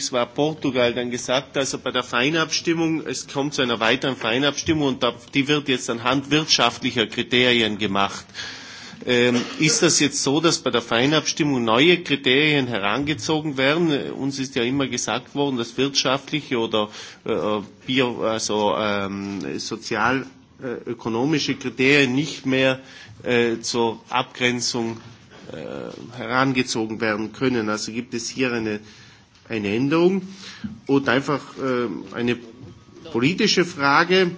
Es war Portugal dann gesagt, also bei der Feinabstimmung, es kommt zu einer weiteren Feinabstimmung und die wird jetzt anhand wirtschaftlicher Kriterien gemacht. Ähm, ist das jetzt so, dass bei der Feinabstimmung neue Kriterien herangezogen werden? Uns ist ja immer gesagt worden, dass wirtschaftliche oder äh, bio, also, ähm, sozialökonomische äh, Kriterien nicht mehr äh, zur Abgrenzung äh, herangezogen werden können. Also gibt es hier eine eine Änderung. Und einfach äh, eine politische Frage,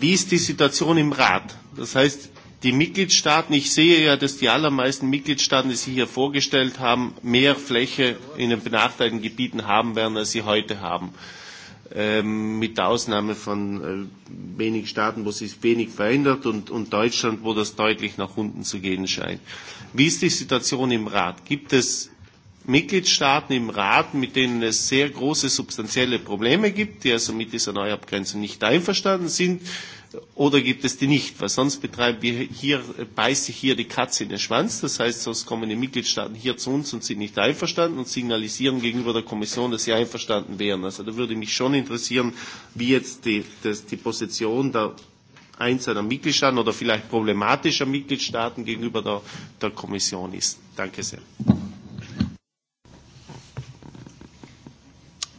wie ist die Situation im Rat? Das heißt, die Mitgliedstaaten, ich sehe ja, dass die allermeisten Mitgliedstaaten, die Sie hier vorgestellt haben, mehr Fläche in den benachteiligten Gebieten haben werden, als sie heute haben. Ähm, mit der Ausnahme von äh, wenigen Staaten, wo sich wenig verändert und, und Deutschland, wo das deutlich nach unten zu gehen scheint. Wie ist die Situation im Rat? Gibt es Mitgliedstaaten im Rat, mit denen es sehr große substanzielle Probleme gibt, die also mit dieser Neuabgrenzung nicht einverstanden sind, oder gibt es die nicht? Weil sonst betreiben wir hier, beißt sich hier die Katze in den Schwanz. Das heißt, sonst kommen die Mitgliedstaaten hier zu uns und sind nicht einverstanden und signalisieren gegenüber der Kommission, dass sie einverstanden wären. Also da würde mich schon interessieren, wie jetzt die, das, die Position der einzelner Mitgliedstaaten oder vielleicht problematischer Mitgliedstaaten gegenüber der, der Kommission ist. Danke sehr.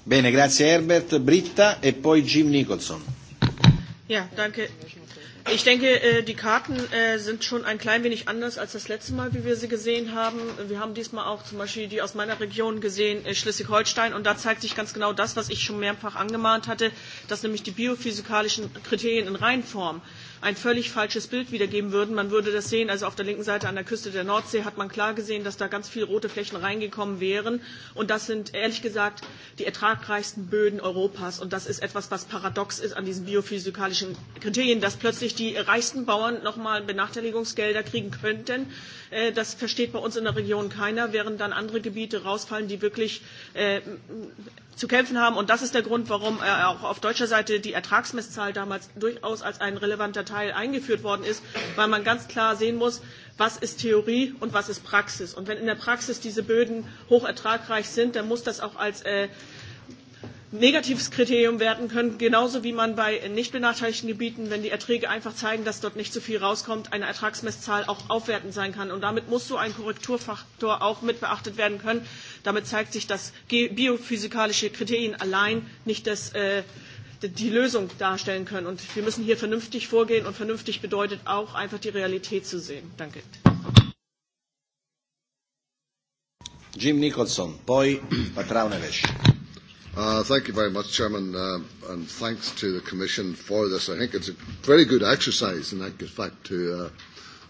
Bene, grazie Herbert, Britta e poi Jim Nicholson. Ja, danke. Ich denke, äh, die Karten äh, sind schon ein klein wenig anders als das letzte Mal, wie wir sie gesehen haben. Wir haben diesmal auch zum Beispiel die aus meiner Region gesehen, äh, Schleswig-Holstein. Und da zeigt sich ganz genau das, was ich schon mehrfach angemahnt hatte, dass nämlich die biophysikalischen Kriterien in Reinform ein völlig falsches Bild wiedergeben würden. Man würde das sehen, also auf der linken Seite an der Küste der Nordsee hat man klar gesehen, dass da ganz viele rote Flächen reingekommen wären. Und das sind ehrlich gesagt die ertragreichsten Böden Europas. Und das ist etwas, was paradox ist an diesen biophysikalischen Kriterien, dass plötzlich die reichsten Bauern nochmal Benachteiligungsgelder kriegen könnten. Äh, das versteht bei uns in der Region keiner, während dann andere Gebiete rausfallen, die wirklich äh, zu kämpfen haben. Und das ist der Grund, warum äh, auch auf deutscher Seite die Ertragsmesszahl damals durchaus als ein relevanter Teil eingeführt worden ist, weil man ganz klar sehen muss, was ist Theorie und was ist Praxis. Und wenn in der Praxis diese Böden hoch ertragreich sind, dann muss das auch als äh, negatives Kriterium werden können, genauso wie man bei nicht benachteiligten Gebieten, wenn die Erträge einfach zeigen, dass dort nicht so viel rauskommt, eine Ertragsmesszahl auch aufwertend sein kann. Und damit muss so ein Korrekturfaktor auch mit beachtet werden können, Damit zeigt sich, dass biophysikalische Kriterien allein nicht das, äh, die Lösung darstellen können. Und wir müssen hier vernünftig vorgehen. Und vernünftig bedeutet auch, einfach die Realität zu sehen. Danke. Jim Nicholson, poi Patrao Neves. Uh, thank you very much, Chairman, uh, and thanks to the Commission for this. I think it's a very good exercise, in fact, to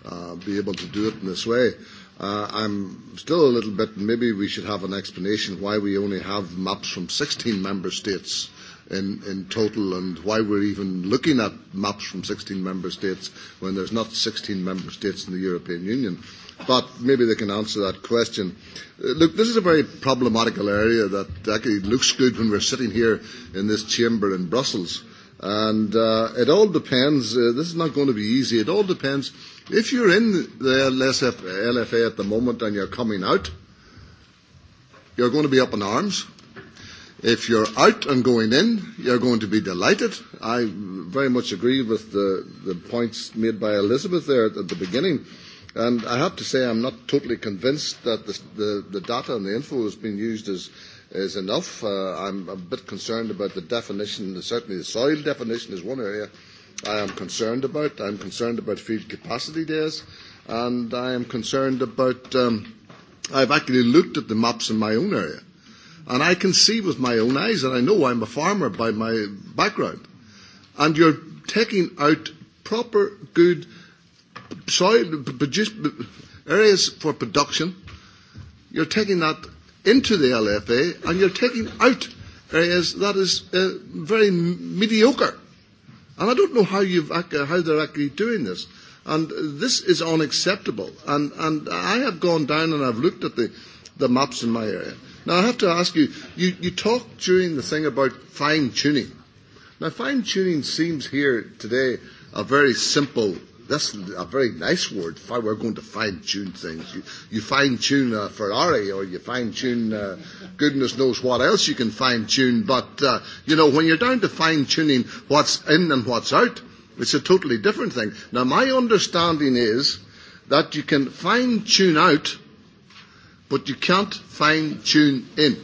uh, uh, be able to do it in this way. Uh, I'm still a little bit, maybe we should have an explanation why we only have maps from 16 member states in, in total and why we're even looking at maps from 16 member states when there's not 16 member states in the European Union. But maybe they can answer that question. Uh, look, this is a very problematical area that actually looks good when we're sitting here in this chamber in Brussels. And uh, it all depends, uh, this is not going to be easy, it all depends If you're in the LFA at the moment and you're coming out, you're going to be up in arms. If you're out and going in, you're going to be delighted. I very much agree with the, the points made by Elizabeth there at, the beginning. And I have to say, I'm not totally convinced that the, the, the data and the info has been used as is enough. Uh, I'm a bit concerned about the definition. Certainly, the soil definition is one area i am concerned about. I'm concerned about field capacity days, and I am concerned about. Um, I've actually looked at the maps in my own area, and I can see with my own eyes, and I know I'm a farmer by my background, and you're taking out proper good soil produce, areas for production. You're taking that into the LFA, and you're taking out areas that is uh, very mediocre. And I don't know how, you've, how they're actually doing this. And this is unacceptable. And, and I have gone down and I've looked at the, the maps in my area. Now, I have to ask you, you, you talked during the thing about fine tuning. Now, fine tuning seems here today a very simple that's a very nice word. We're going to fine tune things. You, you fine tune a uh, Ferrari, or you fine tune uh, goodness knows what else you can fine tune. But uh, you know, when you're down to fine tuning what's in and what's out, it's a totally different thing. Now, my understanding is that you can fine tune out, but you can't fine tune in.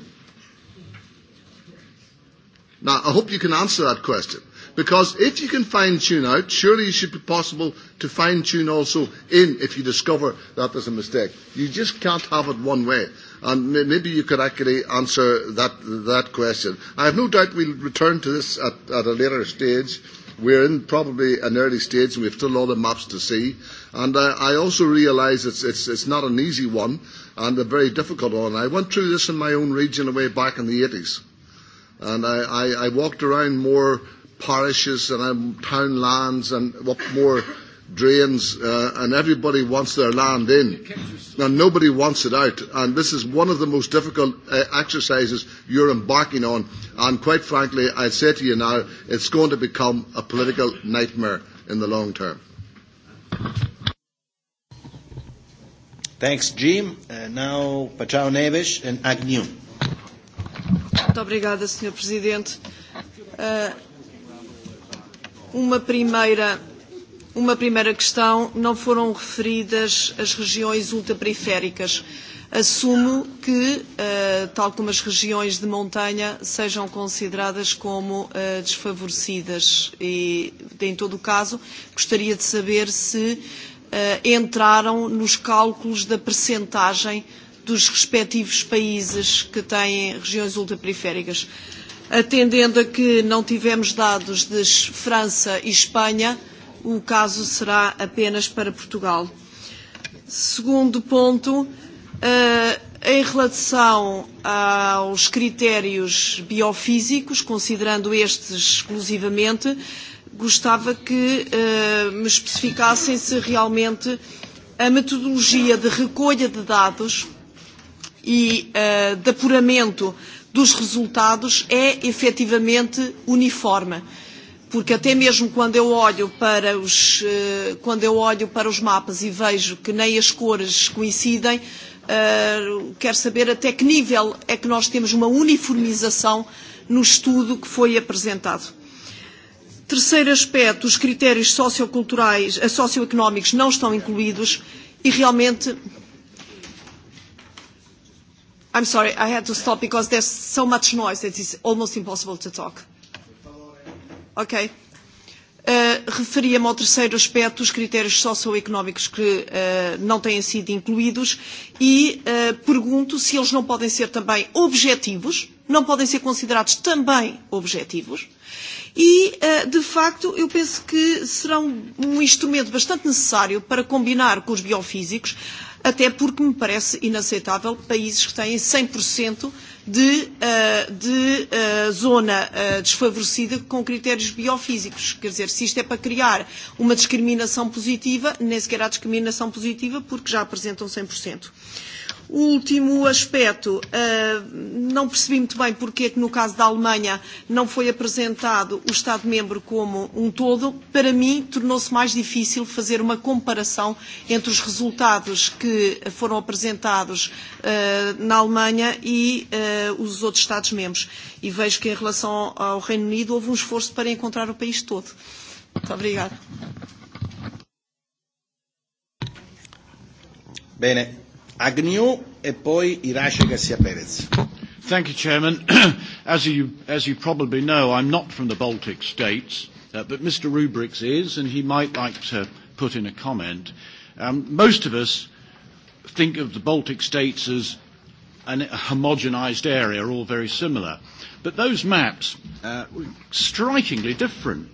Now, I hope you can answer that question. Because if you can fine tune out, surely it should be possible to fine tune also in if you discover that there's a mistake. You just can't have it one way. And maybe you could actually answer that, that question. I have no doubt we'll return to this at, at a later stage. We're in probably an early stage and we have still a lot of maps to see. And I, I also realise it's, it's, it's not an easy one and a very difficult one. I went through this in my own region away back in the 80s. And I, I, I walked around more parishes and um, town lands and what more drains, uh, and everybody wants their land in. And nobody wants it out. And this is one of the most difficult uh, exercises you're embarking on. And quite frankly, I say to you now, it's going to become a political nightmare in the long term. Thanks, Jim. Uh, now, Pachau Neves and Agnew. Muito obrigada, Sr. Presidente. Uh, Uma primeira, uma primeira questão, não foram referidas as regiões ultraperiféricas. Assumo que, uh, tal como as regiões de montanha, sejam consideradas como uh, desfavorecidas e, em todo o caso, gostaria de saber se uh, entraram nos cálculos da percentagem dos respectivos países que têm regiões ultraperiféricas. Uh, Atendendo a que não tivemos dados de França e Espanha, o caso será apenas para Portugal. Segundo ponto, eh, em relação aos critérios biofísicos, considerando estes exclusivamente, gostava que eh, me especificassem se realmente a metodologia de recolha de dados e eh, de apuramento uh, dos resultados é efetivamente uniforme. Porque até mesmo quando eu olho para os, eh, quando eu olho para os mapas e vejo que nem as cores coincidem, eh, quero saber até que nível é que nós temos uma uniformização no estudo que foi apresentado. Terceiro aspecto, os critérios socioculturais, eh, socioeconómicos não estão incluídos e realmente I'm sorry, I had to stop because there's so much noise that it's almost impossible to talk. Ok. Uh, Referia-me ao terceiro aspecto, os critérios socioeconómicos que uh, não têm sido incluídos e uh, pergunto se eles não podem ser também objetivos, não podem ser considerados também objetivos e, uh, de facto, eu penso que serão um instrumento bastante necessário para combinar com os biofísicos até porque me parece inaceitável países que têm 100% de, eh, de eh, zona eh, desfavorecida com critérios biofísicos. Quer dizer, se isto é para criar uma discriminação positiva, nem sequer há discriminação positiva porque já apresentam 100%. Um último aspecto, eh, não percebi muito bem porque é que no caso da Alemanha não foi apresentado o Estado-membro como um todo. Para mim, tornou-se mais difícil fazer uma comparação entre os resultados que foram apresentados eh, na Alemanha e eh, os outros Estados-membros. E vejo que em relação ao Reino Unido houve um esforço para encontrar o país todo. Muito obrigada. Bene, Agnew e poi Irace e Garcia Perez. Thank you, Chairman. as, you, probably know, I'm not from the Baltic states, uh, but Mr. Rubrics is, and he might like to put in a comment. Um, most of us think of the Baltic states as a homogenized area, all very similar. But those maps are strikingly different.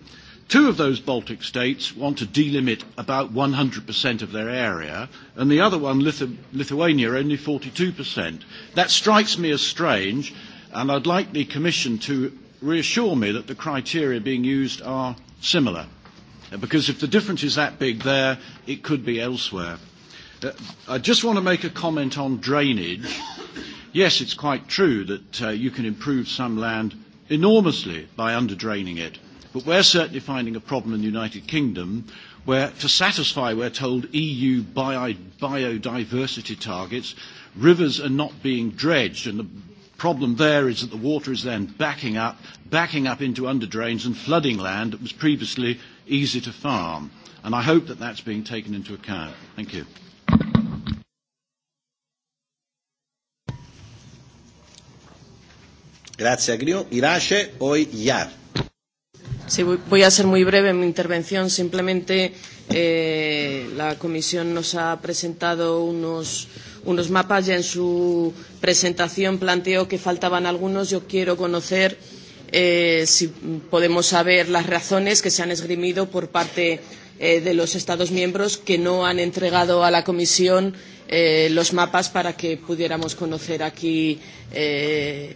Two of those Baltic states want to delimit about 100% of their area, and the other one, Lithu- Lithuania, only 42%. That strikes me as strange, and I'd like the Commission to reassure me that the criteria being used are similar. Because if the difference is that big there, it could be elsewhere. Uh, I just want to make a comment on drainage. Yes, it's quite true that uh, you can improve some land enormously by underdraining it. But we're certainly finding a problem in the United Kingdom where, to satisfy, we're told, EU bio biodiversity targets, rivers are not being dredged, and the problem there is that the water is then backing up, backing up into under drains and flooding land that was previously easy to farm. And I hope that that's being taken into account. Thank you. Grazie Agrio. Irace, poi Iar. Sí, voy a ser muy breve en mi intervención. Simplemente eh, la Comisión nos ha presentado unos, unos mapas. Ya en su presentación planteó que faltaban algunos. Yo quiero conocer eh, si podemos saber las razones que se han esgrimido por parte eh, de los Estados miembros que no han entregado a la Comisión eh, los mapas para que pudiéramos conocer aquí. Eh,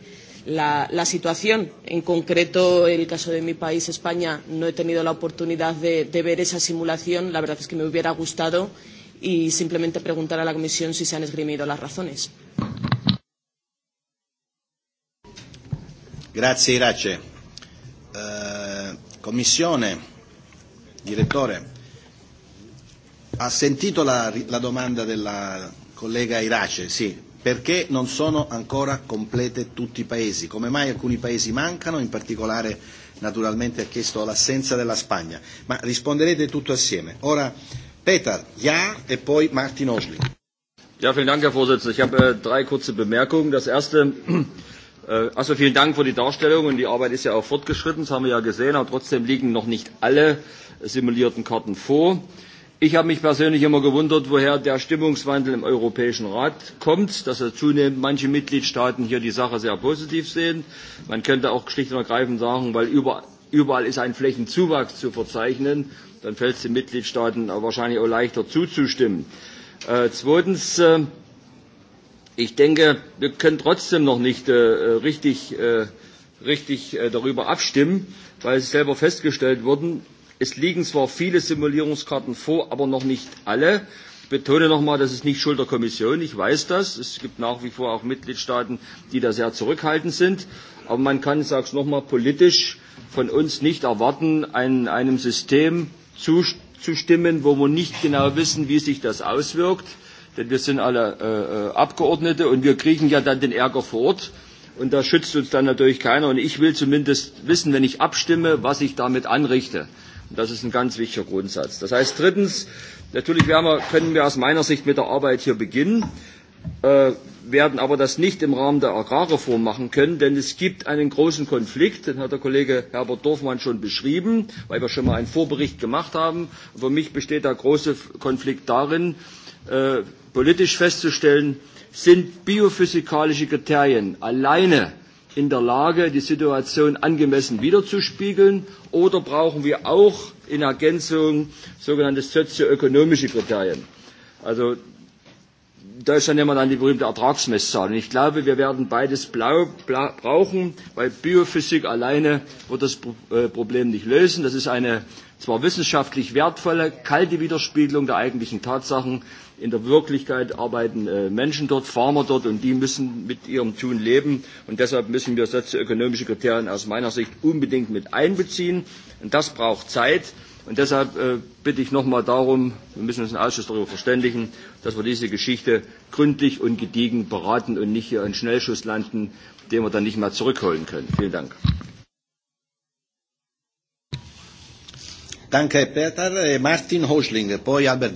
la, la situación. En concreto, en el caso de mi país, España, no he tenido la oportunidad de, de ver esa simulación. La verdad es que me hubiera gustado y simplemente preguntar a la Comisión si se han esgrimido las razones. Grazie Irace. Eh, commissione, direttore, ha sentito la, la domanda della collega Irace? Sì, perché non sono ancora complete tutti i paesi. Come mai alcuni paesi mancano, in particolare naturalmente ha chiesto l'assenza della Spagna, ma risponderete tutto assieme. Ora Peter, ja e poi Martin Osli. Ja, vielen Dank, Herr Vorsitzender. Ich habe äh, drei kurze Bemerkungen. Das erste, äh, also vielen Dank für die Darstellung und die Arbeit ist ja auch fortgeschritten, das haben wir ja gesehen, aber trotzdem liegen noch nicht alle simulierten Karten vor. Äh, Ich habe mich persönlich immer gewundert, woher der Stimmungswandel im Europäischen Rat kommt, dass er zunehmend manche Mitgliedstaaten hier die Sache sehr positiv sehen. Man könnte auch schlicht und ergreifend sagen, weil überall ist ein Flächenzuwachs zu verzeichnen, dann fällt es den Mitgliedstaaten wahrscheinlich auch leichter zuzustimmen. Äh, zweitens, äh, ich denke, wir können trotzdem noch nicht äh, richtig, äh, richtig äh, darüber abstimmen, weil es selber festgestellt wurde, Es liegen zwar viele Simulierungskarten vor, aber noch nicht alle. Ich betone nochmal, das ist nicht Schuld der Kommission. Ich weiß das. Es gibt nach wie vor auch Mitgliedstaaten, die da sehr zurückhaltend sind. Aber man kann, ich sage es nochmal, politisch von uns nicht erwarten, ein, einem System zuzustimmen, wo wir nicht genau wissen, wie sich das auswirkt. Denn wir sind alle äh, äh Abgeordnete und wir kriegen ja dann den Ärger vor Ort. Und da schützt uns dann natürlich keiner. Und ich will zumindest wissen, wenn ich abstimme, was ich damit anrichte. Das ist ein ganz wichtiger Grundsatz. Das heißt drittens, natürlich wir, können wir aus meiner Sicht mit der Arbeit hier beginnen, äh, werden aber das nicht im Rahmen der Agrarreform machen können, denn es gibt einen großen Konflikt, den hat der Kollege Herbert Dorfmann schon beschrieben, weil wir schon mal einen Vorbericht gemacht haben. Für mich besteht der große Konflikt darin, äh, politisch festzustellen, sind biophysikalische Kriterien alleine in der Lage, die Situation angemessen wiederzuspiegeln? Oder brauchen wir auch in Ergänzung sogenannte sozioökonomische Kriterien? Also in Deutschland dann immer dann die berühmte Ertragsmesszahl. Und ich glaube, wir werden beides blau, blau, brauchen, weil Biophysik alleine wird das äh, Problem nicht lösen. Das ist eine zwar wissenschaftlich wertvolle, kalte Widerspiegelung der eigentlichen Tatsachen, In der Wirklichkeit arbeiten äh, Menschen dort, Farmer dort und die müssen mit ihrem Tun leben. Und deshalb müssen wir sozioökonomische Kriterien aus meiner Sicht unbedingt mit einbeziehen. Und das braucht Zeit. Und deshalb äh, bitte ich nochmal darum, wir müssen uns im Ausschuss darüber verständigen, dass wir diese Geschichte gründlich und gediegen beraten und nicht hier einen Schnellschuss landen, den wir dann nicht mehr zurückholen können. Vielen Dank. Danke Peter. Äh, Martin Hosling, poi Albert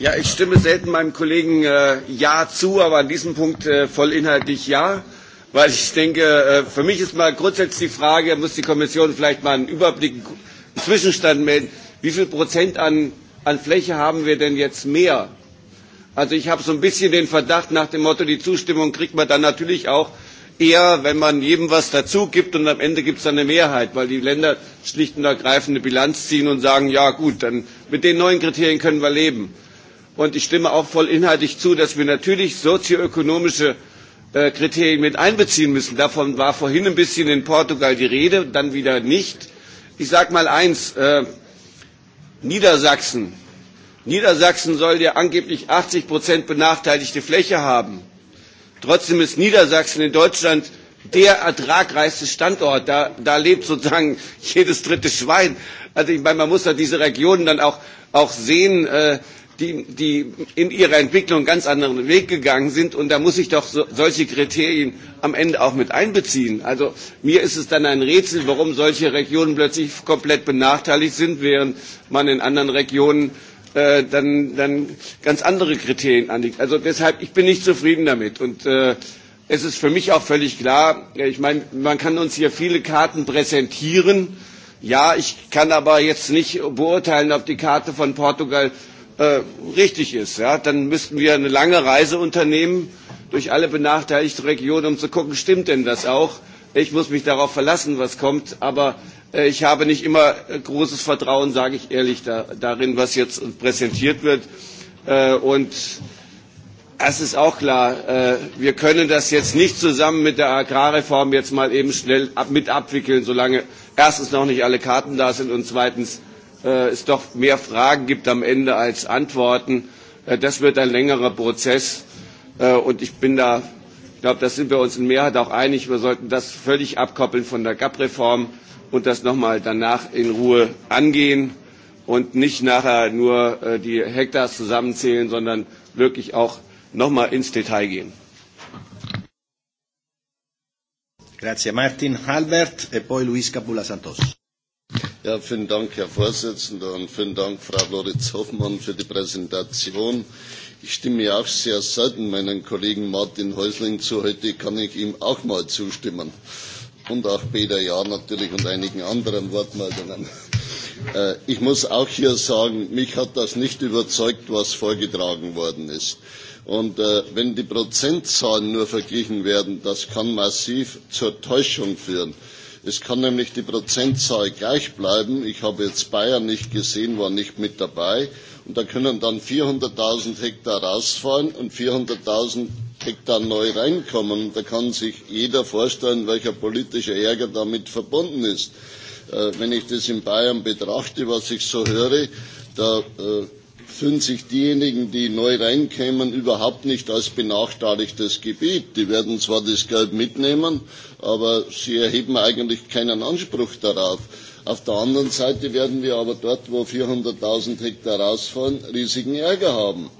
Ja, ich stimme selten meinem Kollegen äh, Ja zu, aber an diesem Punkt äh, voll inhaltlich Ja, weil ich denke, äh, für mich ist mal grundsätzlich die Frage, muss die Kommission vielleicht mal einen Überblick, einen Zwischenstand melden, wie viel Prozent an, an Fläche haben wir denn jetzt mehr? Also ich habe so ein bisschen den Verdacht nach dem Motto, die Zustimmung kriegt man dann natürlich auch eher, wenn man jedem was dazu gibt und am Ende gibt es dann eine Mehrheit, weil die Länder schlicht und ergreifend eine Bilanz ziehen und sagen, ja gut, dann mit den neuen Kriterien können wir leben. Und ich stimme auch voll inhaltlich zu, dass wir natürlich sozioökonomische äh, Kriterien mit einbeziehen müssen. Davon war vorhin ein bisschen in Portugal die Rede, dann wieder nicht. Ich sage mal eins, äh, Niedersachsen. Niedersachsen soll ja angeblich achtzig benachteiligte Fläche haben. Trotzdem ist Niedersachsen in Deutschland der ertragreichste Standort. Da, da lebt sozusagen jedes dritte Schwein. Also ich meine, man muss ja diese Regionen dann auch, auch sehen. Äh, die, die in ihrer Entwicklung ganz anderen Weg gegangen sind. Und da muss ich doch so, solche Kriterien am Ende auch mit einbeziehen. Also mir ist es dann ein Rätsel, warum solche Regionen plötzlich komplett benachteiligt sind, während man in anderen Regionen äh, dann, dann ganz andere Kriterien anlegt. Also deshalb, ich bin nicht zufrieden damit. Und äh, es ist für mich auch völlig klar, äh, ich meine, man kann uns hier viele Karten präsentieren. Ja, ich kann aber jetzt nicht beurteilen, ob die Karte von Portugal Äh, richtig ist. Ja? Dann müssten wir eine lange Reise unternehmen durch alle benachteiligten Regionen, um zu gucken, stimmt denn das auch? Ich muss mich darauf verlassen, was kommt, aber äh, ich habe nicht immer äh, großes Vertrauen, sage ich ehrlich, da, darin, was jetzt präsentiert wird. Äh, und Das ist auch klar. Äh, wir können das jetzt nicht zusammen mit der Agrarreform jetzt mal eben schnell mit abwickeln, solange erstens noch nicht alle Karten da sind und zweitens äh, es doch mehr Fragen gibt am Ende als Antworten. Äh, das wird ein längerer Prozess. Äh, und ich bin da, ich glaube, da sind wir uns in Mehrheit auch einig. Wir sollten das völlig abkoppeln von der GAP-Reform und das nochmal danach in Ruhe angehen und nicht nachher nur äh, die Hektars zusammenzählen, sondern wirklich auch nochmal ins Detail gehen. Grazie Martin Halbert e poi Luis Capula Santos. Herr präsident vielen Dank, Frau Loritz-Hoffmann, für die Präsentation. Ich stimme auch sehr selten meinem Kollegen Martin Häusling zu. Heute kann ich ihm auch mal zustimmen. Und auch Peter Jahr natürlich und einigen anderen Wortmeldungen. Äh, ich muss auch hier sagen, mich hat das nicht überzeugt, was vorgetragen worden ist. Und äh, wenn die Prozentzahlen nur verglichen werden, das kann massiv zur Täuschung führen. Es kann nämlich die Prozentzahl gleich bleiben. Ich habe jetzt Bayern nicht gesehen, war nicht mit dabei. Und da können dann 400.000 Hektar rausfallen und 400.000 Hektar neu reinkommen. Und da kann sich jeder vorstellen, welcher politische Ärger damit verbunden ist. Äh, wenn ich das in Bayern betrachte, was ich so höre, da äh, fühlen sich diejenigen, die neu reinkämen, überhaupt nicht als benachteiligtes Gebiet. Die werden zwar das Geld mitnehmen, aber sie erheben eigentlich keinen Anspruch darauf. Auf der anderen Seite werden wir aber dort, wo 400.000 Hektar rausfallen, riesigen Ärger haben.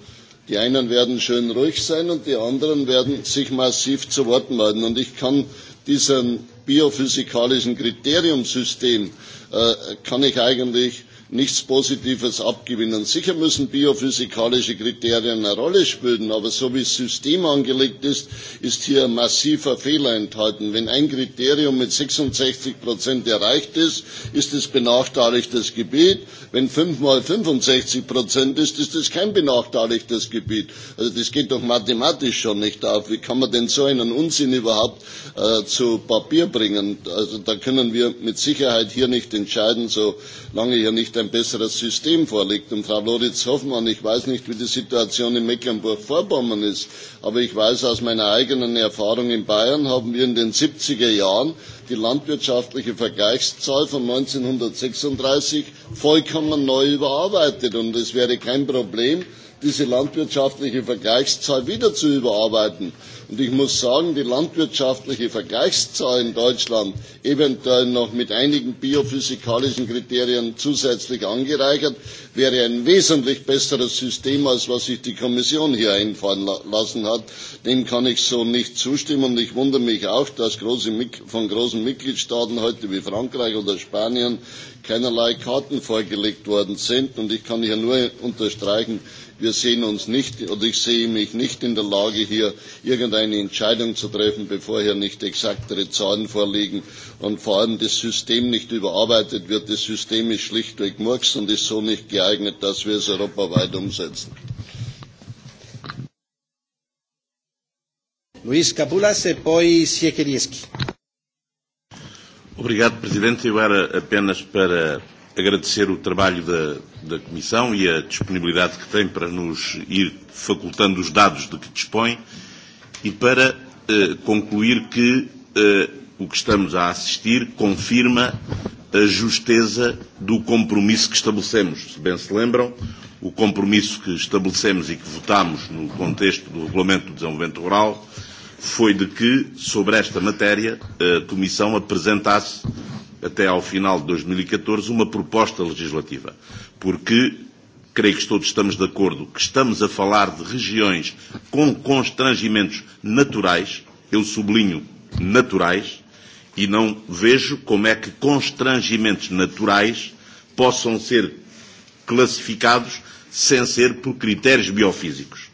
Die einen werden schön ruhig sein und die anderen werden sich massiv zu Wort melden. Und ich kann diesem biophysikalischen Kriteriumsystem, äh, kann ich eigentlich nichts Positives abgewinnen. Sicher müssen biophysikalische Kriterien eine Rolle spielen, aber so wie das System angelegt ist, ist hier ein massiver Fehler enthalten. Wenn ein Kriterium mit 66 Prozent erreicht ist, ist es benachteiligtes Gebiet. Wenn 5 mal 65 Prozent ist, ist es kein benachteiligtes Gebiet. Also das geht doch mathematisch schon nicht auf. Wie kann man denn so einen Unsinn überhaupt äh, zu Papier bringen? Also da können wir mit Sicherheit hier nicht entscheiden, solange hier nicht ein besseres System vorlegt. Und Frau Loritz-Hoffmann, ich weiß nicht, wie die Situation in Mecklenburg-Vorpommern ist, aber ich weiß aus meiner eigenen Erfahrung in Bayern, haben wir in den 70er Jahren die landwirtschaftliche Vergleichszahl von 1936 vollkommen neu überarbeitet. Und es wäre kein Problem, diese landwirtschaftliche Vergleichszahl wieder zu überarbeiten. Und ich muss sagen, die landwirtschaftliche Vergleichszahl in Deutschland, eventuell noch mit einigen biophysikalischen Kriterien zusätzlich angereichert, wäre ein wesentlich besseres System, als was sich die Kommission hier einfallen lassen hat. Dem kann ich so nicht zustimmen. Und ich wundere mich auch, dass große, von großen Mitgliedstaaten heute wie Frankreich oder Spanien keinerlei Karten vorgelegt worden sind. Und ich kann hier nur unterstreichen, wir sehen uns nicht oder ich sehe mich nicht in der Lage, hier irgendein eine Entscheidung zu treffen, bevor hier nicht exaktere Zahlen vorliegen und vor allem das System nicht überarbeitet wird. Das System ist schlichtweg Murks und ist so nicht geeignet, dass wir es europaweit umsetzen. Luis Capulas e poi Siekiewicz. Obrigado, Presidente. Eu apenas para agradecer o trabalho da, da Comissão e a disponibilidade que tem para nos ir facultando os dados de que dispõe E para eh, concluir que eh, o que estamos a assistir confirma a justeza do compromisso que estabelecemos. Se bem se lembram, o compromisso que estabelecemos e que votámos no contexto do Regulamento do Desenvolvimento Rural foi de que, sobre esta matéria, a Comissão apresentasse, até ao final de 2014, e uma proposta legislativa. Porque creio que todos estamos de acordo que estamos a falar de regiões com constrangimentos naturais, eu sublinho naturais, e não vejo como é que constrangimentos naturais possam ser classificados sem ser por critérios biofísicos.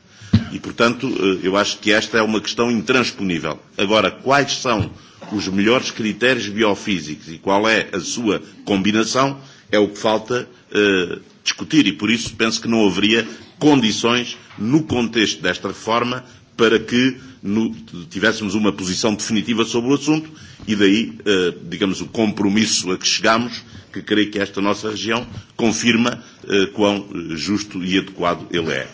E, portanto, eh, eu acho que esta é uma questão intransponível. Agora, quais são os melhores critérios biofísicos e qual é a sua combinação é o que falta eh, discutir e por isso penso que não haveria condições no contexto desta reforma para que no, tivéssemos uma posição definitiva sobre o assunto e daí, eh, digamos, o compromisso a que chegamos, que creio que esta nossa região confirma eh, quão eh, justo e adequado ele é.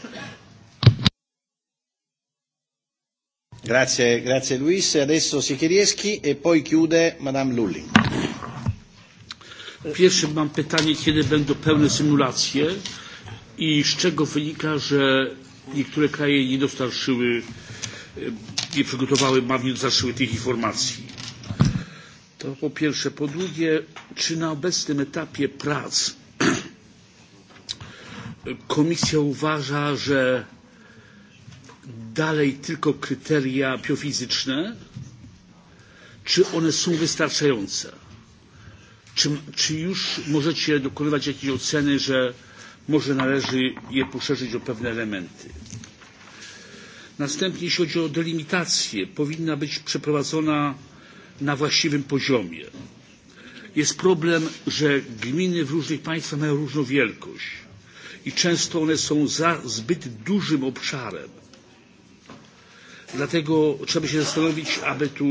Grazie, grazie Luis. Adesso Sikirieski e poi chiude Madame Lulling. Pierwsze mam pytanie, kiedy będą pełne symulacje i z czego wynika, że niektóre kraje nie dostarczyły, e, nie przygotowały, mam nie dostarczyły tych informacji. To po pierwsze. Po drugie, czy na obecnym etapie prac komisja uważa, że dalej tylko kryteria biofizyczne, czy one są wystarczające? Czy, czy już możecie dokonywać jakiejś oceny, że może należy je poszerzyć o pewne elementy? Następnie, jeśli chodzi o delimitację, powinna być przeprowadzona na właściwym poziomie. Jest problem, że gminy w różnych państwach mają różną wielkość i często one są za zbyt dużym obszarem. Dlatego trzeba się zastanowić, aby tu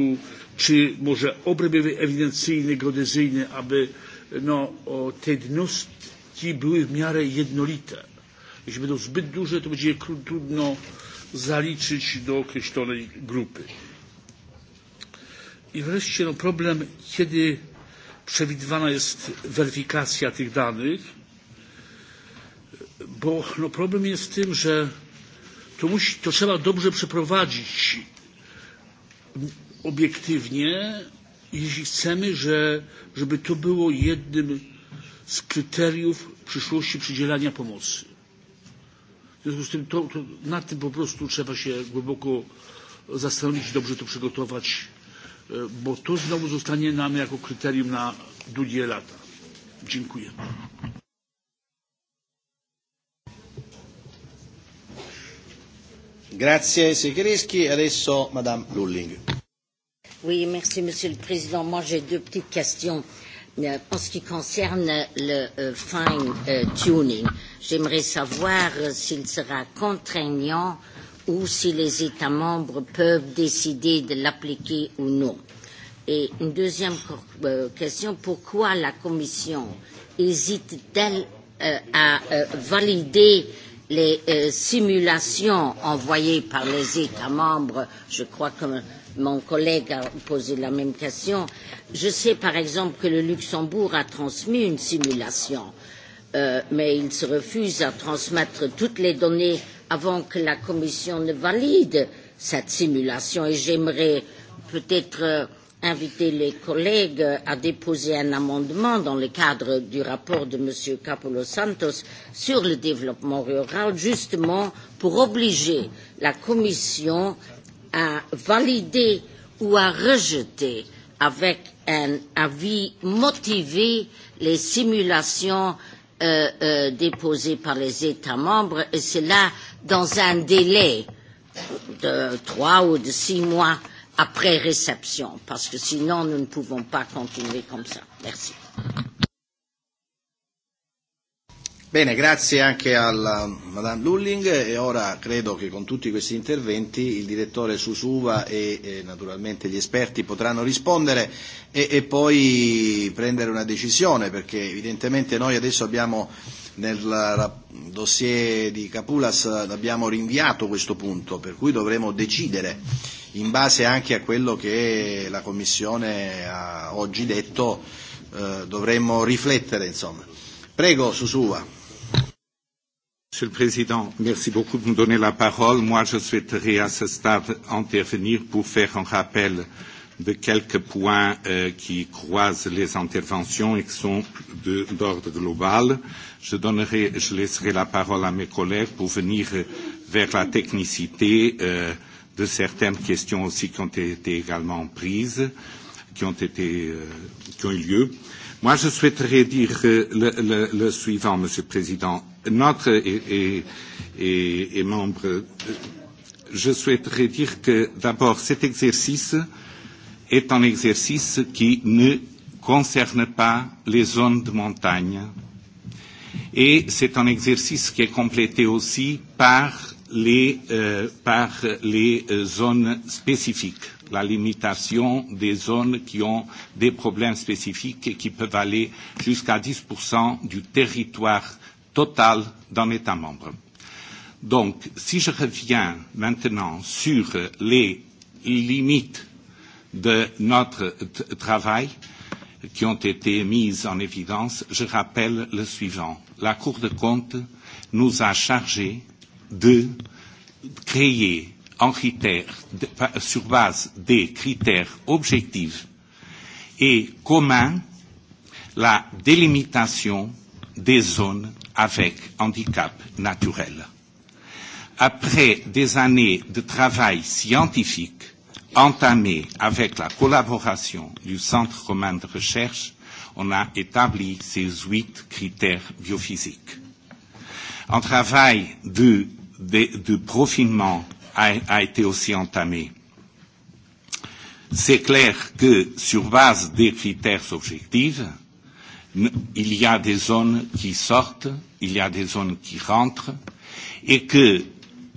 czy może obręb ewidencyjny, geodezyjny, aby no, o, te jednostki były w miarę jednolite. Jeśli będą zbyt duże, to będzie je trudno zaliczyć do określonej grupy. I wreszcie no, problem, kiedy przewidywana jest weryfikacja tych danych, bo no, problem jest w tym, że to, musi, to trzeba dobrze przeprowadzić obiektywnie, jeśli chcemy, że, żeby to było jednym z kryteriów przyszłości przydzielania pomocy. W związku z tym to, to nad tym po prostu trzeba się głęboko zastanowić, dobrze to przygotować, e, bo to znowu zostanie nam jako kryterium na długie lata. Dziękuję. Grazie Segreschi. Adesso Madame Lulling. Oui, merci Monsieur le Président. Moi, j'ai deux petites questions. Euh, en ce qui concerne le euh, fine euh, tuning, j'aimerais savoir s'il sera contraignant ou si les États membres peuvent décider de l'appliquer ou non. Et une deuxième question, pourquoi la Commission hésite-t-elle à valider les simulations envoyées par les États membres Je crois que mon collègue a posé la même question. Je sais par exemple que le Luxembourg a transmis une simulation, euh, mais il se refuse à transmettre toutes les données avant que la Commission ne valide cette simulation et j'aimerais peut-être euh, inviter les collègues à déposer un amendement dans le cadre du rapport de M. Capoulo Santos sur le développement rural, justement pour obliger la Commission à valider ou à rejeter avec un avis motivé les simulations euh, euh, déposées par les États membres, et cela dans un délai de trois ou de six mois après réception, parce que sinon nous ne pouvons pas continuer comme ça. Merci. Bene, grazie anche alla um, Madame Lulling e ora credo che con tutti questi interventi il direttore Susuva e, e naturalmente gli esperti potranno rispondere e, e poi prendere una decisione perché evidentemente noi adesso abbiamo nel dossier di Capulas abbiamo rinviato questo punto per cui dovremo decidere in base anche a quello che la Commissione ha oggi detto eh, dovremmo riflettere insomma. Prego Susuva. Monsieur le Président, merci beaucoup de me donner la parole. Moi, je souhaiterais à ce stade intervenir pour faire un rappel de quelques points euh, qui croisent les interventions et qui sont d'ordre global. Je, donnerai, je laisserai la parole à mes collègues pour venir vers la technicité euh, de certaines questions aussi qui ont été également prises, qui ont, été, euh, qui ont eu lieu. Euh, Moi, je souhaiterais dire le, le, le suivant, Monsieur le Président. Notre et, et, et membre, euh, je souhaiterais dire que d'abord cet exercice est un exercice qui ne concerne pas les zones de montagne et c'est un exercice qui est complété aussi par les, euh, par les euh, zones spécifiques la limitation des zones qui ont des problèmes spécifiques et qui peuvent aller jusqu'à 10% du territoire total d'un État membre. Donc, si je reviens maintenant sur les limites de notre travail qui ont été mises en évidence, je rappelle le suivant. La Cour de compte nous a chargés de créer en critères de, sur base des critères objectifs et communs la délimitation des zones avec handicap naturel. Après des années de travail scientifique entamé avec la collaboration du Centre romain de recherche, on a établi ces huit critères biophysiques. Un travail de, de, de profilement a, a été aussi entamée. C'est clair que sur base des critères objectifs, il y a des zones qui sortent, il y a des zones qui rentrent, et que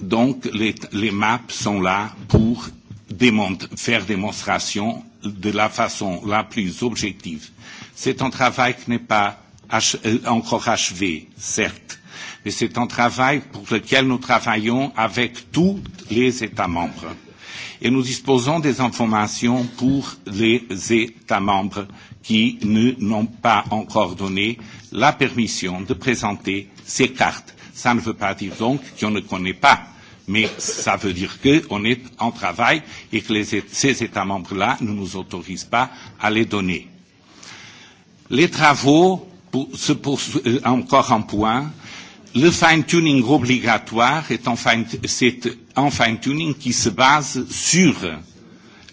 donc les, les maps sont là pour démontre, faire démonstration de la façon la plus objective. C'est un travail qui n'est pas ach, euh, encore achevé, certes, et c'est un travail pour lequel nous travaillons avec tous les États membres. Et nous disposons des informations pour les États membres qui ne n'ont pas encore donné la permission de présenter ces cartes. Ça ne veut pas dire donc qu'on ne connaît pas mais ça veut dire qu'on est en travail et que les, ces États membres-là ne nous autorisent pas à les donner. Les travaux, pour, se euh, encore un point, Le fine-tuning obligatoire est un fine-tuning fine qui se base sur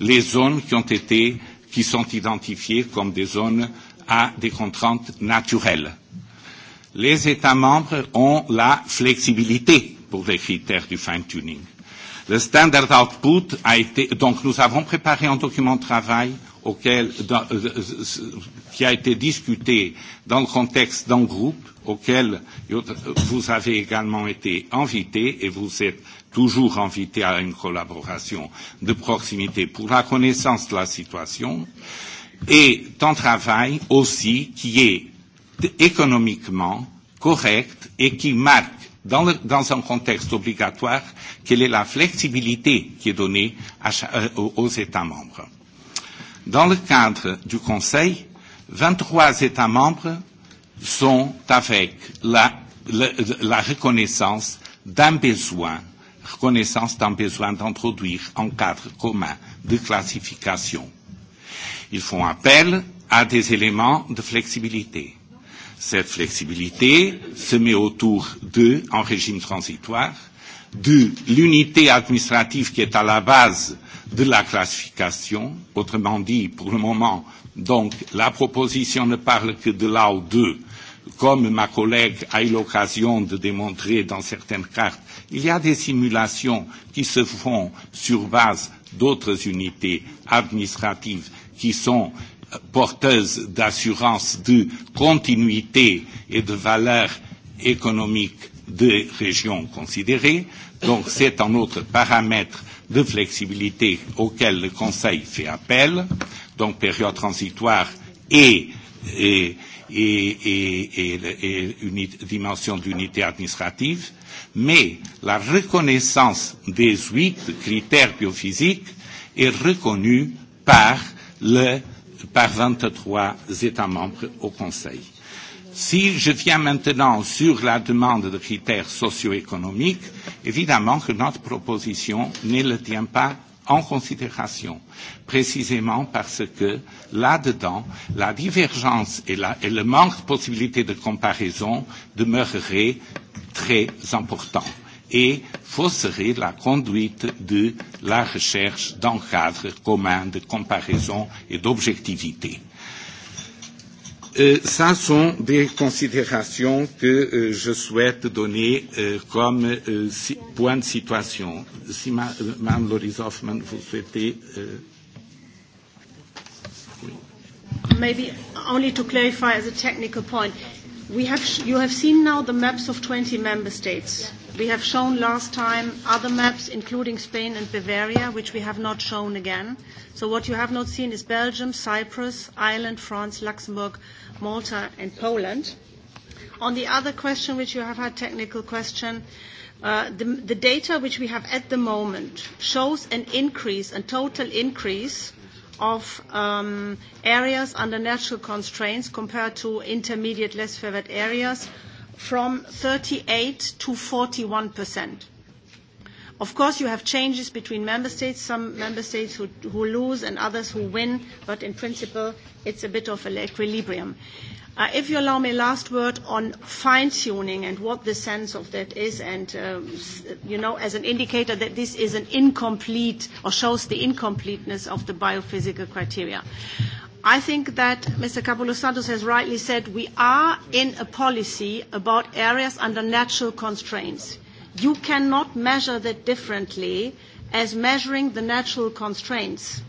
les zones qui ont été, qui sont identifiées comme des zones à des contraintes naturelles. Les États membres ont la flexibilité pour les critères du fine-tuning. Le standard output a été, donc nous avons préparé un document de travail auquel, dans, euh, euh, euh qui a été discuté dans le contexte d'un groupe auquel euh, vous avez également été invité et vous êtes toujours invité à une collaboration de proximité pour la connaissance de la situation et d'un travail aussi qui est économiquement correct et qui marque dans, le, dans un contexte obligatoire quelle est la flexibilité qui est donnée à, aux États membres. Dans le cadre du Conseil, 23 États membres sont avec la, la, la reconnaissance d'un besoin, reconnaissance d'un besoin d'introduire un cadre commun de classification. Ils font appel à des éléments de flexibilité. Cette flexibilité se met autour en régime transitoire, de l'unité administrative qui est à la base de la classification. Autrement dit, pour le moment, donc, la proposition ne parle que de l'AO2. Comme ma collègue a eu l'occasion de démontrer dans certaines cartes, il y a des simulations qui se font sur base d'autres unités administratives qui sont euh, porteuses d'assurance de continuité et de valeur économique des régions considérées. Donc c'est un autre paramètre de flexibilité auquel le Conseil fait appel, donc période transitoire et, et, et, et, et, et une dimension d'unité administrative, mais la reconnaissance des huit critères biophysiques est reconnue par, le, par 23 États membres au Conseil. Si je viens maintenant sur la demande de critères socio-économiques, évidemment que notre proposition ne le tient pas en considération, précisément parce que là-dedans, la divergence et, la, et le manque de possibilité de comparaison demeureraient très importants et fausserait la conduite de la recherche d'un cadre commun de comparaison et d'objectivité. Euh, ça sont des considérations que euh, je souhaite donner euh, comme euh, si, point de situation. Si Mme euh, Loris Hoffman, vous souhaitez. Euh, oui. Maybe only to clarify as a technical point we have sh- you have seen now the maps of 20 member states. Yeah. We have shown last time other maps, including Spain and Bavaria, which we have not shown again. So what you have not seen is Belgium, Cyprus, Ireland, France, Luxembourg, Malta, and Poland. On the other question, which you have had technical question, uh, the, the data which we have at the moment shows an increase, a total increase of um, areas under natural constraints compared to intermediate less favored areas from 38 to 41 percent. Of course, you have changes between member states, some member states who, who lose and others who win, but in principle, it's a bit of an equilibrium. Uh, if you allow me last word on fine-tuning and what the sense of that is, and, uh, you know, as an indicator that this is an incomplete or shows the incompleteness of the biophysical criteria. I think that Mr. Capoulas-Santos has rightly said we are in a policy about areas under natural constraints you cannot measure that differently as measuring the natural constraints.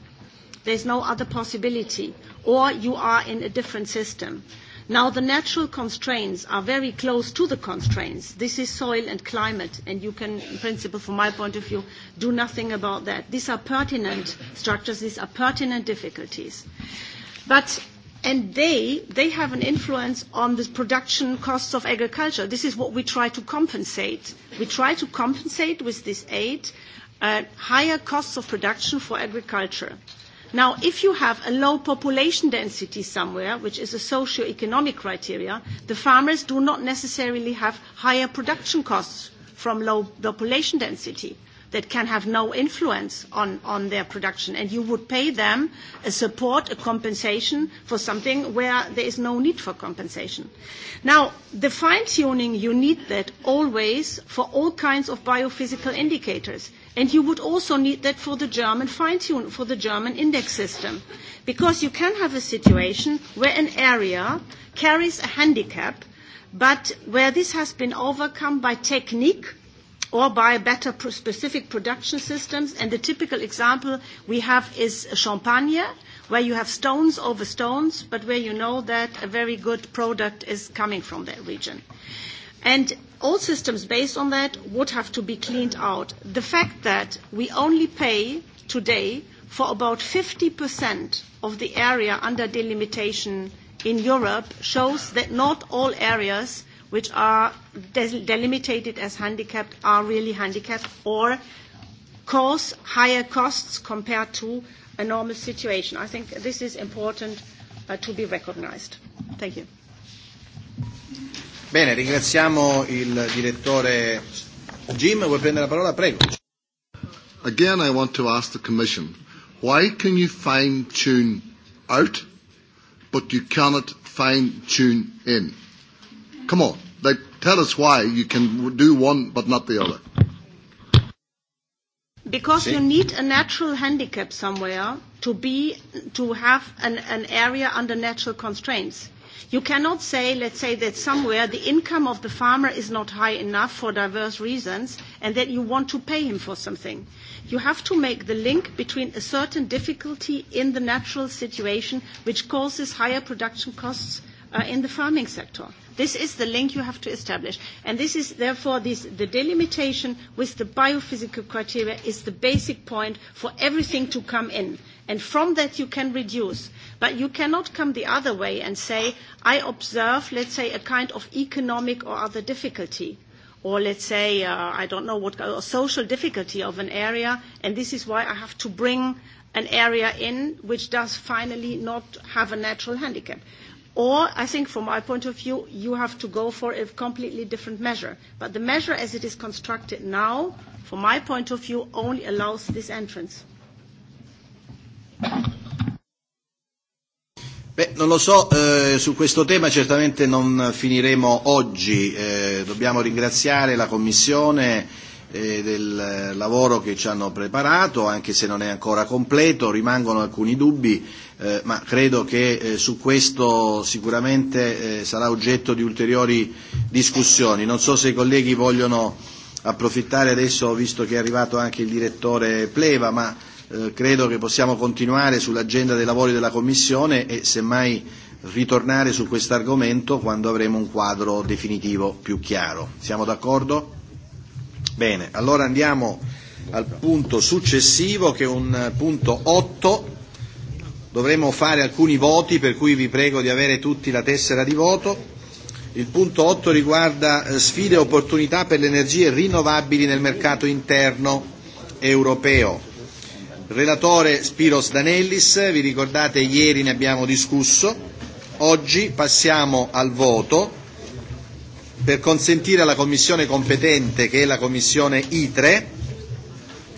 There's no other possibility, or you are in a different system. Now, the natural constraints are very close to the constraints. This is soil and climate, and you can, in principle, from my point of view, do nothing about that. These are pertinent structures, these are pertinent difficulties. But and they they have an influence on the production costs of agriculture. This is what we try to compensate. We try to compensate with this aid uh, higher costs of production for agriculture. Now, if you have a low population density somewhere, which is a socio-economic criteria, the farmers do not necessarily have higher production costs from low population density that can have no influence on, on their production. And you would pay them a support, a compensation for something where there is no need for compensation. Now, the fine-tuning, you need that always for all kinds of biophysical indicators. And you would also need that for the German fine-tune, for the German index system. Because you can have a situation where an area carries a handicap, but where this has been overcome by technique – or by better specific production systems. And the typical example we have is Champagne, where you have stones over stones, but where you know that a very good product is coming from that region. And all systems based on that would have to be cleaned out. The fact that we only pay today for about 50% of the area under delimitation in Europe shows that not all areas which are delimited as handicapped are really handicapped or cause higher costs compared to a normal situation. I think this is important uh, to be recognized. Thank you. Bene, ringraziamo il direttore Jim. Vuoi prendere la parola? Prego. Again, I want to ask the Commission, why can you fine-tune out, but you cannot fine-tune in? Come on, they tell us why you can do one but not the other. Because See? you need a natural handicap somewhere to be to have an, an area under natural constraints. You cannot say, let's say that somewhere the income of the farmer is not high enough for diverse reasons and that you want to pay him for something. You have to make the link between a certain difficulty in the natural situation which causes higher production costs uh, in the farming sector. This is the link you have to establish. And this is therefore this, the delimitation with the biophysical criteria is the basic point for everything to come in. And from that you can reduce. But you cannot come the other way and say, I observe, let's say, a kind of economic or other difficulty or let's say, uh, I don't know what a social difficulty of an area, and this is why I have to bring an area in which does finally not have a natural handicap. Or, I think from my point of view, you have to go for a completely different measure. But the measure as it is constructed now, from my point of view, only allows this entrance. Beh, non lo so, eh, su questo tema certamente non finiremo oggi. Eh, dobbiamo ringraziare la Commissione eh, del lavoro che ci hanno preparato, anche se non è ancora completo, rimangono alcuni dubbi eh, ma credo che eh, su questo sicuramente eh, sarà oggetto di ulteriori discussioni. Non so se i colleghi vogliono approfittare adesso, visto che è arrivato anche il direttore Pleva, ma eh, credo che possiamo continuare sull'agenda dei lavori della Commissione e semmai ritornare su questo argomento quando avremo un quadro definitivo più chiaro. Siamo d'accordo? Bene, allora andiamo al punto successivo che è un punto 8 dovremo fare alcuni voti, per cui vi prego di avere tutti la tessera di voto. Il punto 8 riguarda eh, sfide e opportunità per le energie rinnovabili nel mercato interno europeo. Relatore Spiros Danellis, vi ricordate ieri ne abbiamo discusso, oggi passiamo al voto per consentire alla Commissione competente, che è la Commissione ITRE,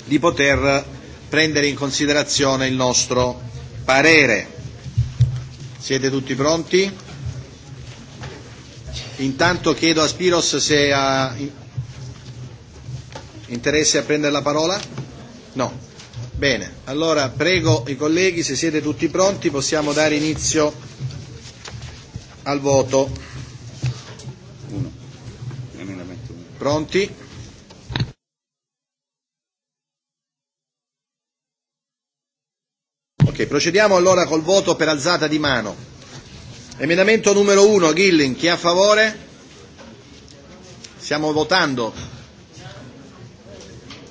di poter prendere in considerazione il nostro Parere. Siete tutti pronti? Intanto chiedo a Spiros se ha interesse a prendere la parola. No. Bene, allora prego i colleghi, se siete tutti pronti, possiamo dare inizio al voto. Pronti? Ok, procediamo allora col voto per alzata di mano. Emendamento numero 1, Gilling, chi è a favore? Stiamo votando.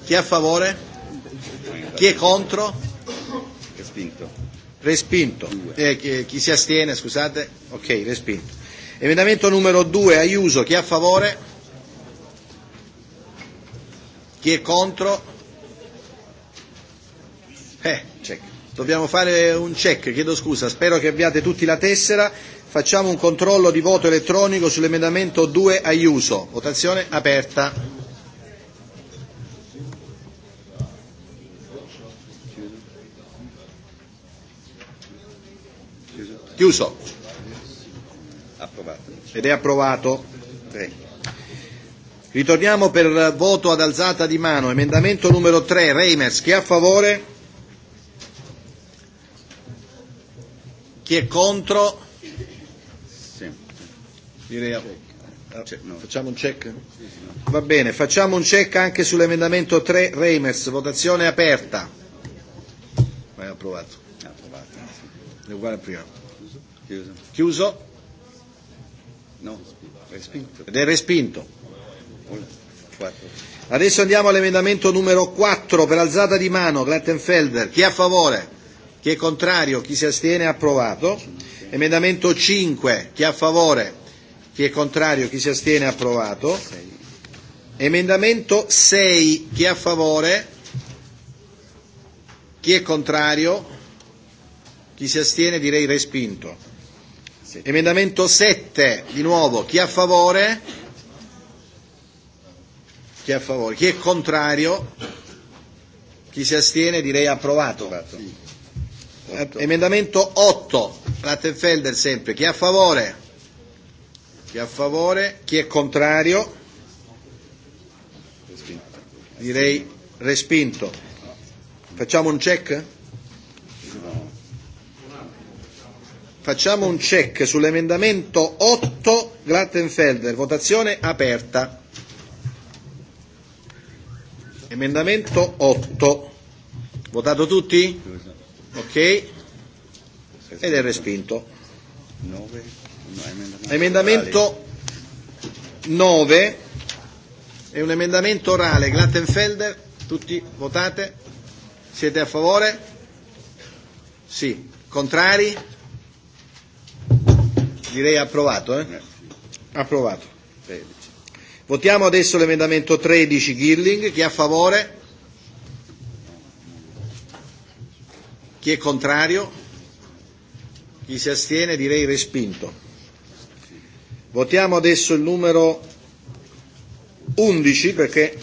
Chi è a favore? Chi è contro? Respinto. Respinto. Eh, chi, si astiene, scusate? Ok, respinto. Emendamento numero 2, Aiuso, chi è a favore? Chi è contro? Eh, check. Dobbiamo fare un check, chiedo scusa, spero che abbiate tutti la tessera. Facciamo un controllo di voto elettronico sull'emendamento 2 Aiuso. Votazione aperta. Chiuso. Approvato. Ed è approvato. Ritorniamo per voto ad alzata di mano. Emendamento numero 3, Reimers. Chi è a favore? Chi è contro? Sì. Direi a... no. Facciamo un check? No. Va bene, facciamo un check anche sull'emendamento 3 Reimers, votazione aperta. Vai è approvato. approvato. È uguale a prima. Chiuso. Chiuso. No, respinto. Ed è respinto. Adesso andiamo all'emendamento numero 4 per alzata di mano, Glattenfelder. Chi è a favore? Chi è contrario? Chi si astiene? Approvato. Emendamento 5. Chi è a favore? Chi è contrario? Chi si astiene? Approvato. Emendamento 6. Chi è a favore? Chi è contrario? Chi si astiene? Direi respinto. Emendamento 7. Di nuovo. Chi è a favore? Chi è a favore? Chi è contrario? Chi si astiene? Direi approvato. approvato. Eh, emendamento 8, Rattenfelder sempre. Chi è a favore? Chi è a favore? Chi è contrario? Direi respinto. Facciamo un check? Facciamo un check sull'emendamento 8 Glattenfelder. Votazione aperta. Emendamento 8. Votato tutti? Ok? Ed è respinto. 9, no, emendamento 9 è un emendamento orale. Glattenfelder, tutti votate? Siete a favore? Sì. Contrari? Direi approvato. Eh? Approvato. Votiamo adesso l'emendamento 13 Girling. Chi è a favore? Chi è contrario? Chi si astiene? Direi respinto. Votiamo adesso il numero 11 perché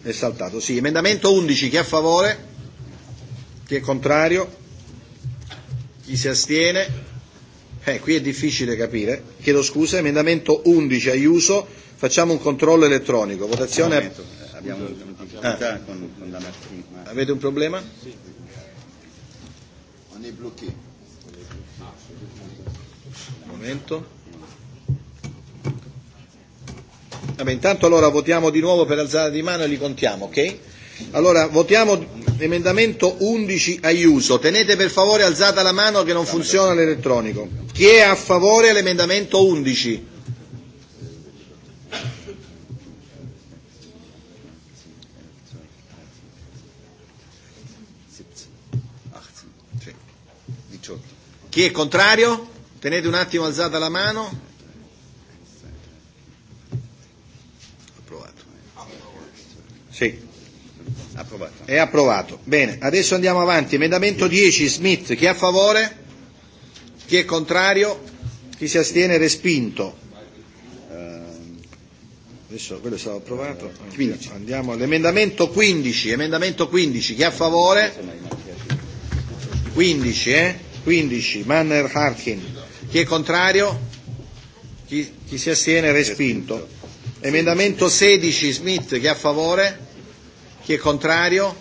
è saltato. Sì, emendamento 11. Chi è a favore? Chi è contrario? Chi si astiene? Eh, qui è difficile capire. Chiedo scusa, emendamento 11 Aiuso, facciamo un controllo elettronico. Votazione. Un abbiamo, abbiamo, abbiamo, ah. con, con la Avete un problema? Sì. On est bloqué. Un momento. Vabbè, intanto allora votiamo di nuovo per alzare di mano e li contiamo, ok? Allora votiamo emendamento 11 Aiuso. Tenete per favore alzata la mano che non funziona l'elettronico. Chi è a favore dell'emendamento 11? Chi è contrario? Tenete un attimo alzata la mano. Approvato. Sì. Approvato. È approvato. Bene, adesso andiamo avanti. Emendamento 10, Smith. Chi è a favore? Chi è contrario? Chi si astiene? Respinto. Ehm, adesso quello è stato approvato. Andiamo all'emendamento 15. Emendamento 15. Chi è a favore? 15, eh? 15, Manner Harkin. Chi è contrario? Chi, chi si astiene? Respinto. Emendamento 16, Smith, chi è a favore? Chi è contrario?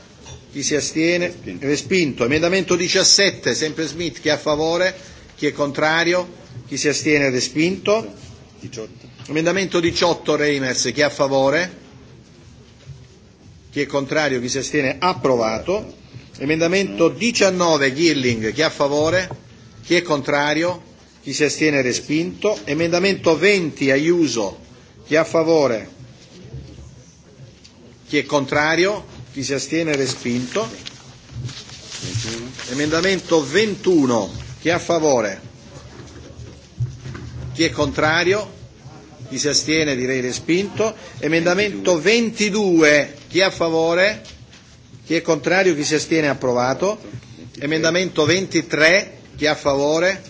Chi si astiene? Respinto. Emendamento 17, sempre Smith, chi è a favore? Chi è contrario? Chi si astiene? Respinto. 18. Emendamento 18, Reimers, chi è a favore? Chi è contrario? Chi si astiene? Approvato. Emendamento 19 Gilling, chi è a favore? Chi è contrario? Chi si astiene respinto. Emendamento 20 Aiuso, chi è a favore? Chi è contrario? Chi si astiene respinto. Emendamento 21, chi è a favore? Chi è contrario? Chi si astiene direi respinto. Emendamento 22, chi è a favore? Chi è contrario? Chi si astiene? Approvato. Emendamento 23. Chi è a favore?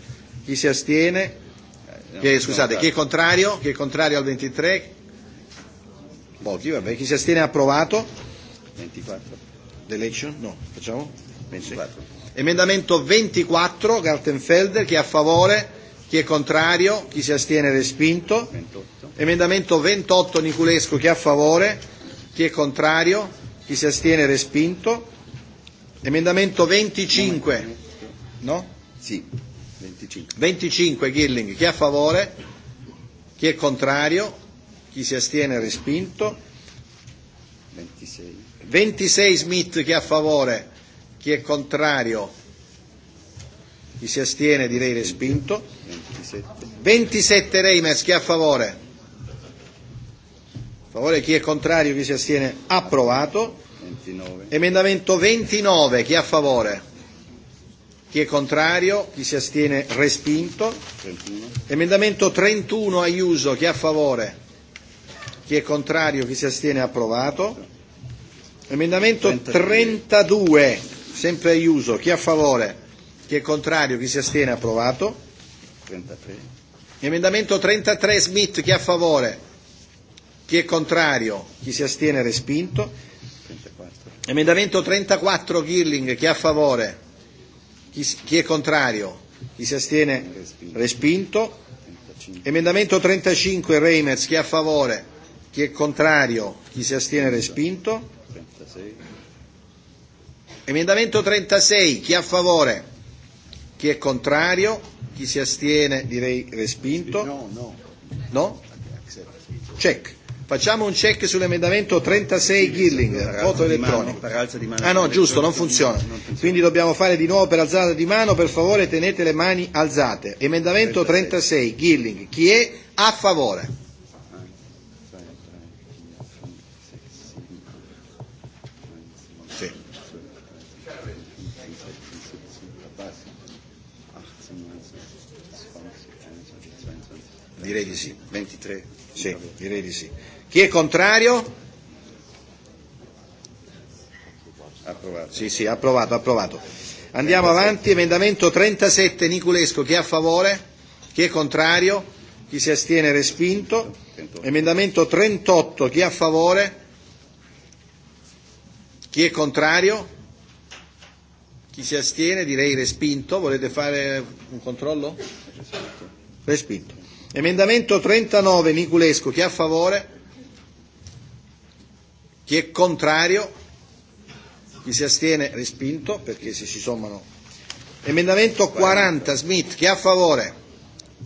Chi si astiene? Eh, chi è, scusate, no. chi è contrario? Chi è contrario al 23? Pochi, vabbè. Chi si astiene? Approvato. 24. Deletion? No, facciamo? 24. Emendamento 24, Gartenfelder, chi è a favore, chi è contrario, chi si astiene respinto. 28. Emendamento 28, Niculesco, chi è a favore, chi è contrario, Chi si astiene respinto. Emendamento 25. No? Sì. 25. 25 Gilling. Chi è a favore? Chi è contrario? Chi si astiene respinto. 26. 26 Smith. Chi è a favore? Chi è contrario? Chi si astiene direi respinto. 27, 27 Reimers. Chi è a favore? favore, chi è contrario, chi si astiene, approvato. 29. Emendamento 29, chi è a favore? Chi è contrario? Chi si astiene? Respinto. 31. Emendamento 31 Aiuso, chi è a favore? Chi è contrario? Chi si astiene? Approvato. Emendamento 32, sempre Aiuso, chi è a favore? Chi è contrario? Chi si astiene? Approvato. 33. Emendamento 33 Smith, chi è a favore? Chi è contrario? Chi si astiene? Respinto. 34. Emendamento 34 Girling, chi è a favore? Chi, chi è contrario? Chi si astiene? Respinto. Respinto. Emendamento 35 Reimers, chi è a favore? Chi è contrario? Chi si astiene? Respinto. 36. Emendamento 36, chi è a favore? Chi è contrario? Chi si astiene? Direi respinto. No, no. No? Check. Facciamo un check sull'emendamento 36 Gilling, voto elettronico. Ah no, giusto, non funziona. Quindi dobbiamo fare di nuovo per alzata di mano, per favore tenete le mani alzate. Emendamento 36 Gilling, chi è a favore? Sì. Direi di sì, 23. Sì, direi di sì. Chi è contrario? Approvato. Sì, sì, approvato, approvato. Andiamo avanti, emendamento 37 Niculesco, chi è a favore? Chi è contrario? Chi si astiene respinto? Emendamento 38, chi è a favore? Chi è contrario? Chi si astiene direi respinto. Volete fare un controllo? Respinto. Emendamento 39 Niculescu, chi è a favore? Chi è contrario? Chi si astiene? Respinto, perché se si sommano. Emendamento 40 Smith, chi è a favore?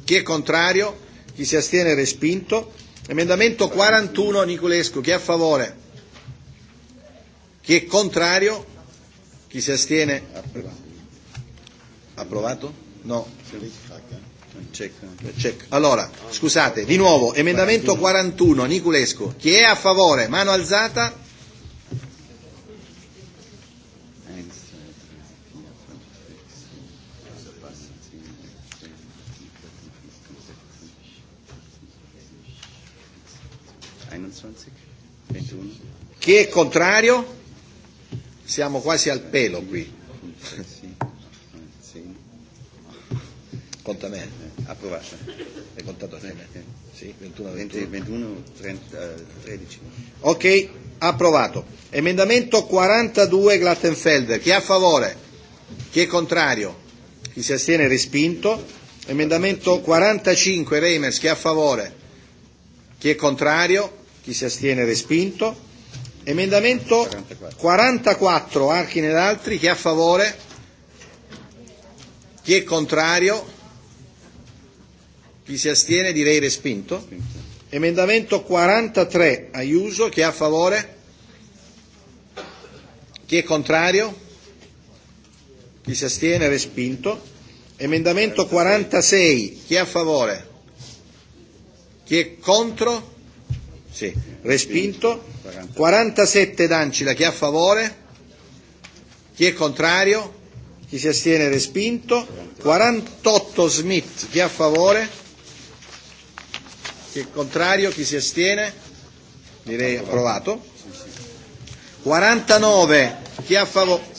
Chi è contrario? Chi si astiene? Respinto. Emendamento 41 Niculescu, chi è a favore? Chi è contrario? Chi si astiene? Approvato. Approvato? No. Check. Check. Allora, scusate, di nuovo, emendamento 41, Niculesco. Chi è a favore? Mano alzata. Chi è contrario? Siamo quasi al pelo qui. Conta me, approvata. È contato a te? Sì, 21, 21. 21 30, 13. Ok, approvato. Emendamento 42 Glattenfelder. Chi è a favore? Chi è contrario? Chi si astiene respinto. Emendamento 45 Reimers. Chi è a favore? Chi è contrario? Chi si astiene respinto. Emendamento 44, anche ed altri, chi è a favore? Chi è contrario? Chi si astiene direi respinto. Emendamento 43, Aiuso, chi è a favore? Chi è contrario? Chi si astiene respinto. Emendamento 46, chi è a favore? Chi è contro? Sì. Respinto. 47 Dancila, chi è a favore? Chi è contrario? Chi si astiene respinto. 48 Smith, chi è a favore? Chi è contrario? Chi si astiene? Direi approvato. 49, chi è a favore?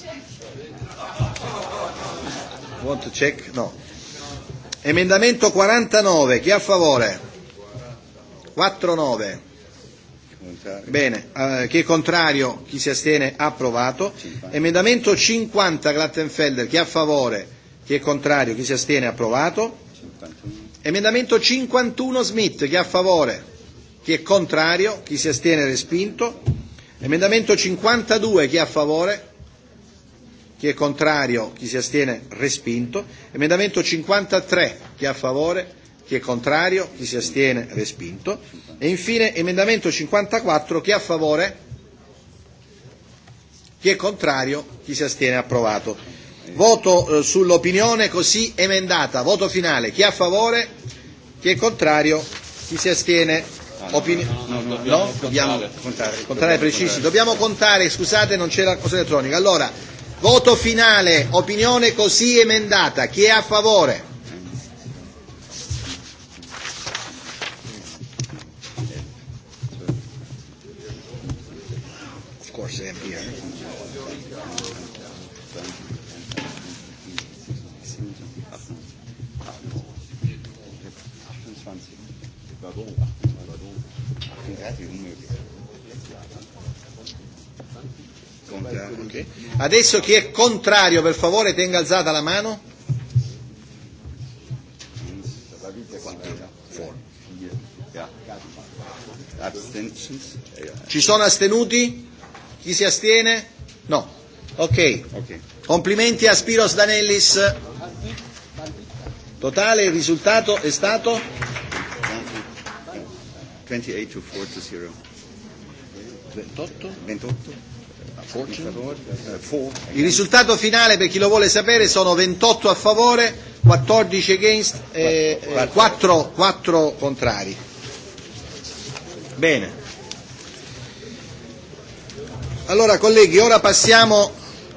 Want to check? No. Emendamento 49, chi è a favore? 49. Bene, eh, chi è contrario, chi si astiene, approvato. 50. Emendamento 50 Glattenfelder, chi è a favore, chi è contrario, chi si astiene, approvato. 51. Emendamento 51 Smith, chi è a favore, chi è contrario, chi si astiene, respinto. Emendamento 52, chi è a favore, chi è contrario, chi si astiene, respinto. Emendamento 53, chi è a favore, Chi è contrario? Chi si astiene? Respinto. E infine emendamento 54. Chi è a favore? Chi è contrario? Chi si astiene? Approvato. Voto eh, sull'opinione così emendata. Voto finale. Chi è a favore? Chi è contrario? Chi si astiene? Ah, no, no, Opini- no, no, no, no, no, dobbiamo contare, contare, contare precisi. Dobbiamo contare, scusate, non c'è la cosa elettronica. Allora, voto finale, opinione così emendata. Chi è a favore? Okay. Adesso chi è contrario, per favore, tenga alzata la mano. Ci sono astenuti? Chi si astiene? No. Ok. Complimenti a Spiros Danellis. Totale, il risultato è stato 28 to 4 to 0. 28? 28? Il risultato finale, per chi lo vuole sapere, sono 28 a favore, 14 against, e 4, e 4 contrari. Bene. Allora colleghi, ora passiamo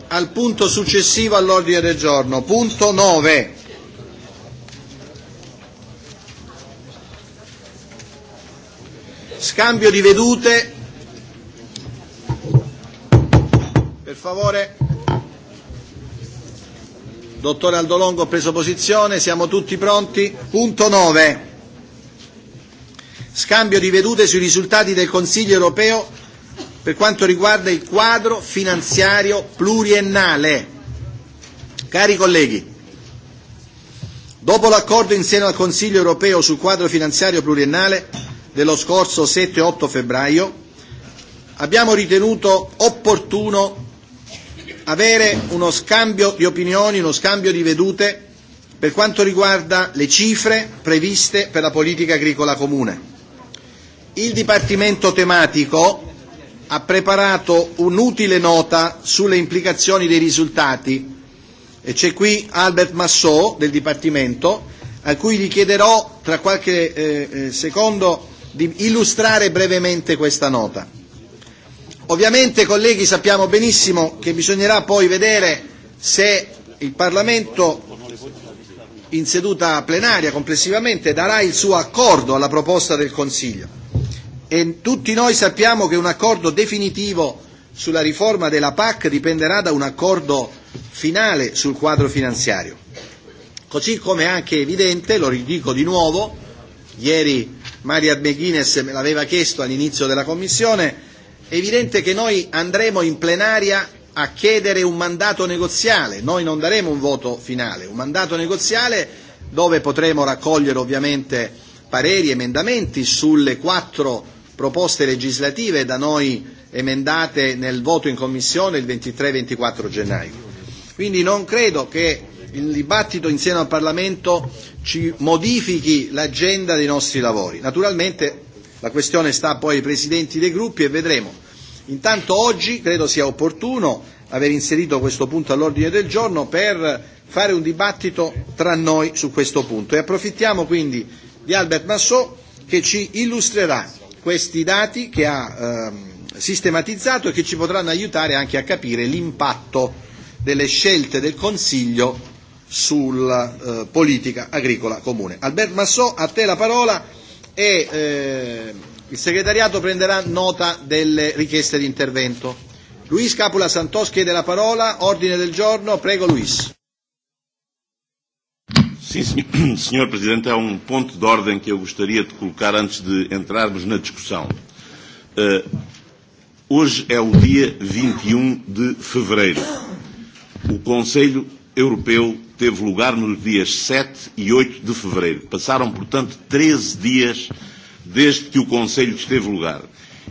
al punto successivo all'ordine del giorno, punto 9. Scambio di vedute favore. Dottore Aldolongo ha preso posizione, siamo tutti pronti. Punto 9. Scambio di vedute sui risultati del Consiglio europeo per quanto riguarda il quadro finanziario pluriennale. Cari colleghi, dopo l'accordo in seno al Consiglio europeo sul quadro finanziario pluriennale dello scorso 7-8 febbraio, abbiamo ritenuto opportuno avere uno scambio di opinioni, uno scambio di vedute per quanto riguarda le cifre previste per la politica agricola comune. Il Dipartimento tematico ha preparato un'utile nota sulle implicazioni dei risultati e c'è qui Albert Massot del Dipartimento a cui gli chiederò tra qualche eh, eh secondo di illustrare brevemente questa nota. Ovviamente, colleghi, sappiamo benissimo che bisognerà poi vedere se il Parlamento in seduta plenaria complessivamente darà il suo accordo alla proposta del Consiglio. E tutti noi sappiamo che un accordo definitivo sulla riforma della PAC dipenderà da un accordo finale sul quadro finanziario. Così come è anche evidente, lo ridico di nuovo, ieri Maria Beghines me l'aveva chiesto all'inizio della Commissione, è evidente che noi andremo in plenaria a chiedere un mandato negoziale, noi non daremo un voto finale, un mandato negoziale dove potremo raccogliere ovviamente pareri, emendamenti sulle quattro proposte legislative da noi emendate nel voto in commissione il 23-24 e gennaio. Quindi non credo che il dibattito insieme al Parlamento ci modifichi l'agenda dei nostri lavori. Naturalmente La questione sta poi ai presidenti dei gruppi e vedremo. Intanto oggi credo sia opportuno aver inserito questo punto all'ordine del giorno per fare un dibattito tra noi su questo punto e approfittiamo quindi di Albert Massot che ci illustrerà questi dati che ha ehm, sistematizzato e che ci potranno aiutare anche a capire l'impatto delle scelte del Consiglio sulla eh, politica agricola comune. Albert Massot, a te la parola e eh, il segretariato prenderà nota delle richieste di intervento. Luis Capula Santos chiede la parola, ordine del giorno, prego Luis. Sim, senhor, Presidente, há um ponto de ordem que eu gostaria de colocar antes de entrarmos na discussão. Uh, hoje é o dia 21 e um de fevereiro. O Conselho Europeu teve lugar nos dias 7 e 8 de fevereiro. Passaram, portanto, 13 dias desde que o Conselho esteve lugar.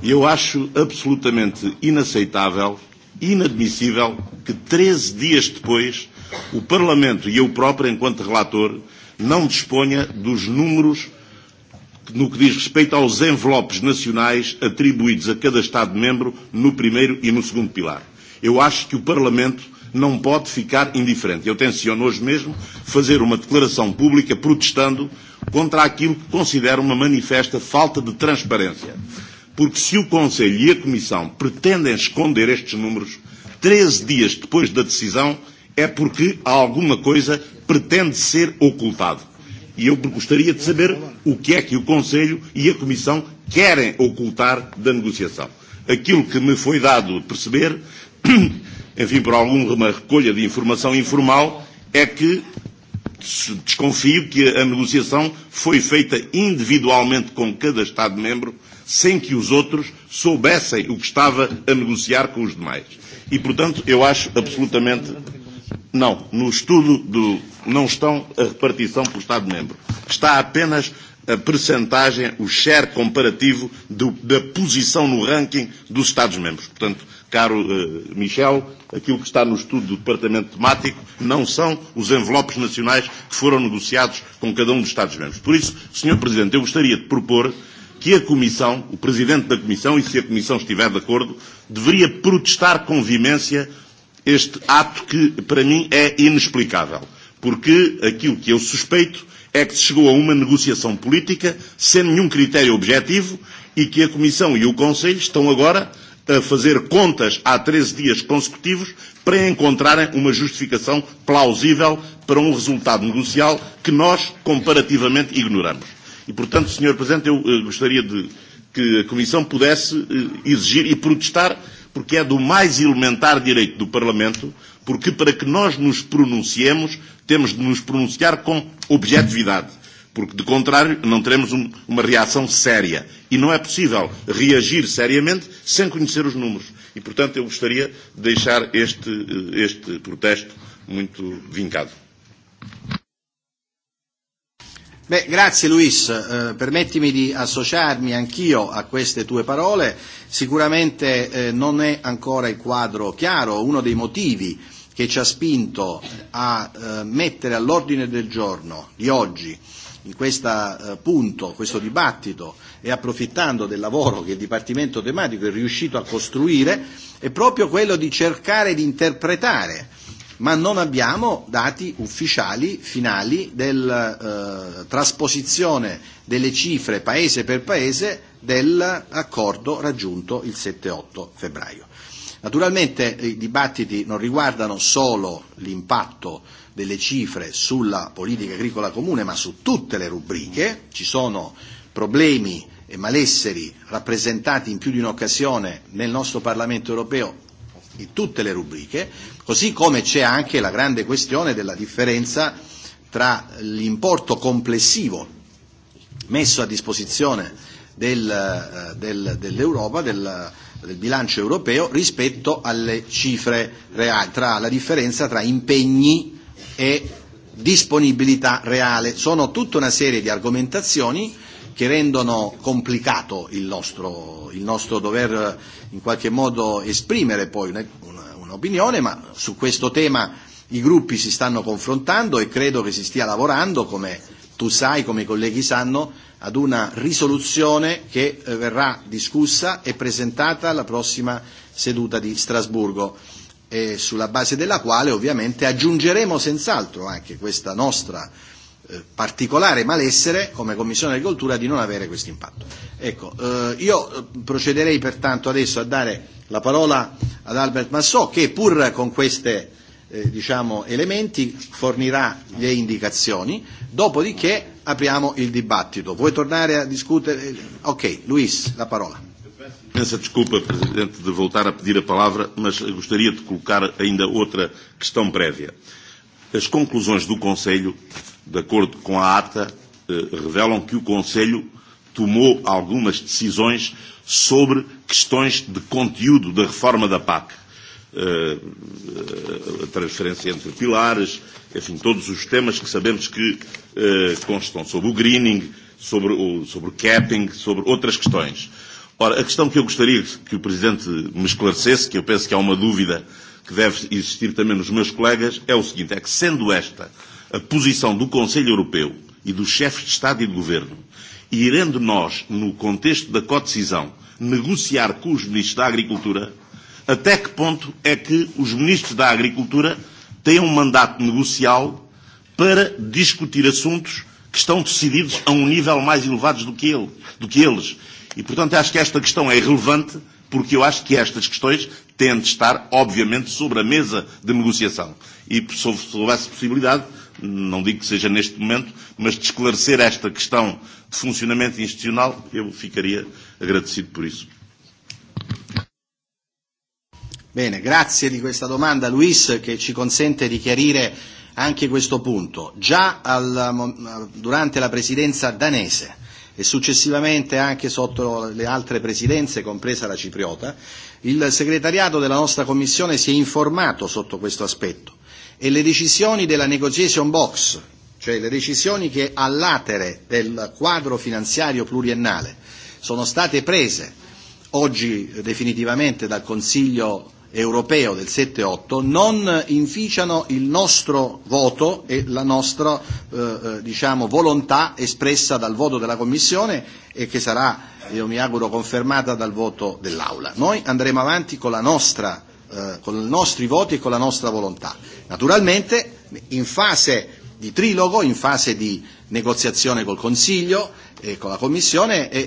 E eu acho absolutamente inaceitável, inadmissível, que 13 dias depois o Parlamento e eu próprio, enquanto relator, não disponha dos números no que diz respeito aos envelopes nacionais atribuídos a cada Estado-membro no primeiro e no segundo pilar. Eu acho que o Parlamento não pode ficar indiferente. Eu tenciono hoje mesmo fazer uma declaração pública protestando contra aquilo que considero uma manifesta falta de transparência. Porque se o Conselho e a Comissão pretendem esconder estes números 13 dias depois da decisão, é porque alguma coisa pretende ser ocultado. E eu gostaria de saber o que é que o Conselho e a Comissão querem ocultar da negociação. Aquilo que me foi dado perceber enfim, por alguma recolha de informação informal, é que desconfio que a negociação foi feita individualmente com cada Estado-membro, sem que os outros soubessem o que estava a negociar com os demais. E, portanto, eu acho absolutamente. Não, no estudo do. Não estão a repartição por Estado-membro. Está apenas a percentagem, o share comparativo do, da posição no ranking dos Estados-membros. Portanto, caro uh, Michel, aquilo que está no estudo do Departamento Temático não são os envelopes nacionais que foram negociados com cada um dos Estados-membros. Por isso, Sr. Presidente, eu gostaria de propor que a Comissão, o Presidente da Comissão, e se a Comissão estiver de acordo, deveria protestar com vimência este ato que, para mim, é inexplicável. Porque aquilo que eu suspeito é que se chegou a uma negociação política sem nenhum critério objetivo e que a Comissão e o Conselho estão agora a fazer contas há 13 dias consecutivos para encontrarem uma justificação plausível para um resultado negocial que nós comparativamente ignoramos. E, portanto, Sr. Presidente, eu eh, gostaria de que a Comissão pudesse eh, exigir e protestar, porque é do mais elementar direito do Parlamento, porque para que nós nos pronunciemos, temos de nos pronunciar com objetividade porque, de contrário, não teremos um, uma reação séria. E não é possível reagir seriamente sem conhecer os números. E, portanto, eu gostaria de deixar este, eh, este protesto muito vincado. Beh, grazie Luis, eh, permettimi di associarmi anch'io a queste tue parole. Sicuramente eh, non è ancora il quadro chiaro, uno dei motivi che ci ha spinto a eh, mettere all'ordine del giorno di oggi eh, in questo eh, punto, questo dibattito e approfittando del lavoro che il Dipartimento tematico è riuscito a costruire è proprio quello di cercare di interpretare, ma non abbiamo dati ufficiali finali della eh, trasposizione delle cifre paese per paese dell'accordo raggiunto il 7-8 febbraio. Naturalmente eh, i dibattiti non riguardano solo l'impatto delle cifre sulla politica agricola comune, ma su tutte le rubriche, ci sono problemi e malesseri rappresentati in più di un'occasione nel nostro Parlamento europeo in tutte le rubriche, così come c'è anche la grande questione della differenza tra l'importo complessivo messo a disposizione del, eh, del, dell'Europa, del, del bilancio europeo rispetto alle cifre reali, tra la differenza tra impegni e disponibilità reale. Sono tutta una serie di argomentazioni che rendono complicato il nostro, il nostro dover eh, in qualche modo esprimere poi un'opinione, ma su questo tema i gruppi si stanno confrontando e credo che si stia lavorando, come tu sai, come i colleghi sanno, ad una risoluzione che eh, verrà discussa e presentata alla prossima seduta di Strasburgo e sulla base della quale ovviamente aggiungeremo senz'altro anche questa nostra eh, particolare malessere come Commissione Agricoltura di non avere questo impatto. Ecco, eh, io eh, procederei pertanto adesso a dare la parola ad Albert Massò che pur con questi eh, diciamo, elementi fornirà le indicazioni, dopodiché apriamo il dibattito. Vuoi tornare a discutere? Eh, ok, Luis, la parola. Peço desculpa, Presidente, de voltar a pedir a palavra, mas gostaria de colocar ainda outra questão prévia. As conclusões do Conselho, de acordo com a ata, eh, revelam que o Conselho tomou algumas decisões sobre questões de conteúdo da reforma da PAC. Eh, a transferência entre pilares, enfim, todos os temas que sabemos que eh, constam sobre o greening, sobre o sobre capping, sobre outras questões. Ora, a questão que eu gostaria que o Presidente me esclarecesse, que eu penso que há uma dúvida que deve existir também nos meus colegas, é o seguinte, é que sendo esta a posição do Conselho Europeu e dos chefes de Estado e de Governo, e irendo nós, no contexto da co-decisão, negociar com os ministros da Agricultura, até que ponto é que os ministros da Agricultura têm um mandato negocial para discutir assuntos que estão decididos a um nível mais elevado do que, ele, do que eles E, portanto, acho que esta questão é relevante porque eu acho que estas questões têm de estar, obviamente, sobre a mesa de negociação. E, se houvesse possibilidade, não digo que seja neste momento, mas de esclarecer esta questão de funcionamento institucional, eu ficaria agradecido por isso. Bene, grazie di questa domanda Luis che ci consente di chiarire anche questo punto. Già al, durante la presidenza danese e successivamente anche sotto le altre presidenze, compresa la cipriota, il segretariato della nostra Commissione si è informato sotto questo aspetto e le decisioni della negotiation box, cioè le decisioni che all'atere del quadro finanziario pluriennale sono state prese oggi definitivamente dal Consiglio europeo del 7-8 non inficiano il nostro voto e la nostra eh, eh, diciamo, volontà espressa dal voto della Commissione e che sarà, io mi auguro, confermata dal voto dell'Aula. Noi andremo avanti con la nostra eh, con i nostri voti e con la nostra volontà. Naturalmente in fase di trilogo, in fase di negoziazione col Consiglio, eh, con la Commissione e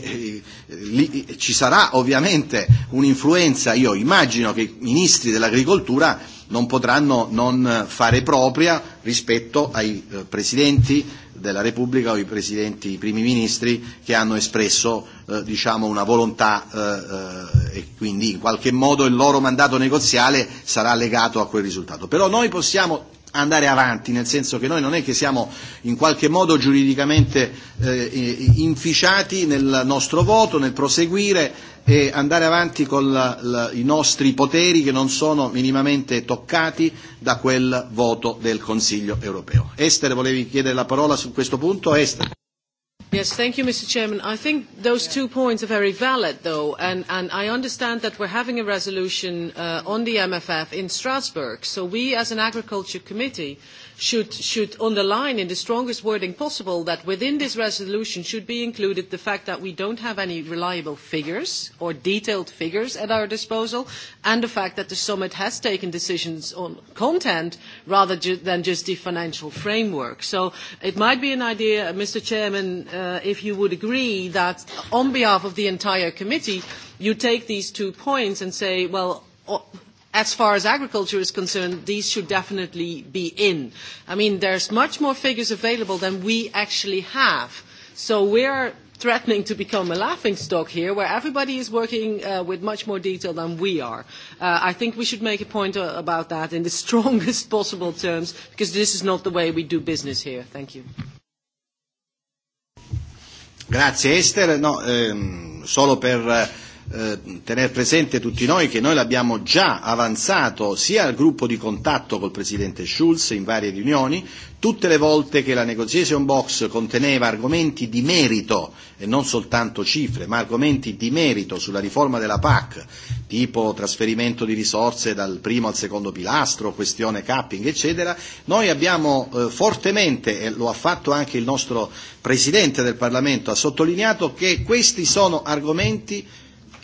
e, lì e, ci sarà ovviamente un'influenza, io immagino che i ministri dell'agricoltura non potranno non fare propria rispetto ai eh, presidenti della Repubblica o i presidenti, i primi ministri che hanno espresso eh, diciamo una volontà eh, eh, e quindi in qualche modo il loro mandato negoziale sarà legato a quel risultato. Però noi possiamo andare avanti, nel senso che noi non è che siamo in qualche modo giuridicamente eh, inficiati nel nostro voto, nel proseguire e andare avanti con la, la, i nostri poteri che non sono minimamente toccati da quel voto del Consiglio europeo. Esther volevi chiedere la parola su questo punto? Estere. Yes, thank you, Mr. Chairman. I think those two points are very valid, though, and, and I understand that we're having a resolution uh, on the MFF in Strasbourg. So we, as an agriculture committee, should, should underline in the strongest wording possible that within this resolution should be included the fact that we don't have any reliable figures or detailed figures at our disposal and the fact that the summit has taken decisions on content rather ju than just the financial framework. So it might be an idea, uh, Mr. Chairman, uh, if you would agree that on behalf of the entire committee, you take these two points and say, well, as far as agriculture is concerned, these should definitely be in. I mean, there's much more figures available than we actually have. So we're threatening to become a laughing stock here, where everybody is working uh, with much more detail than we are. Uh, I think we should make a point uh, about that in the strongest possible terms, because this is not the way we do business here. Thank you. Grazie Esther, no, ehm, solo per eh, Eh, tenere presente tutti noi che noi l'abbiamo già avanzato sia al gruppo di contatto col Presidente Schulz in varie riunioni, tutte le volte che la negotiation box conteneva argomenti di merito e non soltanto cifre, ma argomenti di merito sulla riforma della PAC, tipo trasferimento di risorse dal primo al secondo pilastro, questione capping, eccetera, noi abbiamo eh, fortemente, e lo ha fatto anche il nostro Presidente del Parlamento, ha sottolineato che questi sono argomenti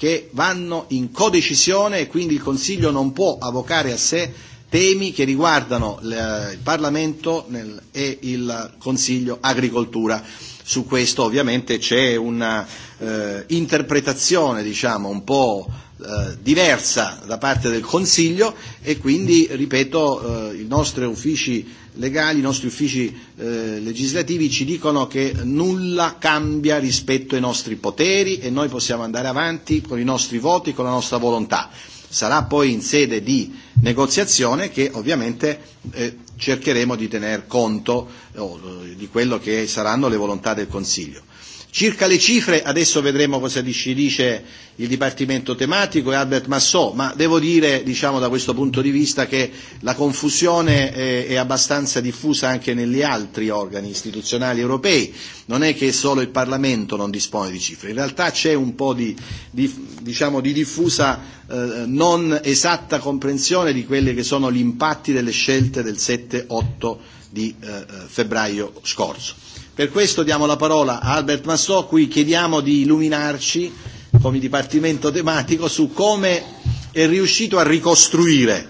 che vanno in codecisione e quindi il Consiglio non può avocare a sé temi che riguardano il Parlamento e il Consiglio agricoltura. Su questo ovviamente c'è un'interpretazione eh, diciamo, un po' Eh, diversa da parte del Consiglio e quindi, ripeto, eh, i nostri uffici legali, i nostri uffici eh, legislativi ci dicono che nulla cambia rispetto ai nostri poteri e noi possiamo andare avanti con i nostri voti, con la nostra volontà. Sarà poi in sede di negoziazione che ovviamente eh, cercheremo di tener conto oh, di quello che saranno le volontà del Consiglio. Circa le cifre, adesso vedremo cosa ci dice il Dipartimento tematico e Albert Massot, ma devo dire diciamo, da questo punto di vista che la confusione è, eh, è abbastanza diffusa anche negli altri organi istituzionali europei, non è che solo il Parlamento non dispone di cifre, in realtà c'è un po' di, di, diciamo, di diffusa eh, non esatta comprensione di quelli che sono gli impatti delle scelte del 7-8 di eh, eh, febbraio scorso. Per questo diamo la parola a Albert Massò, cui chiediamo di illuminarci come dipartimento tematico su come è riuscito a ricostruire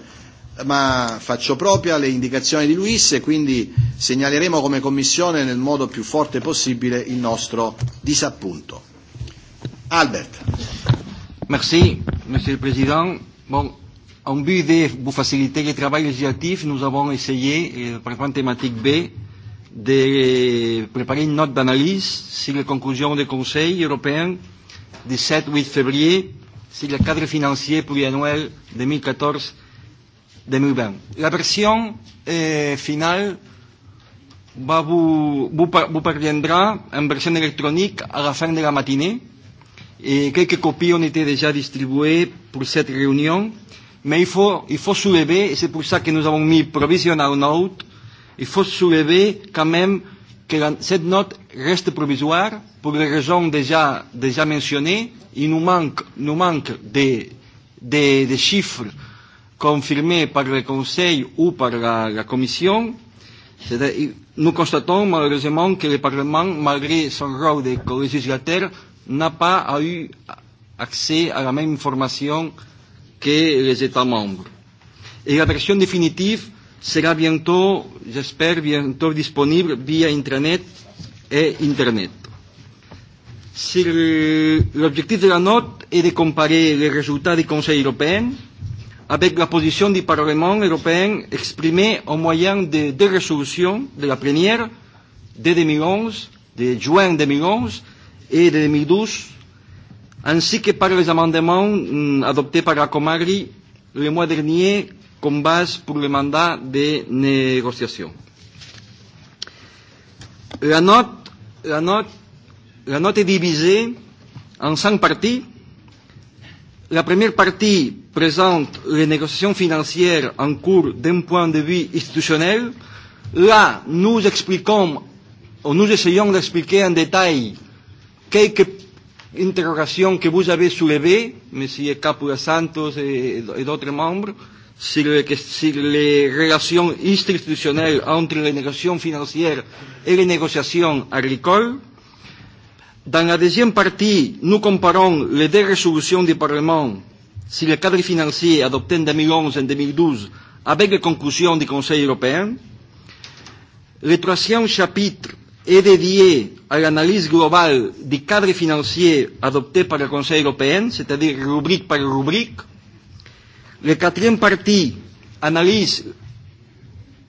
ma faccio propria le indicazioni di Luis e quindi segnaleremo come Commissione nel modo più forte possibile il nostro disappunto. Albert. Merci, Monsieur le Président. Bon, en vue de vous faciliter le travail législatif, nous avons essayé, euh, par exemple thématique B, de préparer une note d'analyse sur les conclusions du Conseil européen du 7-8 février sur le cadre financier pluriannuel 2014-2020. La version euh, finale va vous, vous, vous parviendra en version électronique à la fin de la matinée. Et quelques copies ont été déjà distribuées pour cette réunion. Mais il faut, il faut soulever, et c'est pour ça que nous avons mis provisional note, il faut soulever quand même que la, cette note reste provisoire pour les raisons déjà, déjà mentionnées. Il nous manque, nous manque des, des, des chiffres confirmés par le Conseil ou par la, la Commission. Nous constatons malheureusement que le Parlement, malgré son rôle de co-législateur, n'a pas eu accès à la même information que les États membres. Et la version définitive será bientôt, j'espère, bientôt disponible via intranet et internet. Si l'objectif de la note est de comparer les résultats du Conseil européen avec la position du Parlement européen exprimée au moyen de deux résolutions, de la première de 2011, de juin 2011 et de 2012, ainsi que par les amendements mm, adoptés par la Comari le mois dernier com vas pour de negociació. La note, la note, la note est divisée en cinq parties. La première partie présente les négociations financières en cours d'un point de vue institutionnel. Là, nous expliquons, ou nous essayons d'expliquer en détail quelques interrogations que vous avez soulevées, M. Capula Santos et, et d'autres membres, sur, sur les relations institutionnelles entre les négociations financières et les négociations agricoles. Dans la deuxième partie, nous comparons les deux résolutions du Parlement sur le cadre financier e adopté en 2011 et en 2012 avec les conclusions du Conseil européen. Le troisième chapitre est dédié à l'analyse globale du cadre financier adopté par le Conseil européen, c'est-à-dire rubrique par rubrique. Le quatrième partie analyse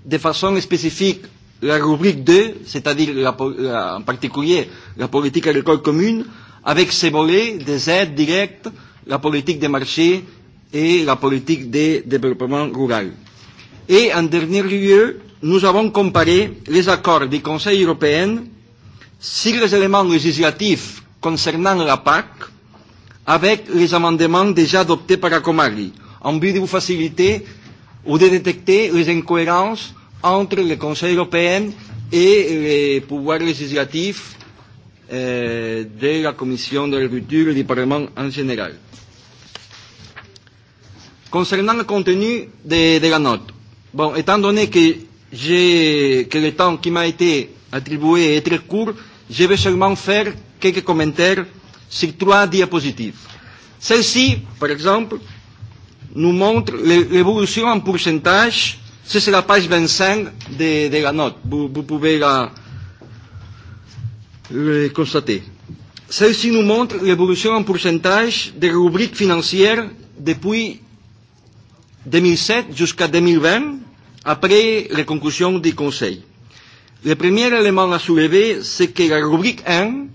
de façon spécifique la rubrique 2, c'est-à-dire en particulier la politique agricole commune, avec ses volets des aides directes, la politique des marchés et la politique de développement rural. Et en dernier lieu, nous avons comparé les accords du Conseil européen sur les éléments législatifs concernant la PAC avec les amendements déjà adoptés par la Comarie en vue de vous faciliter ou de détecter les incohérences entre le Conseil européen et les pouvoirs législatifs euh, de la Commission de l'agriculture et du Parlement en général. Concernant le contenu de, de la note, bon, étant donné que, que le temps qui m'a été attribué est très court, je vais seulement faire quelques commentaires sur trois diapositives. Celle-ci, par exemple, nous montre l'évolution en pourcentage. C'est la page 25 de, de la note. Vous, vous pouvez la, le constater. Celle-ci nous montre l'évolution en pourcentage des rubriques financières depuis 2007 jusqu'à 2020, après les conclusions du Conseil. Le premier élément à soulever, c'est que la rubrique 1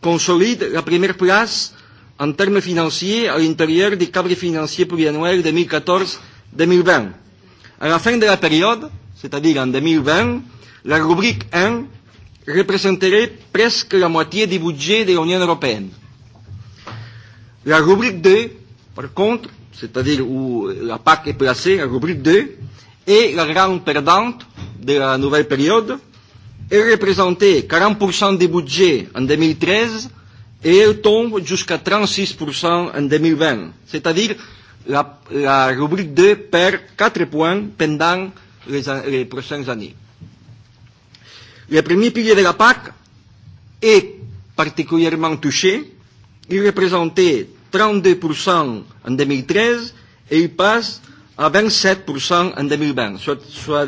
consolide la première place en termes financiers à l'intérieur du cadre financier pluriannuel 2014-2020. À la fin de la période, c'est-à-dire en 2020, la rubrique 1 représenterait presque la moitié du budget de l'Union européenne. La rubrique 2, par contre, c'est-à-dire où la PAC est placée, la rubrique 2, est la grande perdante de la nouvelle période. Elle représentait 40% du budget en 2013 et elle tombe jusqu'à 36% en 2020. C'est-à-dire la, la rubrique 2 perd 4 points pendant les, les prochaines années. Le premier pilier de la PAC est particulièrement touché. Il représentait 32% en 2013 et il passe à 27% en 2020, soit, soit,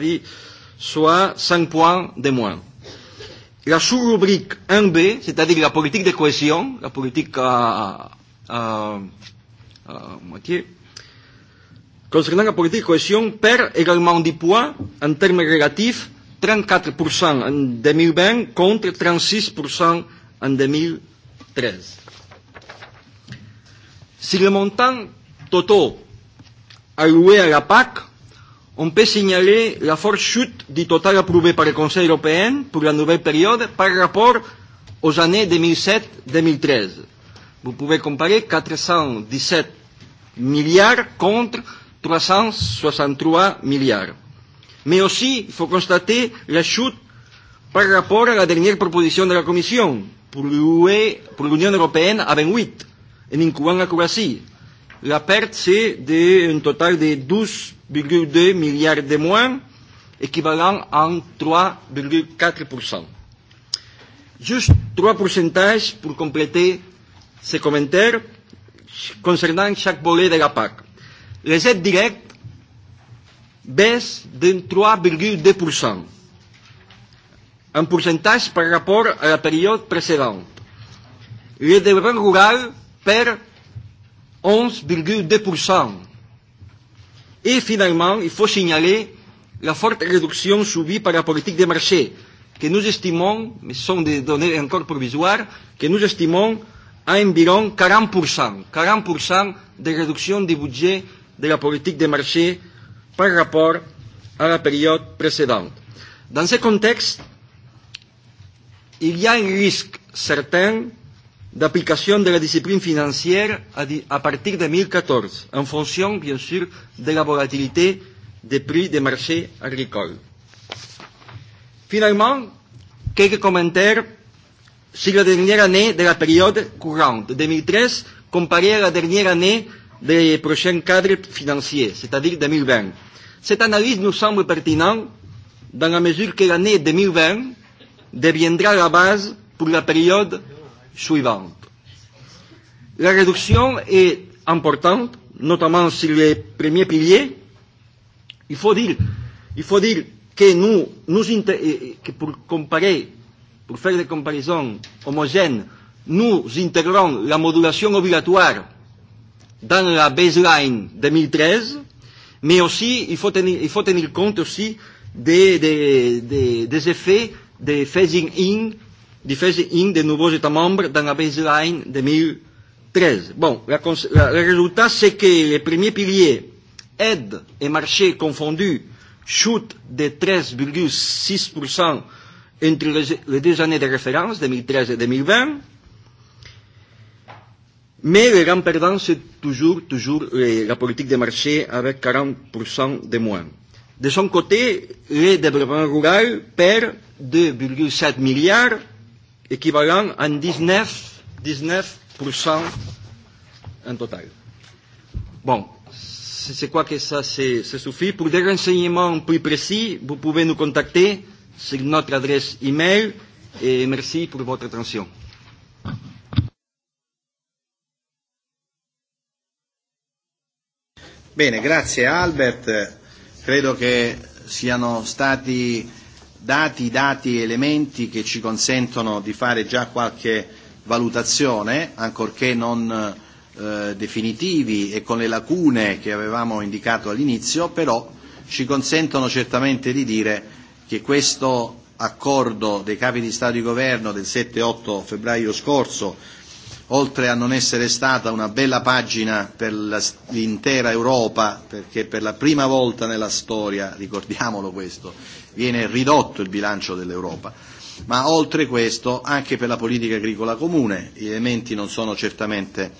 soit 5 points de moins la sous-rubrique 1B, c'est-à-dire la politique de cohésion, la politique à, à, à moitié, concernant la politique de cohésion, perd également du poids en termes relatifs, 34% en 2020 contre 36% en 2013. Si le montant total alloué à la PAC on peut signaler la forte chute du total approuvé par le Conseil européen pour la nouvelle période par rapport aux années 2007-2013. Vous pouvez comparer 417 milliards contre 363 milliards. Mais aussi, il faut constater la chute par rapport à la dernière proposition de la Commission pour l'Union européenne à 28, en incluant la Croatie la perte, c'est un total de 12,2 milliards de moins, équivalent à 3,4%. Juste trois pourcentages pour compléter ces commentaires concernant chaque volet de la PAC. Les aides directes baissent de 3,2%, un pourcentage par rapport à la période précédente. Le développement rural perd 11,2%. Et finalement, il faut signaler la forte réduction subie par la politique des marchés, que nous estimons, mais ce sont des données encore provisoires, que nous estimons à environ 40%, 40% de réduction du budget de la politique des marchés par rapport à la période précédente. Dans ce contexte, il y a un risque certain de aplicación de la disciplina financiera a, di a partir de 2014, en función, bien sûr, de la volatilidad de prix de marché agricoles. Finalement, quelques commentaires sur la dernière année de la période courante, 2013, comparée à la dernière année des prochains cadres financiers, c'est-à-dire 2020. Cette analyse nous semble pertinente dans la mesure que l'année 2020 deviendra la base pour la période 2021-2027 suivante. La réduction est importante, notamment sur les premiers piliers. Il faut dire, il faut dire que nous, nous que pour comparer, pour faire des comparaisons homogènes, nous intégrons la modulation obligatoire dans la baseline 2013, mais aussi il faut tenir, il faut tenir compte aussi des, des, des, des effets des phasing in diffusée in des nouveaux États membres dans la baseline 2013. Bon, la, la, e le résultat, c'est que les premiers piliers, aide et marché confondus, chute de 13,6% entre les, les deux années de référence, 2013 et 2020. Mais le grand perdant, c'est toujours, toujours les, la politique des marchés avec 40% de moins. De son côté, le développement rural perd 2,7 milliards équivalent à 19, 19% en total. Bon, c'est quoi que ça, c'est suffit. Pour des renseignements plus précis, vous pouvez nous contacter sur notre adresse e-mail et merci pour votre attention. Bene, grazie Albert. Credo che siano stati dati, dati e elementi che ci consentono di fare già qualche valutazione, ancorché non eh, definitivi e con le lacune che avevamo indicato all'inizio, però ci consentono certamente di dire che questo accordo dei capi di Stato e di Governo del 7-8 febbraio scorso, oltre a non essere stata una bella pagina per l'intera Europa, perché per la prima volta nella storia, ricordiamolo questo, viene ridotto il bilancio dell'Europa. Ma oltre questo, anche per la politica agricola comune, gli elementi non sono certamente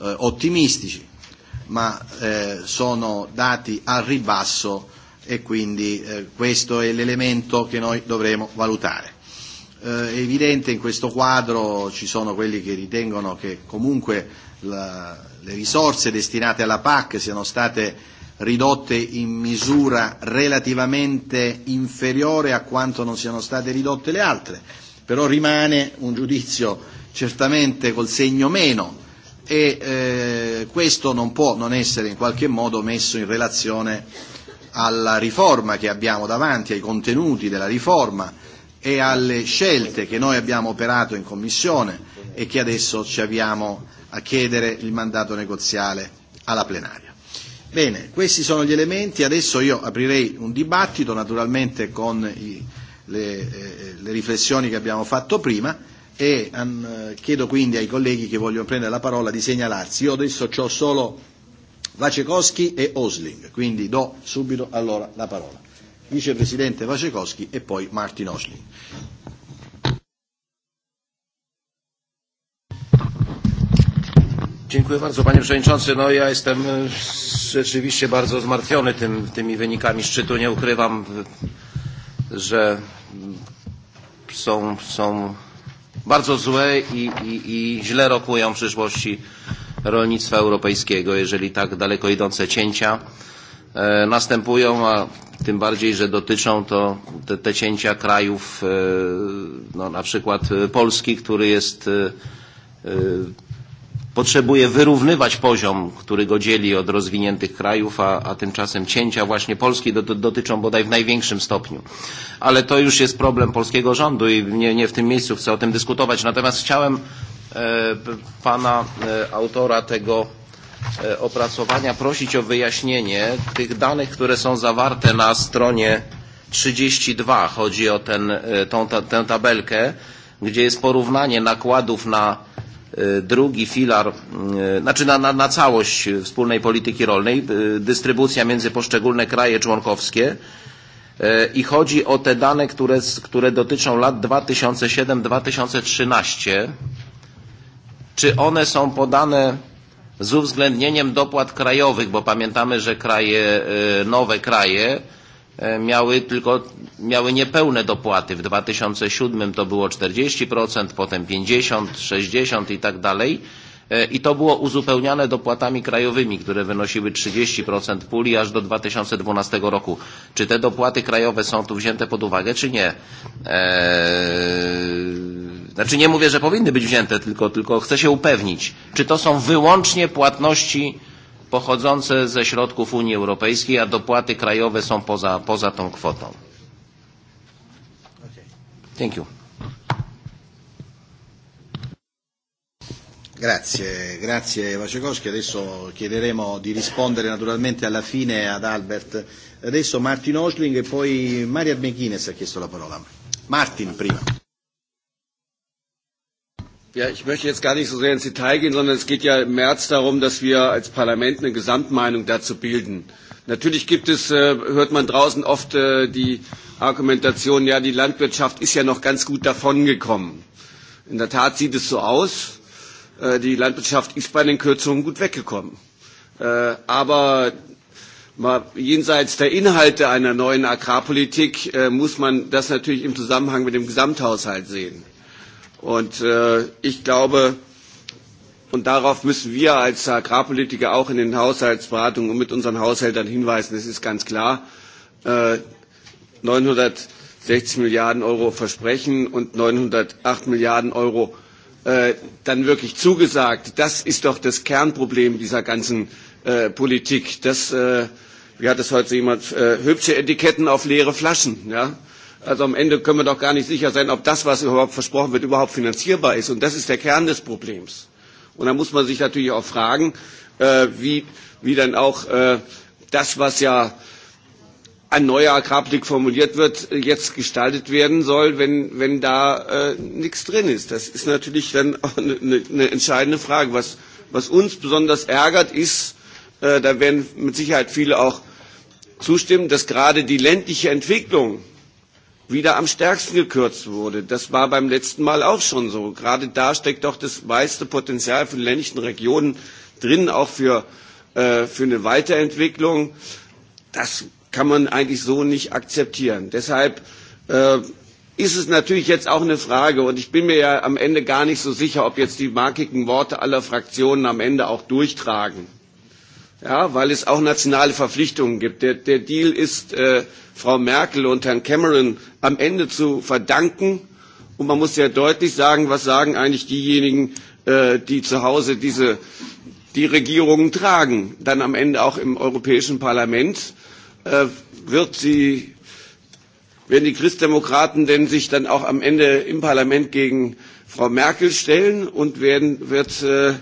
eh, ottimistici, ma eh, sono dati al ribasso e quindi eh, questo è l'elemento che noi dovremo valutare. Eh, è evidente in questo quadro ci sono quelli che ritengono che comunque la, le risorse destinate alla PAC siano state ridotte in misura relativamente inferiore a quanto non siano state ridotte le altre, però rimane un giudizio certamente col segno meno e eh, questo non può non essere in qualche modo messo in relazione alla riforma che abbiamo davanti, ai contenuti della riforma e alle scelte che noi abbiamo operato in Commissione e che adesso ci avviamo a chiedere il mandato negoziale alla plenaria. Bene, questi sono gli elementi, adesso io aprirei un dibattito naturalmente con i, le, eh, le riflessioni che abbiamo fatto prima e an, eh, chiedo quindi ai colleghi che vogliono prendere la parola di segnalarsi. Io adesso ho solo Vacekowski e Osling, quindi do subito allora la parola. Vicepresidente Vacekowski e poi Martin Osling. Dziękuję bardzo panie przewodniczący. No ja jestem e, rzeczywiście bardzo zmartwiony tym, tymi wynikami szczytu. Nie ukrywam, e, że są, są bardzo złe i, i, i źle rokują w przyszłości rolnictwa europejskiego, jeżeli tak daleko idące cięcia e, następują, a tym bardziej, że dotyczą to te, te cięcia krajów, e, no, na przykład e, Polski, który jest e, potrzebuje wyrównywać poziom, który go dzieli od rozwiniętych krajów, a, a tymczasem cięcia właśnie Polski do, do, dotyczą bodaj w największym stopniu. Ale to już jest problem polskiego rządu i nie, nie w tym miejscu chcę o tym dyskutować. Natomiast chciałem e, pana e, autora tego e, opracowania prosić o wyjaśnienie tych danych, które są zawarte na stronie 32. Chodzi o ten, e, tą, ta, tę tabelkę, gdzie jest porównanie nakładów na E, drugi filar, e, znaczy na, na, na całość wspólnej polityki rolnej, e, dystrybucja między poszczególne kraje członkowskie i chodzi o te dane, które, które dotyczą lat 2007-2013. Czy one są podane z uwzględnieniem dopłat krajowych, bo pamiętamy, że kraje, nowe kraje, E, miały tylko miały niepełne dopłaty. W 2007 to było 40%, potem 50, 60 i tak dalej. E, I to było uzupełniane dopłatami krajowymi, które wynosiły 30% puli aż do 2012 roku. Czy te dopłaty krajowe są tu wzięte pod uwagę, czy nie? Eee... Znaczy nie mówię, że powinny być wzięte, tylko, tylko chcę się upewnić. Czy to są wyłącznie płatności pochodzące ze środków Unii Europejskiej, a dopłaty krajowe są poza, poza tą kwotą. Thank you. Grazie, grazie Vacekoschi. Adesso chiederemo di rispondere naturalmente alla fine ad Albert. Adesso Martin Osling e poi Maria Beghines ha chiesto la parola. Martin prima. Ja, ich möchte jetzt gar nicht so sehr ins Detail gehen, sondern es geht ja im März darum, dass wir als Parlament eine Gesamtmeinung dazu bilden. Natürlich gibt es, äh, hört man draußen oft äh, die Argumentation, ja, die Landwirtschaft ist ja noch ganz gut davongekommen. In der Tat sieht es so aus. Äh, die Landwirtschaft ist bei den Kürzungen gut weggekommen. Aber mal jenseits der Inhalte einer neuen Agrarpolitik muss man das natürlich im Zusammenhang mit dem Gesamthaushalt sehen. Und äh, ich glaube, und darauf müssen wir als Agrarpolitiker auch in den Haushaltsberatungen und mit unseren Haushältern hinweisen, das ist ganz klar. Äh, 960 Milliarden Euro versprechen und 908 Milliarden Euro äh, dann wirklich zugesagt. Das ist doch das Kernproblem dieser ganzen äh, Politik. Das, äh, wie hat es heute jemand, äh, hübsche Etiketten auf leere Flaschen. Ja? Also am Ende können wir doch gar nicht sicher sein, ob das, was überhaupt versprochen wird, überhaupt finanzierbar ist. Und das ist der Kern des Problems. Und da muss man sich natürlich auch fragen, äh, wie, wie dann auch äh, das, was ja an neuer Agrarpolitik formuliert wird, jetzt gestaltet werden soll, wenn, wenn da äh, nichts drin ist. Das ist natürlich dann auch eine, eine entscheidende Frage. Was, was uns besonders ärgert, ist, äh, da werden mit Sicherheit viele auch zustimmen, dass gerade die ländliche Entwicklung wieder am stärksten gekürzt wurde. Das war beim letzten Mal auch schon so. Gerade da steckt doch das meiste Potenzial für die ländlichen Regionen drin, auch für, äh, für eine Weiterentwicklung. Das kann man eigentlich so nicht akzeptieren. Deshalb äh, ist es natürlich jetzt auch eine Frage, und ich bin mir ja am Ende gar nicht so sicher, ob jetzt die markigen Worte aller Fraktionen am Ende auch durchtragen ja, weil es auch nationale Verpflichtungen gibt. Der, der Deal ist äh, Frau Merkel und Herrn Cameron am Ende zu verdanken. Und man muss ja deutlich sagen, was sagen eigentlich diejenigen, äh, die zu Hause diese, die Regierungen tragen. Dann am Ende auch im Europäischen Parlament äh, wird sie, werden die Christdemokraten denn sich dann auch am Ende im Parlament gegen Frau Merkel stellen und werden, wird äh,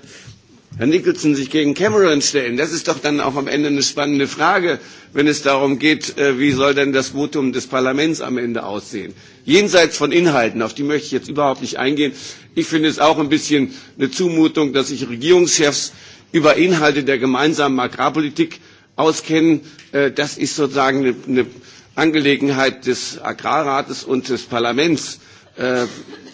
Herrn Nicholson sich gegen Cameron stellen. Das ist doch dann auch am Ende eine spannende Frage, wenn es darum geht, äh, wie soll denn das Votum des Parlaments am Ende aussehen. Jenseits von Inhalten, auf die möchte ich jetzt überhaupt nicht eingehen. Ich finde es auch ein bisschen eine Zumutung, dass sich Regierungschefs über Inhalte der gemeinsamen Agrarpolitik auskennen. Äh, das ist sozusagen eine Angelegenheit des Agrarrates und des Parlaments äh,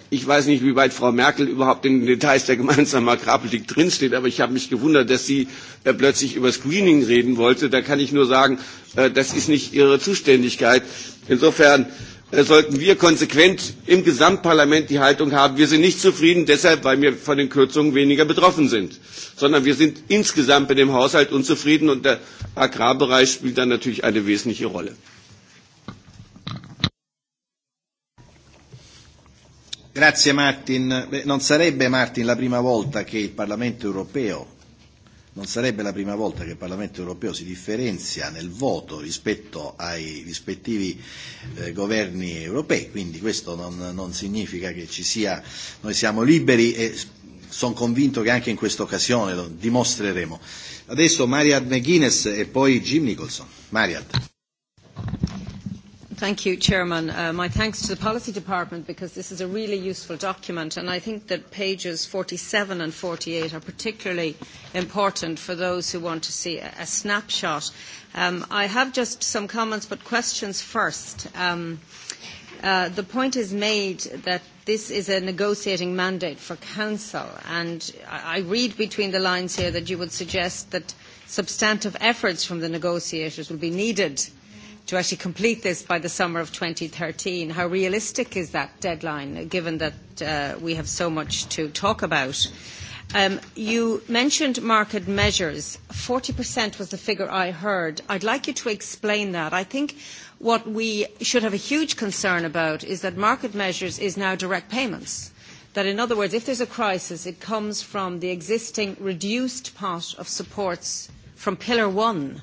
Ich weiß nicht, wie weit Frau Merkel überhaupt in den Details der gemeinsamen Agrarpolitik drinsteht, aber ich habe mich gewundert, dass sie äh, plötzlich über Screening reden wollte. Da kann ich nur sagen, äh, das ist nicht ihre Zuständigkeit. Insofern äh, sollten wir konsequent im Gesamtparlament die Haltung haben, wir sind nicht zufrieden deshalb, weil wir von den Kürzungen weniger betroffen sind, sondern wir sind insgesamt mit dem Haushalt unzufrieden und der Agrarbereich spielt dann natürlich eine wesentliche Rolle. Grazie Martin. Beh, non sarebbe Martin la prima volta che il Parlamento europeo non sarebbe la prima volta che il Parlamento europeo si differenzia nel voto rispetto ai rispettivi eh, governi europei, quindi questo non, non significa che ci sia, noi siamo liberi e sono convinto che anche in questa occasione lo dimostreremo. Adesso Mariad McGuinness e poi Jim Nicholson. Mariad. Thank you, Chairman. Uh, my thanks to the Policy Department because this is a really useful document and I think that pages 47 and 48 are particularly important for those who want to see a, a snapshot. Um, I have just some comments but questions first. Um, uh, the point is made that this is a negotiating mandate for Council and I, I read between the lines here that you would suggest that substantive efforts from the negotiators will be needed to actually complete this by the summer of 2013. How realistic is that deadline, given that uh, we have so much to talk about? Um, you mentioned market measures. 40% was the figure I heard. I'd like you to explain that. I think what we should have a huge concern about is that market measures is now direct payments. That in other words, if there's a crisis, it comes from the existing reduced pot of supports from Pillar 1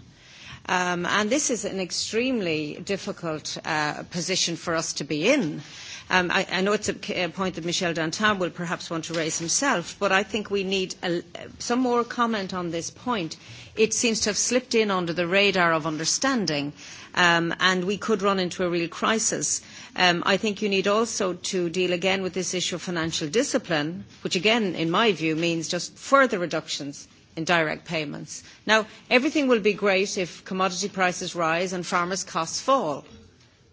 Um, and this is an extremely difficult uh, position for us to be in. Um, I, I know it's a, a point that Michel Dantin will perhaps want to raise himself, but I think we need a, some more comment on this point. It seems to have slipped in under the radar of understanding, um, and we could run into a real crisis. Um, I think you need also to deal again with this issue of financial discipline, which again, in my view, means just further reductions in direct payments. Now, everything will be great if commodity prices rise and farmers' costs fall.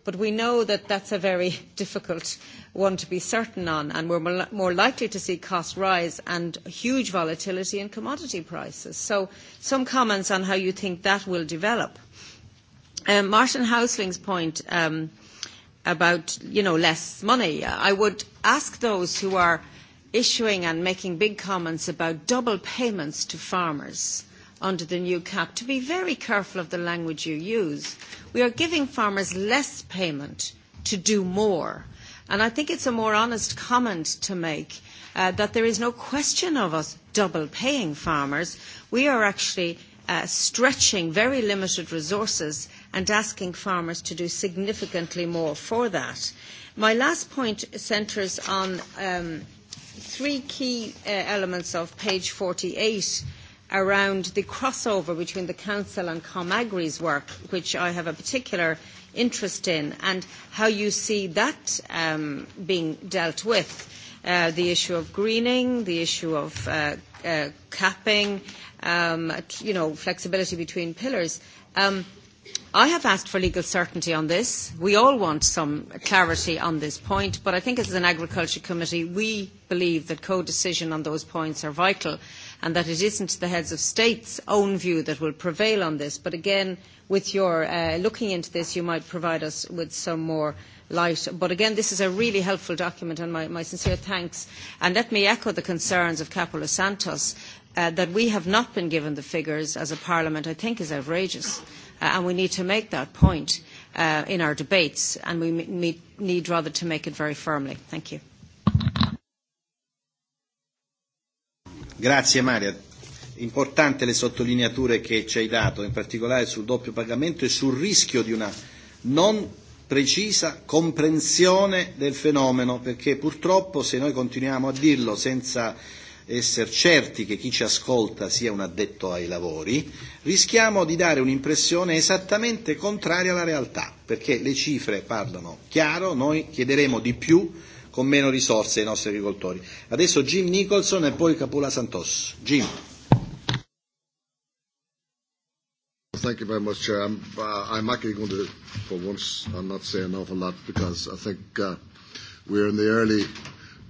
But we know that that's a very difficult one to be certain on, and we're more likely to see costs rise and huge volatility in commodity prices. So some comments on how you think that will develop. Um, Martin Housling's point um, about, you know, less money. I would ask those who are – issuing and making big comments about double payments to farmers under the new cap to be very careful of the language you use. We are giving farmers less payment to do more. And I think it's a more honest comment to make uh, that there is no question of us double paying farmers. We are actually uh, stretching very limited resources and asking farmers to do significantly more for that. My last point centres on um, three key uh, elements of page 48 around the crossover between the Council and ComAgri's work, which I have a particular interest in, and how you see that um, being dealt with. Uh, the issue of greening, the issue of uh, uh, capping, um, you know, flexibility between pillars. Um, i have asked for legal certainty on this. We all want some clarity on this point, but I think as an Agriculture Committee, we believe that co-decision on those points are vital and that it isn't the heads of state's own view that will prevail on this. But again, with your uh, looking into this, you might provide us with some more light. But again, this is a really helpful document and my, my sincere thanks. And let me echo the concerns of Capola Santos. Uh, that we have not been given the figures as a parliament, I think is outrageous Uh, and we need to make that point uh, in our debates, and we need, need rather to make it very firmly. Thank you. Grazie Maria. Importante le sottolineature che ci hai dato, in particolare sul doppio pagamento e sul rischio di una non precisa comprensione del fenomeno, perché purtroppo se noi continuiamo a dirlo senza essere certi che chi ci ascolta sia un addetto ai lavori, rischiamo di dare un'impressione esattamente contraria alla realtà, perché le cifre parlano chiaro, noi chiederemo di più con meno risorse ai nostri agricoltori. Adesso Jim Nicholson e poi Capula Santos. Jim. Thank you very much, Chair. I'm, uh, I'm actually going to, for once, I'm not saying an awful lot because I think uh, we're in the early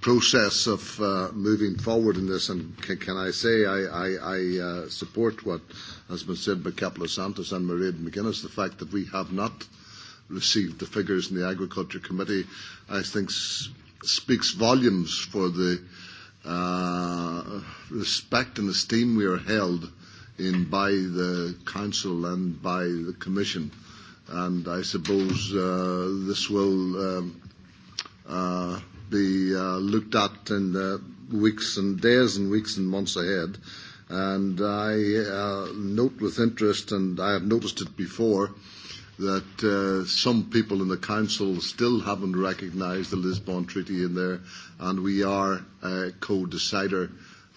process of uh, moving forward in this, and can, can I say I, I, I uh, support what has been said by Capilla Santos and Mairead McGuinness, the fact that we have not received the figures in the Agriculture Committee, I think s- speaks volumes for the uh, respect and esteem we are held in by the Council and by the Commission. And I suppose uh, this will um, uh, be uh, looked at in the weeks and days and weeks and months ahead. And I uh, note with interest, and I have noticed it before, that uh, some people in the council still haven't recognised the Lisbon Treaty in there, and we are a co-decider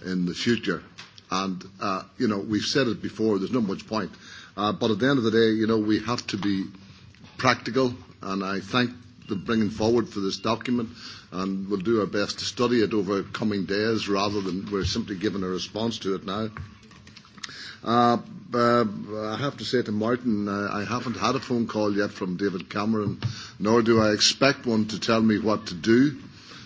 in the future. And uh, you know, we've said it before. There's not much point, uh, but at the end of the day, you know, we have to be practical. And I thank the bringing forward for this document and we'll do our best to study it over coming days rather than we're simply giving a response to it now. Uh, uh, I have to say to Martin, uh, I haven't had a phone call yet from David Cameron, nor do I expect one to tell me what to do.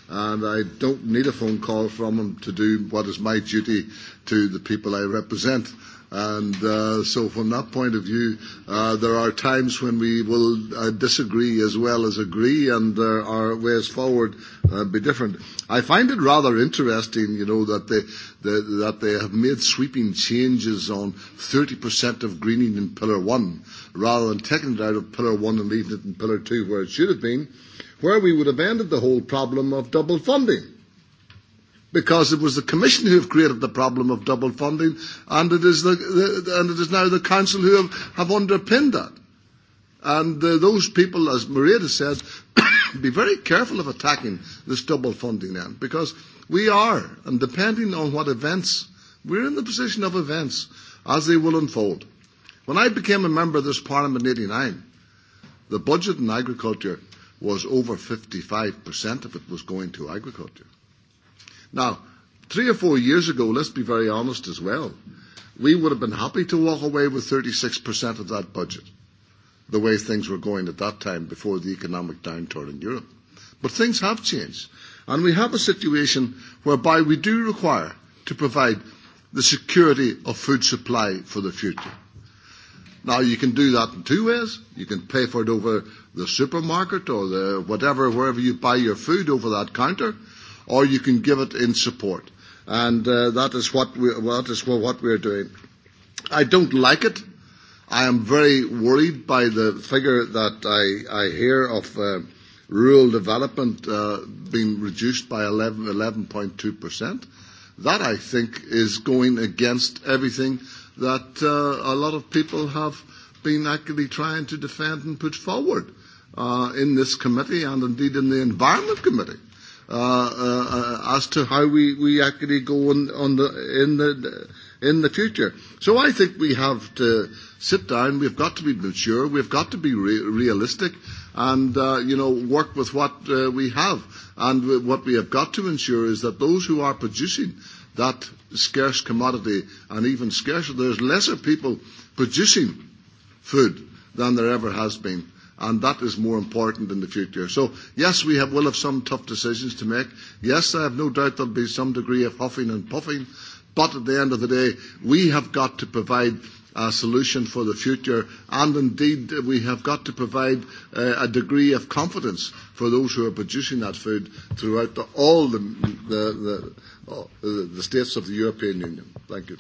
And I don't need a phone call from him to do what is my duty to the people I represent. And uh, so, from that point of view, uh, there are times when we will uh, disagree as well as agree, and uh, our ways forward uh, be different. I find it rather interesting, you know, that they, they, that they have made sweeping changes on 30% of greening in Pillar 1, rather than taking it out of Pillar 1 and leaving it in Pillar 2 where it should have been, where we would have ended the whole problem of double funding because it was the Commission who have created the problem of double funding, and it is, the, the, and it is now the Council who have, have underpinned that. And uh, those people, as Maria has said, be very careful of attacking this double funding then, because we are, and depending on what events, we're in the position of events as they will unfold. When I became a member of this Parliament in 89, the budget in agriculture was over 55% of it was going to agriculture. Now, three or four years ago, let's be very honest as well, we would have been happy to walk away with 36% of that budget, the way things were going at that time before the economic downturn in Europe. But things have changed. And we have a situation whereby we do require to provide the security of food supply for the future. Now, you can do that in two ways. You can pay for it over the supermarket or the whatever, wherever you buy your food over that counter, or you can give it in support. And uh, that is what we that is what we are doing. I don't like it. I am very worried by the figure that I, I hear of uh, rural development uh, being reduced by 11, 11.2%. That, I think, is going against everything that uh, a lot of people have been actually trying to defend and put forward uh, in this committee and indeed in the Environment Committee. Uh, uh, as to how we, we actually go on, on the, in, the, in the future. So I think we have to sit down, we've got to be mature, we've got to be re- realistic and uh, you know work with what uh, we have. And what we have got to ensure is that those who are producing that scarce commodity and even scarcer, there's lesser people producing food than there ever has been and that is more important in the future. So, yes, we have, will have some tough decisions to make. Yes, I have no doubt there'll be some degree of huffing and puffing, but at the end of the day, we have got to provide a solution for the future, and indeed, we have got to provide uh, a degree of confidence for those who are producing that food throughout the, all the, the, the, uh, the states of the European Union. Thank you.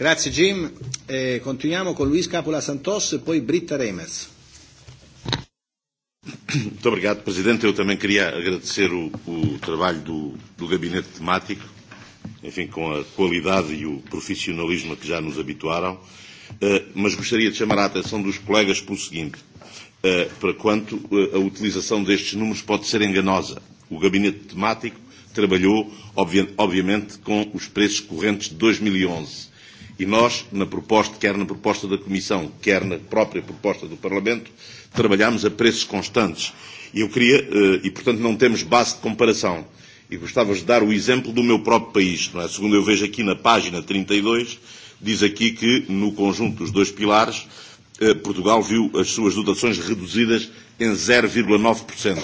Grazie Jim. e continuiamo con Luis Capola Santos e poi Britta Remers. Muito obrigado, Presidente. Eu também queria agradecer o, o trabalho do, do gabinete temático, enfim, com a qualidade e o profissionalismo que já nos habituaram, uh, mas gostaria de chamar a atenção dos colegas para o seguinte, uh, para quanto uh, a utilização destes números pode ser enganosa. O gabinete temático trabalhou, obvi obviamente, com os preços correntes de 2011 E nós, na proposta, quer na proposta da Comissão, quer na própria proposta do Parlamento, trabalhamos a preços constantes. E eu queria, eh, e portanto não temos base de comparação. E gostava de dar o exemplo do meu próprio país. Não é? Segundo eu vejo aqui na página 32, e diz aqui que no conjunto dos dois pilares, eh, Portugal viu as suas dotações reduzidas em 0,9%.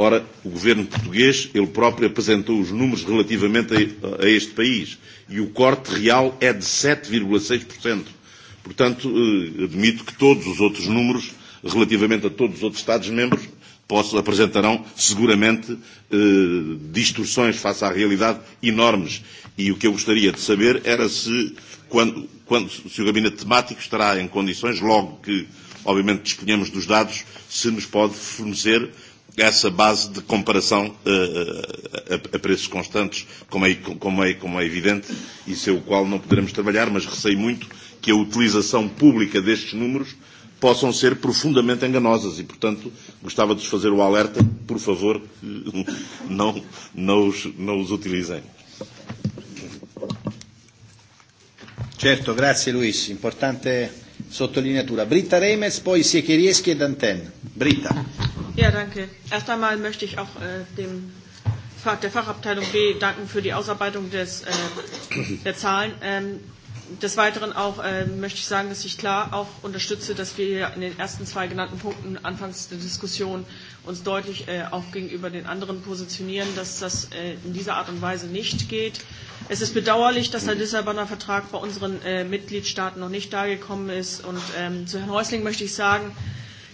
Ora, o governo português, ele próprio apresentou os números relativamente a, a este país e o corte real é de 7,6%. Portanto, eh, admito que todos os outros números, relativamente a todos os outros Estados-membros, posso, apresentarão seguramente eh, distorções face à realidade enormes. E o que eu gostaria de saber era se, quando, quando, se o gabinete temático estará em condições, logo que, obviamente, disponhamos dos dados, se nos pode fornecer essa base de comparação uh, a, a preços constantes, como é, como, é, como é evidente, e sem o qual não poderemos trabalhar, mas receio muito que a utilização pública destes números possam ser profundamente enganosas e, portanto, gostava de vos fazer o alerta, por favor, não, não, os, não os utilizem. Certo, grazie Luís. importante Sottolineatura. Britta Remes, poi Siecherieschi e Danten. Britta. Ja, danke. Erst einmal möchte ich auch äh, dem, der Fachabteilung B danken für die Ausarbeitung des, äh, der Zahlen. Ähm, Des Weiteren auch äh, möchte ich sagen, dass ich klar auch unterstütze, dass wir hier in den ersten zwei genannten Punkten anfangs der Diskussion uns deutlich äh, auch gegenüber den anderen positionieren, dass das äh, in dieser Art und Weise nicht geht. Es ist bedauerlich, dass der Lissabonner Vertrag bei unseren äh, Mitgliedstaaten noch nicht dargekommen ist. Und ähm, zu Herrn Häusling möchte ich sagen,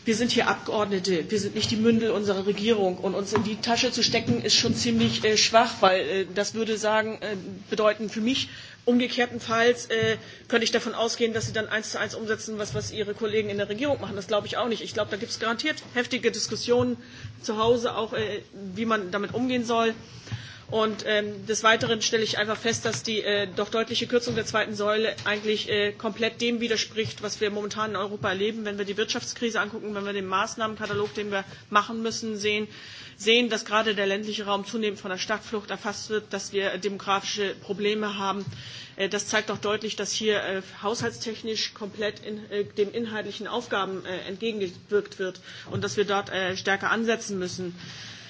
wir sind hier Abgeordnete, wir sind nicht die Mündel unserer Regierung und uns in die Tasche zu stecken ist schon ziemlich äh, schwach, weil äh, das würde sagen, äh, bedeuten für mich, äh, Umgekehrtenfalls äh, könnte ich davon ausgehen, dass sie dann eins zu eins umsetzen, was, was ihre Kollegen in der Regierung machen. Das glaube ich auch nicht. Ich glaube, da gibt es garantiert heftige Diskussionen zu Hause, auch äh, wie man damit umgehen soll. Und ähm, des Weiteren stelle ich einfach fest, dass die äh, doch deutliche Kürzung der zweiten Säule eigentlich äh, komplett dem widerspricht, was wir momentan in Europa erleben. Wenn wir die Wirtschaftskrise angucken, wenn wir den Maßnahmenkatalog, den wir machen müssen, sehen, sehen, dass gerade der ländliche Raum zunehmend von der Stadtflucht erfasst wird, dass wir demografische Probleme haben. Äh, das zeigt doch deutlich, dass hier äh, haushaltstechnisch komplett in, äh, dem inhaltlichen Aufgaben entgegengewirkt wird und dass wir dort stärker ansetzen müssen.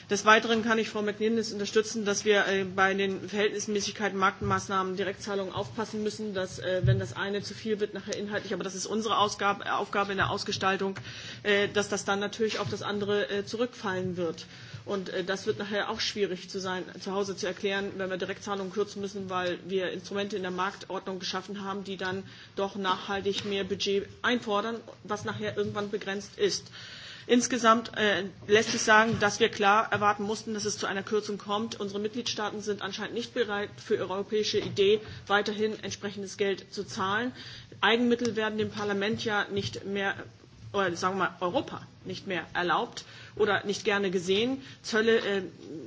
Des Weiteren kann ich Frau McNinnis unterstützen, dass wir äh, bei den Verhältnismäßigkeiten Marktmaßnahmen Direktzahlungen aufpassen müssen, dass äh, wenn das eine zu viel wird, nachher inhaltlich, aber das ist unsere Ausgabe, äh, Aufgabe in der Ausgestaltung, dass das dann natürlich auf das andere zurückfallen wird. Und das wird nachher auch schwierig zu sein, zu Hause zu erklären, wenn wir Direktzahlungen kürzen müssen, weil wir Instrumente in der Marktordnung geschaffen haben, die dann doch nachhaltig mehr Budget einfordern, was nachher irgendwann begrenzt ist. Insgesamt äh, lässt sich sagen, dass wir klar erwarten mussten, dass es zu einer Kürzung kommt. Unsere Mitgliedstaaten sind anscheinend nicht bereit, für ihre europäische Idee weiterhin entsprechendes Geld zu zahlen. Eigenmittel werden dem Parlament ja nicht mehr oder äh, sagen wir mal Europa nicht mehr erlaubt oder nicht gerne gesehen. Zölle äh,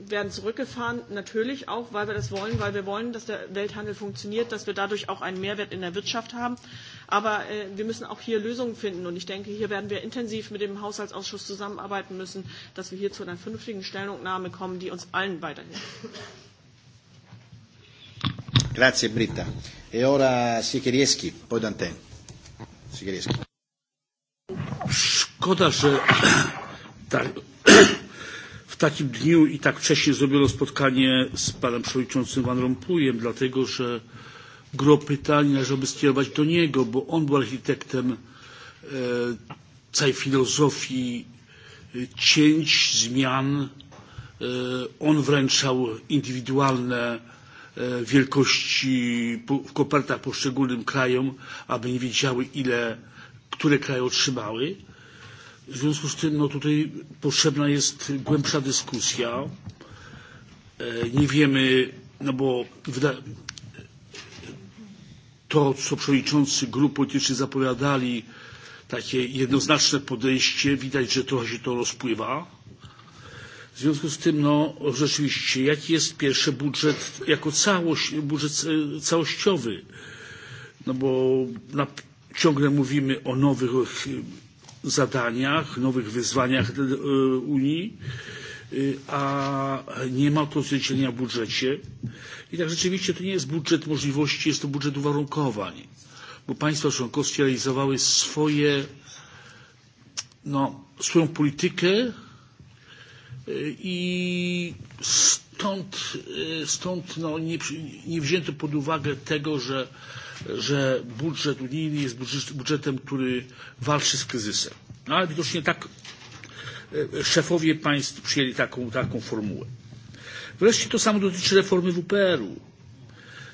werden zurückgefahren, natürlich auch, weil wir das wollen, weil wir wollen, dass der Welthandel funktioniert, dass wir dadurch auch einen Mehrwert in der Wirtschaft haben. Aber äh, wir müssen auch hier Lösungen finden. Und ich denke, hier werden wir intensiv mit dem Haushaltsausschuss zusammenarbeiten müssen, dass wir hier zu einer vernünftigen Stellungnahme kommen, die uns allen weiterhilft. Grazie Britta. E ora Sikierski, poi Dante. Sikierski. Szkoda, że w takim dniu i tak wcześnie zrobiono spotkanie z panem przewodniczącym Van Rompuyem, dlatego że gro pytań należałoby skierować do niego, bo on był architektem eh, całej filozofii eh, cięć, zmian. Eh, on wręczał indywidualne wielkości w kopertach poszczególnym krajom, aby nie wiedziały, ile które kraje otrzymały. W związku z tym no, tutaj potrzebna jest głębsza dyskusja. E, nie wiemy, no bo to, co przewodniczący grup politycznych zapowiadali, takie jednoznaczne podejście, widać, że trochę się to rozpływa. W związku z tym, no rzeczywiście, jaki jest pierwszy budżet jako całość, budżet e, całościowy? No bo na, ciągle mówimy o nowych e, zadaniach, nowych wyzwaniach e, Unii, a nie ma to odzwierciedlenia w budżecie. I tak rzeczywiście to nie jest budżet możliwości, jest to budżet uwarunkowań, bo państwa członkowskie realizowały swoje, no, swoją politykę i stąd, stąd no, nie, nie wzięto pod uwagę tego, że, że budżet unijny jest budżetem, który walczy z kryzysem. No, ale widocznie tak szefowie państw przyjęli taką, taką formułę. Wreszcie to samo dotyczy reformy WPR-u.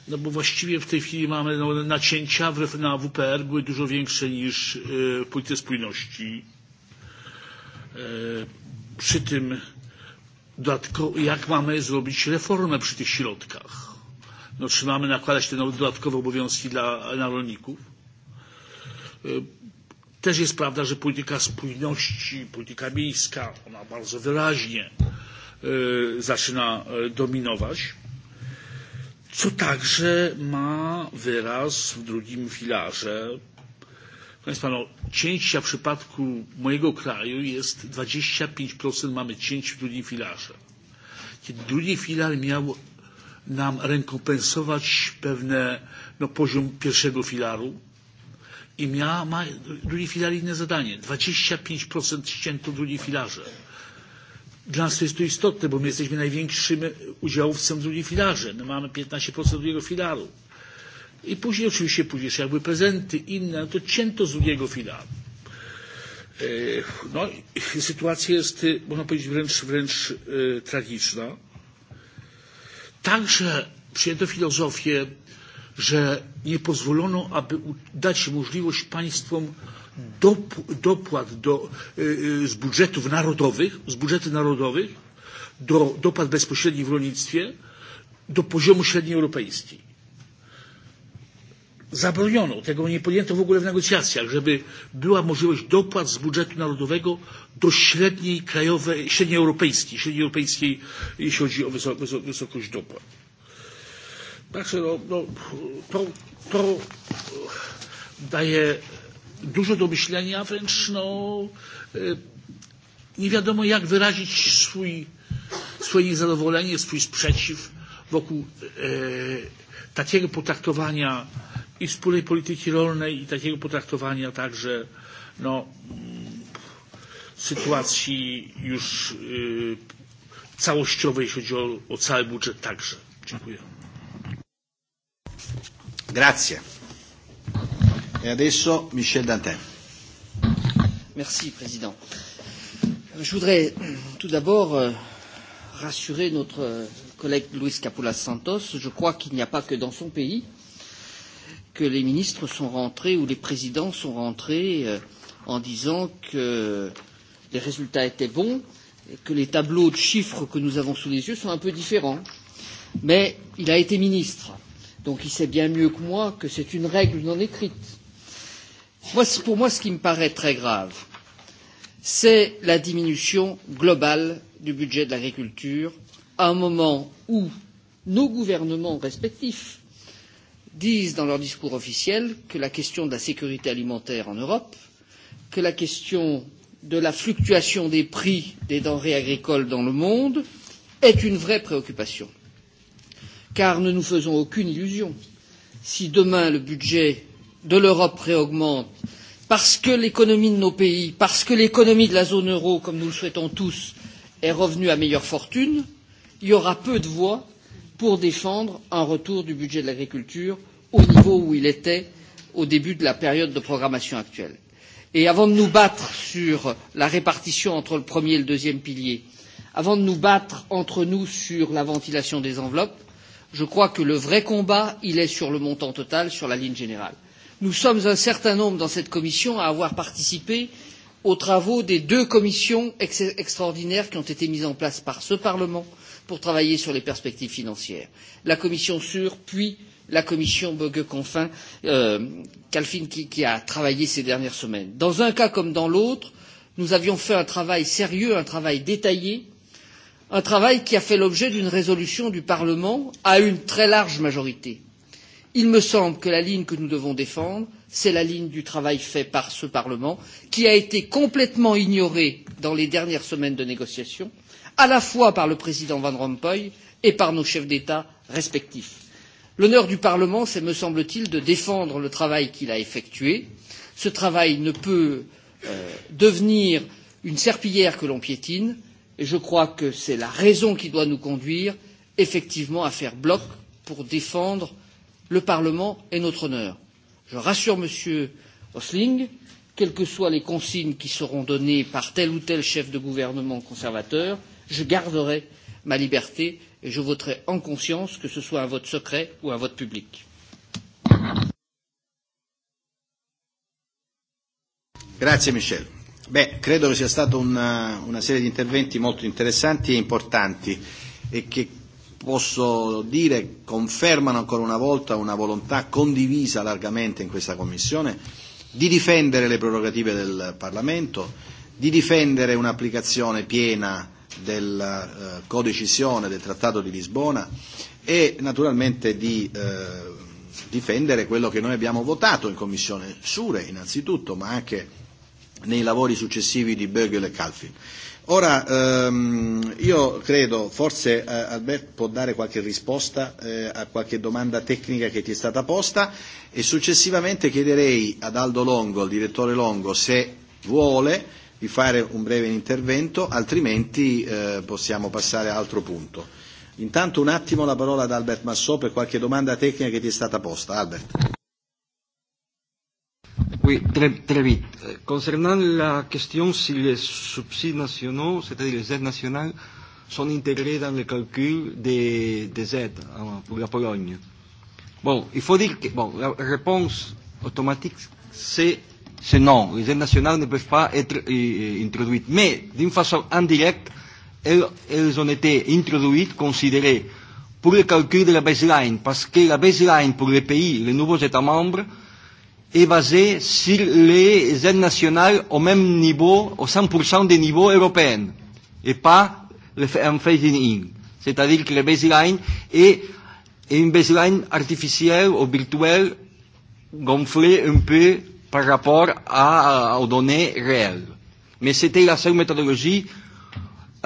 No bo właściwie w tej chwili mamy no, nacięcia w, na WPR były dużo większe niż e, w y, polityce spójności. Y, e, Przy tym dodatkowo, jak mamy zrobić reformę przy tych środkach? No, czy mamy nakładać te dodatkowe obowiązki dla, na rolników? Y, e, Też jest prawda, że polityka spójności, polityka miejska, ona bardzo wyraźnie E, zaczyna e, dominować, co także ma wyraz w drugim filarze. Państwa, no, cięcia w przypadku mojego kraju jest 25% mamy cięć w drugim filarze. Kiedy drugi filar miał nam rekompensować pewne no, poziom pierwszego filaru i miała, ma drugi filar inne zadanie. 25% ścięto w drugim filarze Dla nas to jest to istotne, bo my jesteśmy największym udziałowcem w drugim filarze. My mamy 15% drugiego filaru. I później oczywiście później jeszcze jakby prezenty inne, no to cięto z drugiego filaru. E, no, sytuacja jest, e, można powiedzieć, wręcz, wręcz e, tragiczna. Także przyjęto filozofię że nie pozwolono, aby dać możliwość państwom dopłat do, z budżetów narodowych, z budżetów narodowych do dopłat bezpośrednich w rolnictwie do poziomu średniej europejskiej. Zabroniono, tego nie podjęto w ogóle w negocjacjach, żeby była możliwość dopłat z budżetu narodowego do średniej krajowej, średniej europejskiej, średniej europejskiej, jeśli chodzi o wysokość dopłat. Także no, no, to, to daje dużo do myślenia, wręcz no, e, nie wiadomo jak wyrazić swój, swoje niezadowolenie, swój sprzeciw wokół e, takiego potraktowania i wspólnej polityki rolnej i takiego potraktowania także no, sytuacji już y, e, całościowej, jeśli chodzi o, o cały budżet także. Dziękuję. Grazie. E adesso Michel Dantin. Merci, Président. Je voudrais euh, tout d'abord euh, rassurer notre euh, collègue Luis Capoulas Santos. Je crois qu'il n'y a pas que dans son pays que les ministres sont rentrés ou les présidents sont rentrés en disant que les résultats étaient bons et que les tableaux de chiffres que nous avons sous les yeux sont un peu différents. Mais il a été ministre. Donc il sait bien mieux que moi que c'est une règle non écrite. Moi, pour moi, ce qui me paraît très grave, c'est la diminution globale du budget de l'agriculture à un moment où nos gouvernements respectifs disent dans leur discours officiel que la question de la sécurité alimentaire en Europe, que la question de la fluctuation des prix des denrées agricoles dans le monde est une vraie préoccupation car ne nous faisons aucune illusion. Si demain le budget de l'Europe réaugmente, parce que l'économie de nos pays, parce que l'économie de la zone euro, comme nous le souhaitons tous, est revenue à meilleure fortune, il y aura peu de voix pour défendre un retour du budget de l'agriculture au niveau où il était au début de la période de programmation actuelle. Et avant de nous battre sur la répartition entre le premier et le deuxième pilier, avant de nous battre entre nous sur la ventilation des enveloppes, je crois que le vrai combat, il est sur le montant total, sur la ligne générale. Nous sommes un certain nombre dans cette commission à avoir participé aux travaux des deux commissions ex extraordinaires qui ont été mises en place par ce Parlement pour travailler sur les perspectives financières. La commission Sûre, puis la commission Böge-Confin, euh, Calfin qui, qui a travaillé ces dernières semaines. Dans un cas comme dans l'autre, nous avions fait un travail sérieux, un travail détaillé un travail qui a fait l'objet d'une résolution du Parlement à une très large majorité. Il me semble que la ligne que nous devons défendre, c'est la ligne du travail fait par ce Parlement, qui a été complètement ignoré dans les dernières semaines de négociations, à la fois par le président Van Rompuy et par nos chefs d'État respectifs. L'honneur du Parlement, c'est, me semble-t-il, de défendre le travail qu'il a effectué. Ce travail ne peut euh, devenir une serpillière que l'on piétine, Et je crois que c'est la raison qui doit nous conduire effectivement à faire bloc pour défendre le Parlement et notre honneur. Je rassure M. Osling, quelles que soient les consignes qui seront données par tel ou tel chef de gouvernement conservateur, je garderai ma liberté et je voterai en conscience, que ce soit un vote secret ou un vote public. Grazie Michel. Beh, credo che sia stata una, una serie di interventi molto interessanti e importanti e che posso dire confermano ancora una volta una volontà condivisa largamente in questa Commissione di difendere le prerogative del Parlamento, di difendere un'applicazione piena della eh, codecisione del Trattato di Lisbona e naturalmente di eh, difendere quello che noi abbiamo votato in Commissione Sure innanzitutto, ma anche nei lavori successivi di Bögel e Calfin. Ora, ehm, io credo, forse eh, Albert può dare qualche risposta eh, a qualche domanda tecnica che ti è stata posta e successivamente chiederei ad Aldo Longo, al direttore Longo, se vuole di fare un breve intervento, altrimenti eh, possiamo passare a altro punto. Intanto un attimo la parola ad Albert Massò per qualche domanda tecnica che ti è stata posta. Albert. Oui, très, très vite. Eh, Concernant la question si les subsides nationaux, c'est-à-dire les aides nationales, sont intégrées dans le calcul des, des aides pour la Pologne. Bon, il faut dire que bon, la réponse automatique, c'est c'est non. Les aides nationales ne peuvent pas être euh, eh, eh, introduites. Mais, d'une façon indirecte, elles, elles ont été introduites, considérées pour le calcul de la baseline, parce que la baseline pour les pays, les nouveaux États membres, est basée sur les aides nationales au même niveau, au 100% des niveaux européens, et pas le, phasing-in. C'est-à-dire que le baseline est, une baseline artificielle ou virtuelle gonflée un peu par rapport à, à, aux données réelles. Mais c'était la seule méthodologie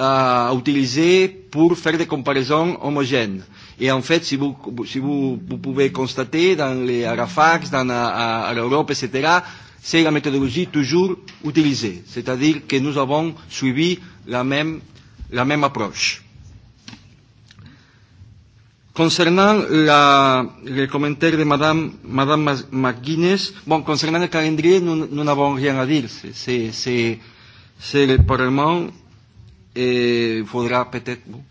euh, utilisée pour faire des comparaisons homogènes. Et en fait, si vous, si vous, vous pouvez constater dans les Arafax, dans à, à l'Europe, etc., c'est la méthodologie toujours utilisée. C'est-à-dire que nous avons suivi la même, la même approche. Concernant la, le commentaire de Madame, Madame McGuinness, bon, concernant le calendrier, nous n'avons rien à dire. C'est le Parlement et il faudra peut-être bon,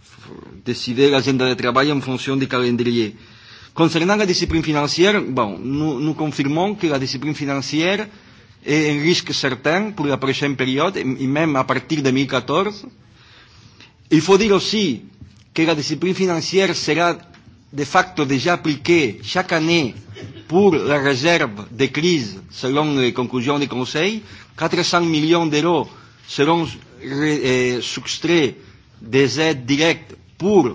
decidir l'agenda de treball en funció de calendrier. Concernant la disciplina financière, bon, nous, nous confirmons que la discipline financière est un risque certain pour la prochaine période, et même a partir de 2014. Il faut dire aussi que la disciplina financière sera de facto déjà appliquée chaque année pour la réserve de crise, selon les conclusions du Conseil, 400 millions d'euros seront eh, soustraits des aides directes pour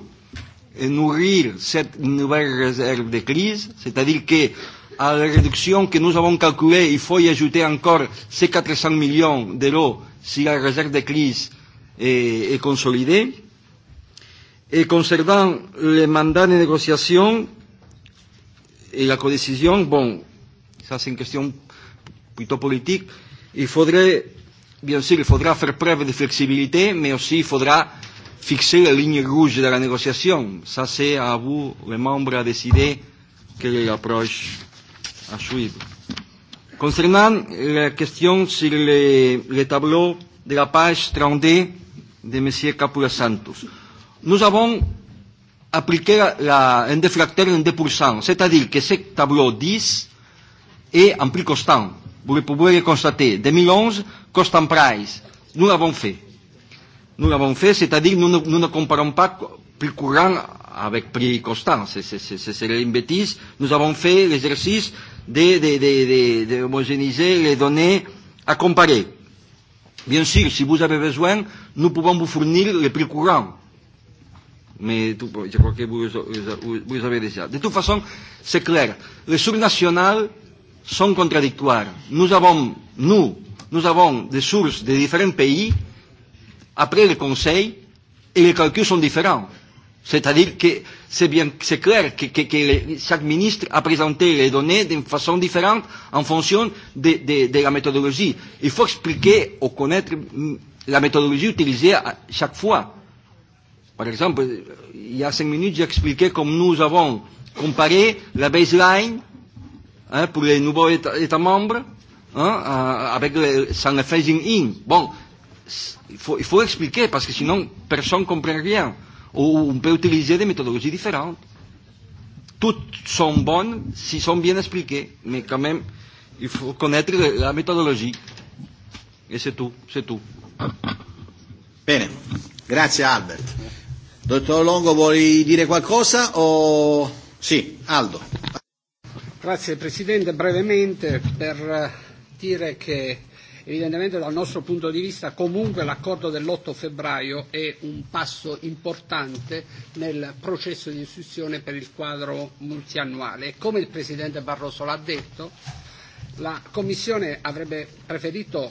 nourrir cette nouvelle réserve de crise, c'est-à-dire que à la réduction que nous avons calculée, il faut y ajouter encore ces 400 millions d'euros si la réserve de crise est, est consolidée. Et concernant les mandats de négociation et la codécision, bon, ça c'est une question plutôt politique, il faudrait, bien sûr, il faudra faire preuve de flexibilité, mais aussi il faudra euh, fixer la ligne rouge de la négociation. Ça, c'est à vous, les membres, à décider quelle est l'approche à suivre. Concernant la question sur le, le tableau de la page 30 de M. Capula Santos, nous avons appliqué la, la, un défracteur de 2%, c'est-à-dire que ce tableau 10 est en prix constant. Vous pouvez le constater. 2011, constant price. Nous l'avons fait nous l'avons fait, c'est-à-dire nous nous ne comparons pas prix courant avec prix constant. C'est une bêtise. Nous avons fait l'exercice d'homogénéiser de, de, de, de, de les données à comparer. Bien sûr, si vous avez besoin, nous pouvons vous fournir les prix courants. Mais tout, je crois que vous, vous, vous avez déjà. De toute façon, c'est clair. Les surnationales sont contradictoires. Nous avons, nous, nous avons des sources de différents pays Après le Conseil, et les calculs sont différents. C'est-à-dire que c'est bien, c'est clair que, que, que le, chaque ministre a présenté les données d'une façon différente en fonction de, de, de la méthodologie. Il faut expliquer ou connaître mm, la méthodologie utilisée à chaque fois. Par exemple, il y a cinq minutes, j'ai expliqué comme nous avons comparé la baseline hein, pour les nouveaux États, états membres hein, avec le, sans le phasing in. Bon, il faut, il faut expliquer parce que sinon personne ne comprend rien. Ou on peut utiliser des méthodologies différentes. Toutes sont bonnes s'ils sont bien expliquées, mais quand même, il faut connaître la méthodologie. Et c'est tout, c'est tout. Bene, grazie Albert. Dottor Longo, vuoi dire qualcosa? O... Sì, Aldo. Grazie Presidente, brevemente per eh, dire che Evidentemente dal nostro punto di vista comunque l'accordo dell'8 febbraio è un passo importante nel processo di istruzione per il quadro multiannuale e come il Presidente Barroso l'ha detto la Commissione avrebbe preferito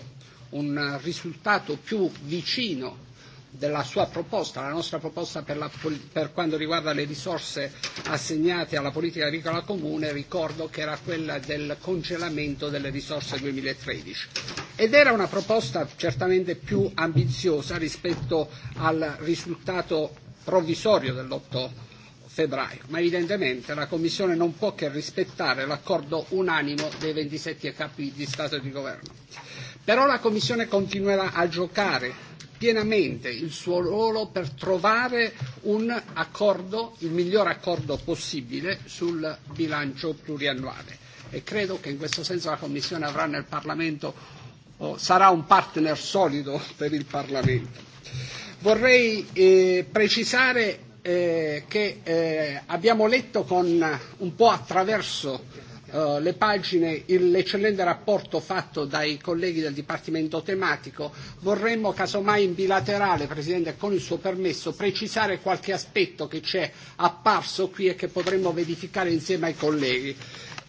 un risultato più vicino della sua proposta, la nostra proposta per, la, per quanto riguarda le risorse assegnate alla politica agricola comune, ricordo che era quella del congelamento delle risorse 2013. Ed era una proposta certamente più ambiziosa rispetto al risultato provvisorio dell'8 febbraio, ma evidentemente la Commissione non può che rispettare l'accordo unanimo dei 27 capi di Stato e di Governo. Però la Commissione continuerà a giocare pienamente il suo ruolo per trovare un accordo, il miglior accordo possibile sul bilancio pluriannuale e credo che in questo senso la Commissione avrà nel Parlamento, oh, sarà un partner solido per il Parlamento. Vorrei eh, precisare eh, che eh, abbiamo letto con un po' attraverso Eh, le pagine, l'eccellente rapporto fatto dai colleghi del Dipartimento tematico, vorremmo casomai in bilaterale, Presidente, con il suo permesso, precisare qualche aspetto che c'è apparso qui e che potremmo verificare insieme ai colleghi.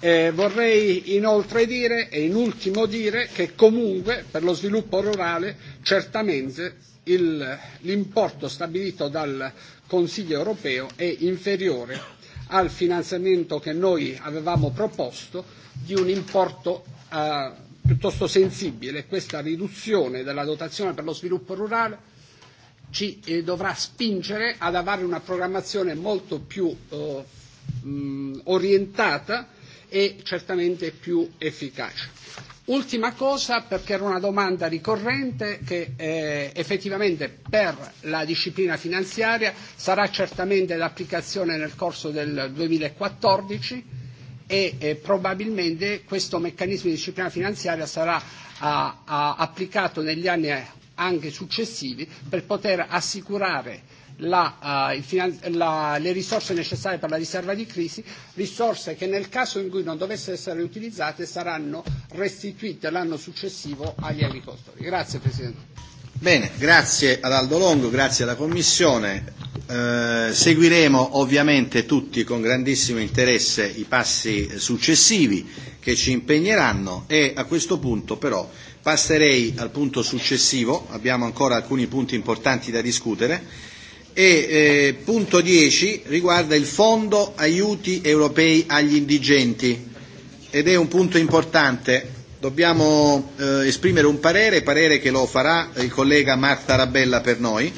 Eh, vorrei inoltre dire e in ultimo dire che comunque per lo sviluppo rurale certamente il, l'importo stabilito dal Consiglio europeo è inferiore al finanziamento che noi avevamo proposto di un importo eh, piuttosto sensibile. Questa riduzione della dotazione per lo sviluppo rurale ci eh, dovrà spingere ad avere una programmazione molto più eh, mh, orientata e certamente più efficace. Ultima cosa, perché era una domanda ricorrente, che eh, effettivamente per la disciplina finanziaria sarà certamente l'applicazione nel corso del 2014 e eh, probabilmente questo meccanismo di disciplina finanziaria sarà a, a, applicato negli anni eh, anche successivi per poter assicurare la, uh, la, le risorse necessarie per la riserva di crisi, risorse che nel caso in cui non dovessero essere utilizzate saranno restituite l'anno successivo agli agricoltori. Grazie Presidente. Bene, grazie ad Aldo Longo, grazie alla Commissione. Eh, seguiremo ovviamente tutti con grandissimo interesse i passi successivi che ci impegneranno e a questo punto però passerei al punto successivo, abbiamo ancora alcuni punti importanti da discutere e eh, punto 10 riguarda il fondo aiuti europei agli indigenti ed è un punto importante. Dobbiamo eh, esprimere un parere, parere che lo farà il collega Marta Rabella per noi.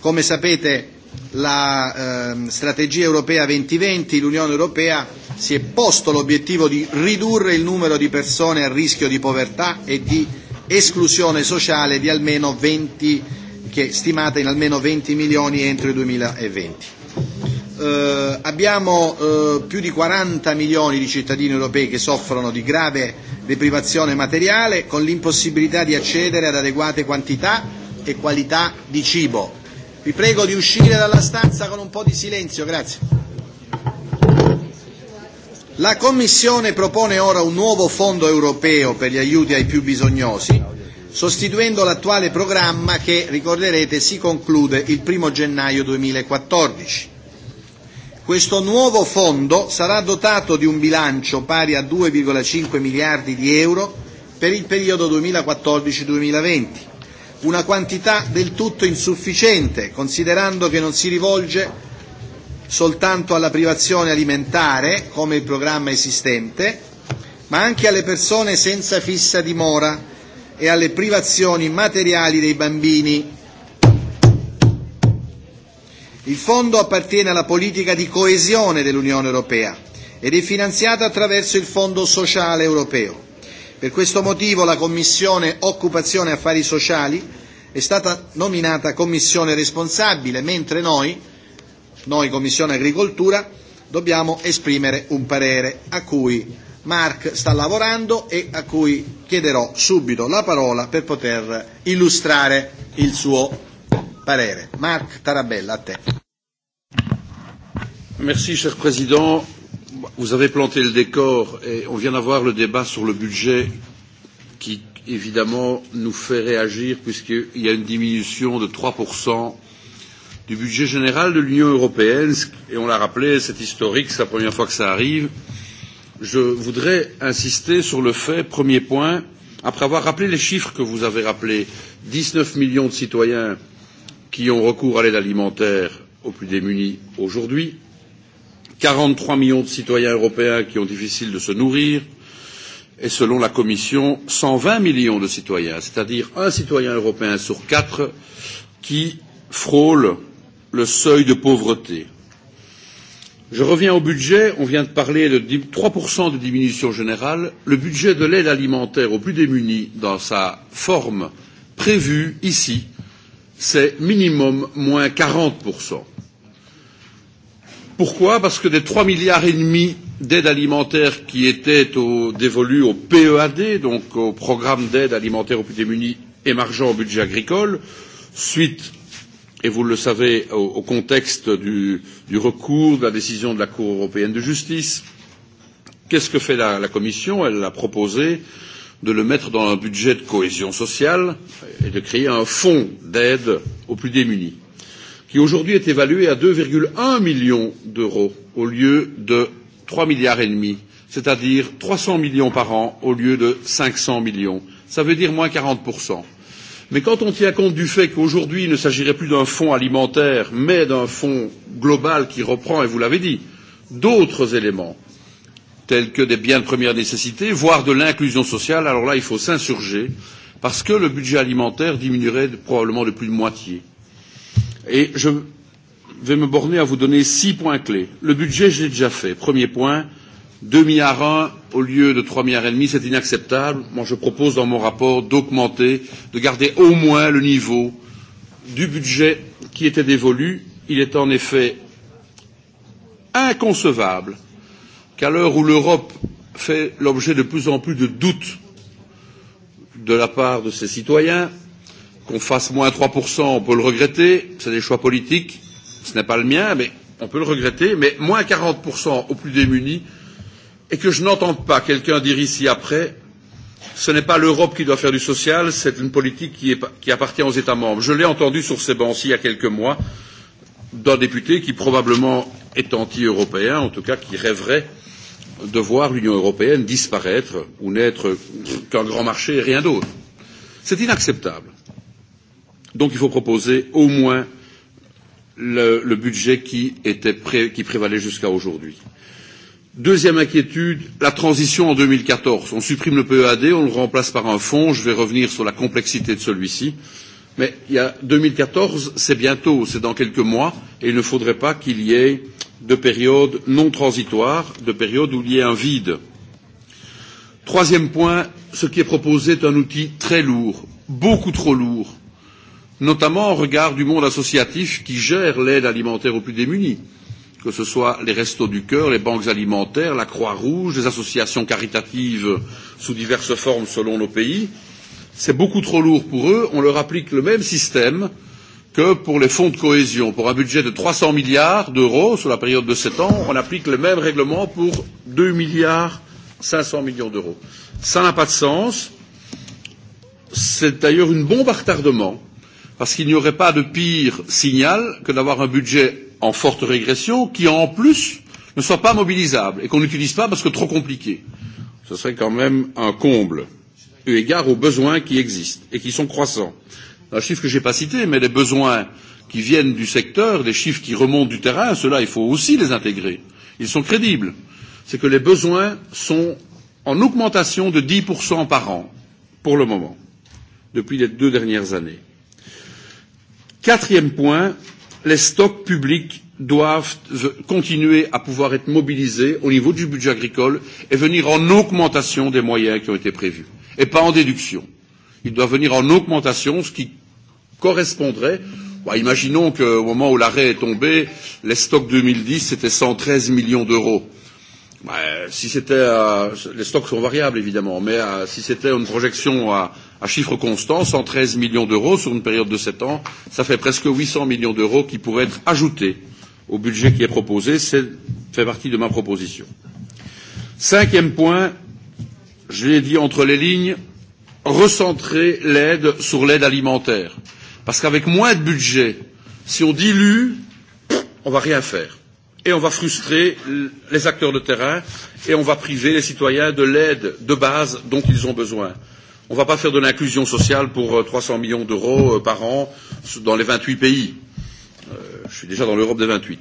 Come sapete la eh, strategia europea 2020, l'Unione Europea si è posto l'obiettivo di ridurre il numero di persone a rischio di povertà e di esclusione sociale di almeno 20 che è stimata in almeno 20 milioni entro il 2020. Eh, abbiamo eh, più di 40 milioni di cittadini europei che soffrono di grave deprivazione materiale con l'impossibilità di accedere ad adeguate quantità e qualità di cibo. Vi prego di uscire dalla stanza con un po' di silenzio, grazie. La Commissione propone ora un nuovo fondo europeo per gli aiuti ai più bisognosi sostituendo l'attuale programma che, ricorderete, si conclude il 1 gennaio 2014. Questo nuovo fondo sarà dotato di un bilancio pari a 2,5 miliardi di euro per il periodo 2014-2020, una quantità del tutto insufficiente considerando che non si rivolge soltanto alla privazione alimentare, come il programma esistente, ma anche alle persone senza fissa dimora, e alle privazioni materiali dei bambini. Il fondo appartiene alla politica di coesione dell'Unione Europea ed è finanziato attraverso il Fondo sociale europeo. Per questo motivo la Commissione Occupazione e Affari Sociali è stata nominata Commissione responsabile, mentre noi, noi Commissione Agricoltura, dobbiamo esprimere un parere a cui Mark sta lavorando e a cui chiederò subito la parola per poter illustrare il suo parere. Mark Tarabella, a te. Merci, cher Président. Vous avez planté le décor et on vient d'avoir le débat sur le budget qui, évidemment, nous fait réagir puisqu'il y a une diminution de 3% du budget général de l'Union européenne et on l'a rappelé, c'est historique, c'est la première fois que ça arrive. Euh, je voudrais insister sur le fait, premier point, après avoir rappelé les chiffres que vous avez rappelés, dix neuf millions de citoyens qui ont recours à l'aide alimentaire aux plus démunis aujourd'hui, quarante trois millions de citoyens européens qui ont difficile de se nourrir, et selon la Commission, cent vingt millions de citoyens, c'est-à-dire un citoyen européen sur quatre qui frôle le seuil de pauvreté. Je reviens au budget. On vient de parler de 3% de diminution générale. Le budget de l'aide alimentaire aux plus démunis, dans sa forme prévue ici, c'est minimum moins 40%. Pourquoi Parce que des 3 milliards et demi d'aide alimentaire qui étaient au, dévolus au PEAD, donc au programme d'aide alimentaire aux plus démunis émargeant au budget agricole, suite et vous le savez, au, au contexte du, du recours de la décision de la Cour européenne de justice. Qu'est-ce que fait la, la Commission Elle a proposé de le mettre dans un budget de cohésion sociale et de créer un fonds d'aide aux plus démunis, qui aujourd'hui est évalué à 2,1 millions d'euros au lieu de 3 milliards et demi, c'est-à-dire 300 millions par an au lieu de 500 millions. Ça veut dire moins 40 Mais quand on tient compte du fait qu'aujourd'hui, il ne s'agirait plus d'un fonds alimentaire, mais d'un fonds global qui reprend, et vous l'avez dit, d'autres éléments, tels que des biens de première nécessité, voire de l'inclusion sociale, alors là, il faut s'insurger, parce que le budget alimentaire diminuerait de, probablement de plus de moitié. Et je vais me borner à vous donner six points clés. Le budget, je l'ai déjà fait. Premier point, 2 milliards au lieu de 3 milliards et demi, c'est inacceptable. Moi, je propose dans mon rapport d'augmenter, de garder au moins le niveau du budget qui était dévolu. Il est en effet inconcevable qu'à l'heure où l'Europe fait l'objet de plus en plus de doutes de la part de ses citoyens, qu'on fasse moins 3%, on peut le regretter, c'est des choix politiques, ce n'est pas le mien, mais on peut le regretter, mais moins 40% aux plus démunis, et que je n'entende pas quelqu'un dire ici après ce n'est pas l'Europe qui doit faire du social, c'est une politique qui, est, qui appartient aux États membres. Je l'ai entendu sur ces bancs il y a quelques mois d'un député qui probablement est anti-européen, en tout cas qui rêverait de voir l'Union européenne disparaître ou n'être qu'un grand marché et rien d'autre. C'est inacceptable. Donc il faut proposer au moins le, le budget qui, était pré, qui prévalait jusqu'à aujourd'hui. Deuxième inquiétude, la transition en 2014. On supprime le PEAD, on le remplace par un fonds. Je vais revenir sur la complexité de celui-ci. Mais il y a 2014, c'est bientôt, c'est dans quelques mois, et il ne faudrait pas qu'il y ait de période non transitoire, de période où il y ait un vide. Troisième point, ce qui est proposé est un outil très lourd, beaucoup trop lourd, notamment en regard du monde associatif qui gère l'aide alimentaire aux plus démunis que ce soit les restos du cœur, les banques alimentaires, la Croix-Rouge, les associations caritatives sous diverses formes selon nos pays. C'est beaucoup trop lourd pour eux. On leur applique le même système que pour les fonds de cohésion. Pour un budget de 300 milliards d'euros sur la période de 7 ans, on applique le même règlement pour 2 milliards 500 millions d'euros. Ça n'a pas de sens. C'est d'ailleurs une bombe à retardement, parce qu'il n'y aurait pas de pire signal que d'avoir un budget en forte régression, qui en plus ne soient pas mobilisables et qu'on n'utilise pas parce que trop compliqué. Ce serait quand même un comble, eu égard aux besoins qui existent et qui sont croissants. Un chiffre que je n'ai pas cité, mais les besoins qui viennent du secteur, les chiffres qui remontent du terrain, cela il faut aussi les intégrer. Ils sont crédibles. C'est que les besoins sont en augmentation de 10% par an, pour le moment, depuis les deux dernières années. Quatrième point, les stocks publics doivent continuer à pouvoir être mobilisés au niveau du budget agricole et venir en augmentation des moyens qui ont été prévus, et pas en déduction. Ils doivent venir en augmentation, ce qui correspondrait bah, imaginons qu'au moment où l'arrêt est tombé, les stocks 2010, c'était 113 millions d'euros. Bah, si c'était euh, les stocks sont variables évidemment, mais euh, si c'était une projection à À chiffre constant, 113 millions d'euros sur une période de 7 ans, ça fait presque 800 millions d'euros qui pourraient être ajoutés au budget qui est proposé. C'est fait partie de ma proposition. Cinquième point, je l'ai dit entre les lignes, recentrer l'aide sur l'aide alimentaire. Parce qu'avec moins de budget, si on dilue, on ne va rien faire. Et on va frustrer les acteurs de terrain et on va priver les citoyens de l'aide de base dont ils ont besoin. On ne va pas faire de l'inclusion sociale pour 300 euh, millions d'euros euh, par an dans les 28 pays. Euh, je suis déjà dans l'Europe des 28.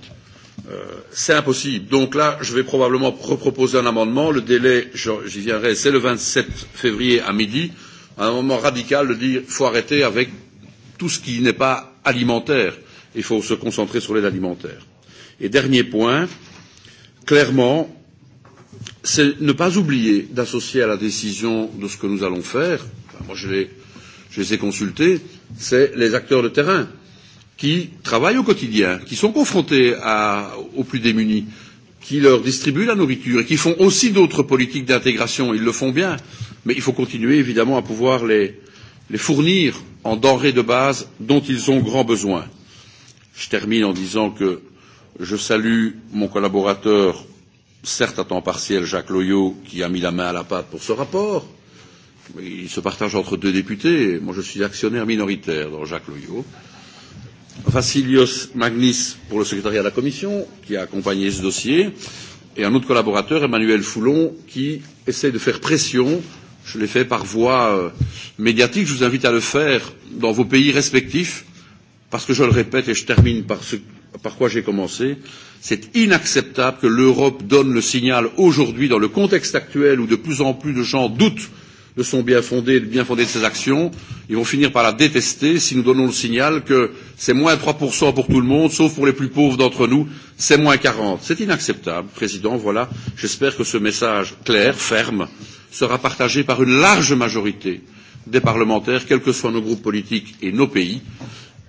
Euh, c'est impossible. Donc là, je vais probablement reproposer un amendement. Le délai, j'y viendrai, c'est le 27 février à midi. Un amendement radical de dire qu'il faut arrêter avec tout ce qui n'est pas alimentaire. Il faut se concentrer sur l'aide alimentaire. Et dernier point, clairement, c'est ne pas oublier d'associer à la décision de ce que nous allons faire, enfin, moi je les, je les ai consultés, c'est les acteurs de terrain qui travaillent au quotidien, qui sont confrontés à, aux plus démunis, qui leur distribuent la nourriture et qui font aussi d'autres politiques d'intégration. Ils le font bien, mais il faut continuer évidemment à pouvoir les, les fournir en denrées de base dont ils ont grand besoin. Je termine en disant que je salue mon collaborateur certes à temps partiel, Jacques Loyot, qui a mis la main à la pâte pour ce rapport. Il se partage entre deux députés. Moi, je suis actionnaire minoritaire dans Jacques Loyot. Vassilios Magnis pour le secrétariat de la Commission, qui a accompagné ce dossier, et un autre collaborateur, Emmanuel Foulon, qui essaie de faire pression. Je l'ai fait par voie euh, médiatique. Je vous invite à le faire dans vos pays respectifs, parce que je le répète et je termine par ce par quoi j'ai commencé, c'est inacceptable que l'Europe donne le signal aujourd'hui, dans le contexte actuel où de plus en plus de gens doutent de son bien fondé, du bien fondé de ses actions, ils vont finir par la détester si nous donnons le signal que c'est moins 3% pour tout le monde, sauf pour les plus pauvres d'entre nous, c'est moins 40. C'est inacceptable, Président, voilà. J'espère que ce message clair, ferme, sera partagé par une large majorité des parlementaires, quels que soient nos groupes politiques et nos pays,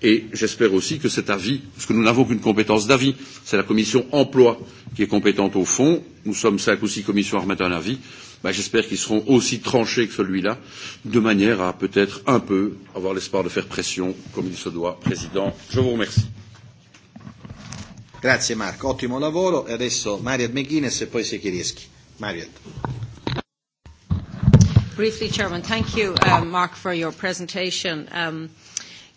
Et j'espère aussi que cet avis, parce que nous n'avons qu'une compétence d'avis, c'est la commission emploi qui est compétente au fond. Nous sommes cinq ou six commissions à remettre un avis. Ben, j'espère qu'ils seront aussi tranchés que celui-là, de manière à peut-être un peu avoir l'espoir de faire pression, comme il se doit, Président. Je vous remercie. Grazie Marco, ottimo lavoro. E adesso Mariet McGuinness e poi Sekirischi. Mariet. Briefly, Chairman, thank you, uh, Mark, for your presentation. Um,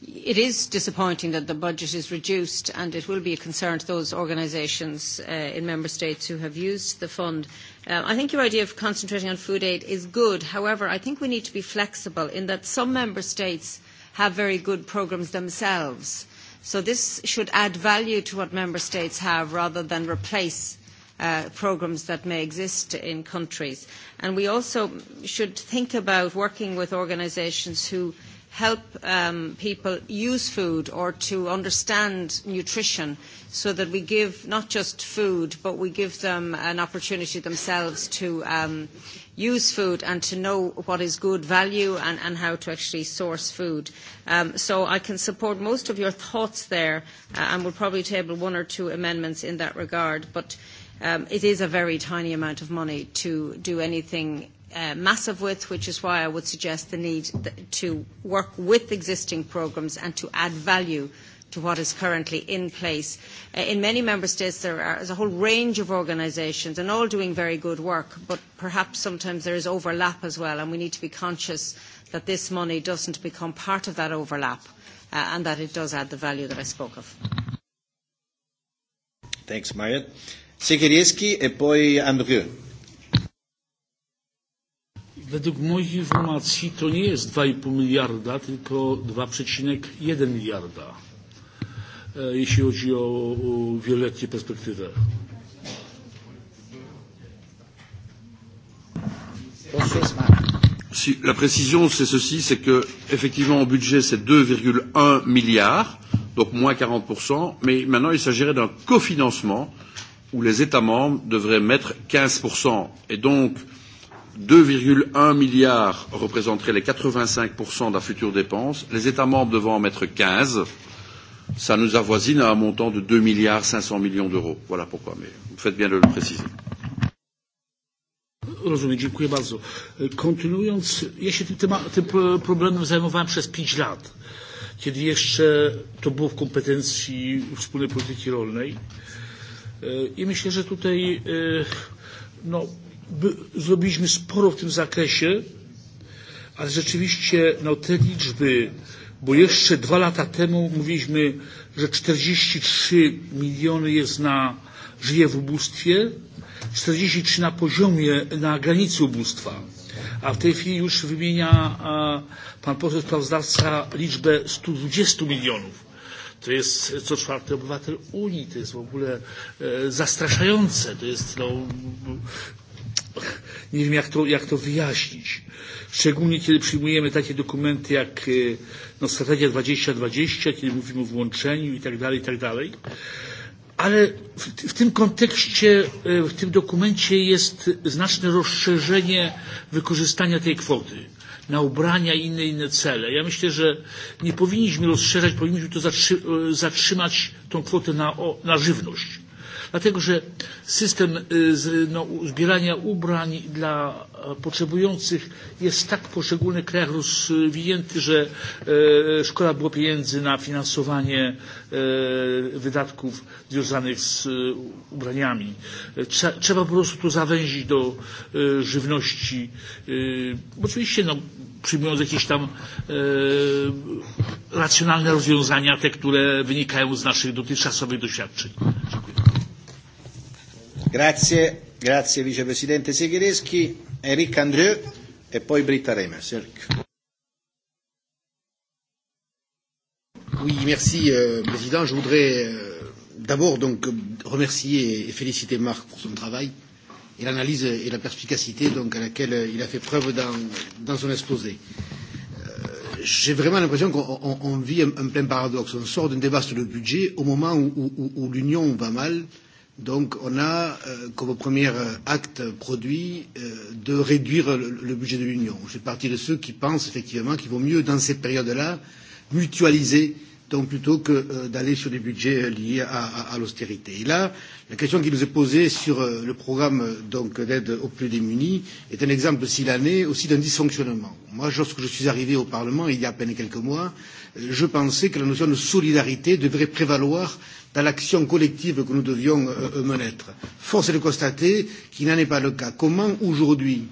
It is disappointing that the budget is reduced, and it will be a concern to those organisations uh, in member states who have used the fund. Uh, I think your idea of concentrating on food aid is good. However, I think we need to be flexible in that some member states have very good programmes themselves. So this should add value to what member states have rather than replace uh, programmes that may exist in countries. And we also should think about working with organisations who – help um, people use food or to understand nutrition so that we give not just food, but we give them an opportunity themselves to um, use food and to know what is good value and, and how to actually source food. Um, so I can support most of your thoughts there uh, and will probably table one or two amendments in that regard. But um, it is a very tiny amount of money to do anything Uh, massive with, which is why I would suggest the need to work with existing programs and to add value to what is currently in place. Uh, in many member states, there are, a whole range of organizations and all doing very good work, but perhaps sometimes there is overlap as well, and we need to be conscious that this money doesn't become part of that overlap uh, and that it does add the value that I spoke of. Thanks, Marian. Sikirieski e poi Andrew. Według moich informacji to nie jest 2,5 miliarda, tylko 2,1 miliarda, e, jeśli chodzi o, o wieloletnią perspektywę. Si, la précision, c'est ceci, c'est que effectivement, au budget, c'est 2,1 milliards, donc moins 40%, mais maintenant, il s'agirait d'un cofinancement où les États membres devraient mettre 15%. Et donc, euh, 2,1 milliards représenteraient les 85% de la future dépense, les États membres devant en mettre 15, ça nous avoisine à un montant de 2 milliards millions d'euros. Voilà pourquoi, mais vous faites bien de le préciser. Rozumiem, dziękuję bardzo. Kontynuując, ja się tym, tym problemem zajmowałem przez lat, kiedy jeszcze to było w kompetencji wspólnej polityki rolnej. E, I myślę, że tutaj e, no, by, zrobiliśmy sporo w tym zakresie, ale rzeczywiście no, te liczby, bo jeszcze dwa lata temu mówiliśmy, że 43 miliony jest na, żyje w ubóstwie, 43 na poziomie, na granicy ubóstwa. A w tej chwili już wymienia a, pan poseł sprawozdawca liczbę 120 milionów. To jest co czwarty obywatel Unii, to jest w ogóle e, zastraszające, to jest no, nie wiem jak to, jak to wyjaśnić. Szczególnie kiedy przyjmujemy takie dokumenty jak e, no, Strategia 2020, kiedy mówimy o włączeniu i tak dalej, i tak dalej. Ale w, w tym kontekście, e, w tym dokumencie jest znaczne rozszerzenie wykorzystania tej kwoty na ubrania i inne, inne cele. Ja myślę, że nie powinniśmy rozszerzać, powinniśmy to e, zatrzymać tą kwotę na, na żywność Dlatego, że system no, zbierania ubrań dla e, potrzebujących jest tak w poszczególnych krajach rozwinięty, że e, szkoda było pieniędzy na finansowanie e, wydatków związanych z ubraniami. Trzeba po prostu to zawęzić do żywności. Oczywiście no, przyjmując jakieś tam racjonalne rozwiązania, te, które wynikają z naszych dotychczasowych doświadczeń. Dziękuję. Grazie, grazie vicepresidente Seghereschi, Eric Andrieu e poi Britta Remers. Oui, merci euh, Président. Je voudrais euh, d'abord donc remercier et féliciter Marc pour son travail et l'analyse et la perspicacité donc, à laquelle il a fait preuve dans, dans son exposé. Euh, J'ai vraiment l'impression qu'on vit un, un plein paradoxe. On sort d'un débat sur le budget au moment où, où, où l'Union va mal, euh, Donc on a euh, comme premier euh, acte produit euh, de réduire le, le budget de l'Union. Je fais partie de ceux qui pensent effectivement qu'il vaut mieux dans ces périodes là mutualiser donc plutôt que euh, d'aller sur des budgets euh, liés à, à, à l'austérité. Et là, la question qui nous est posée sur euh, le programme donc d'aide aux plus démunis est un exemple s'il en est aussi d'un dysfonctionnement. Moi, lorsque je suis arrivé au Parlement il y a à peine quelques mois, euh, je pensais que la notion de solidarité devrait prévaloir dans l'action collective que nous devions euh, euh, mener. Force est de constater qu'il n'en est pas le cas. Comment aujourd'hui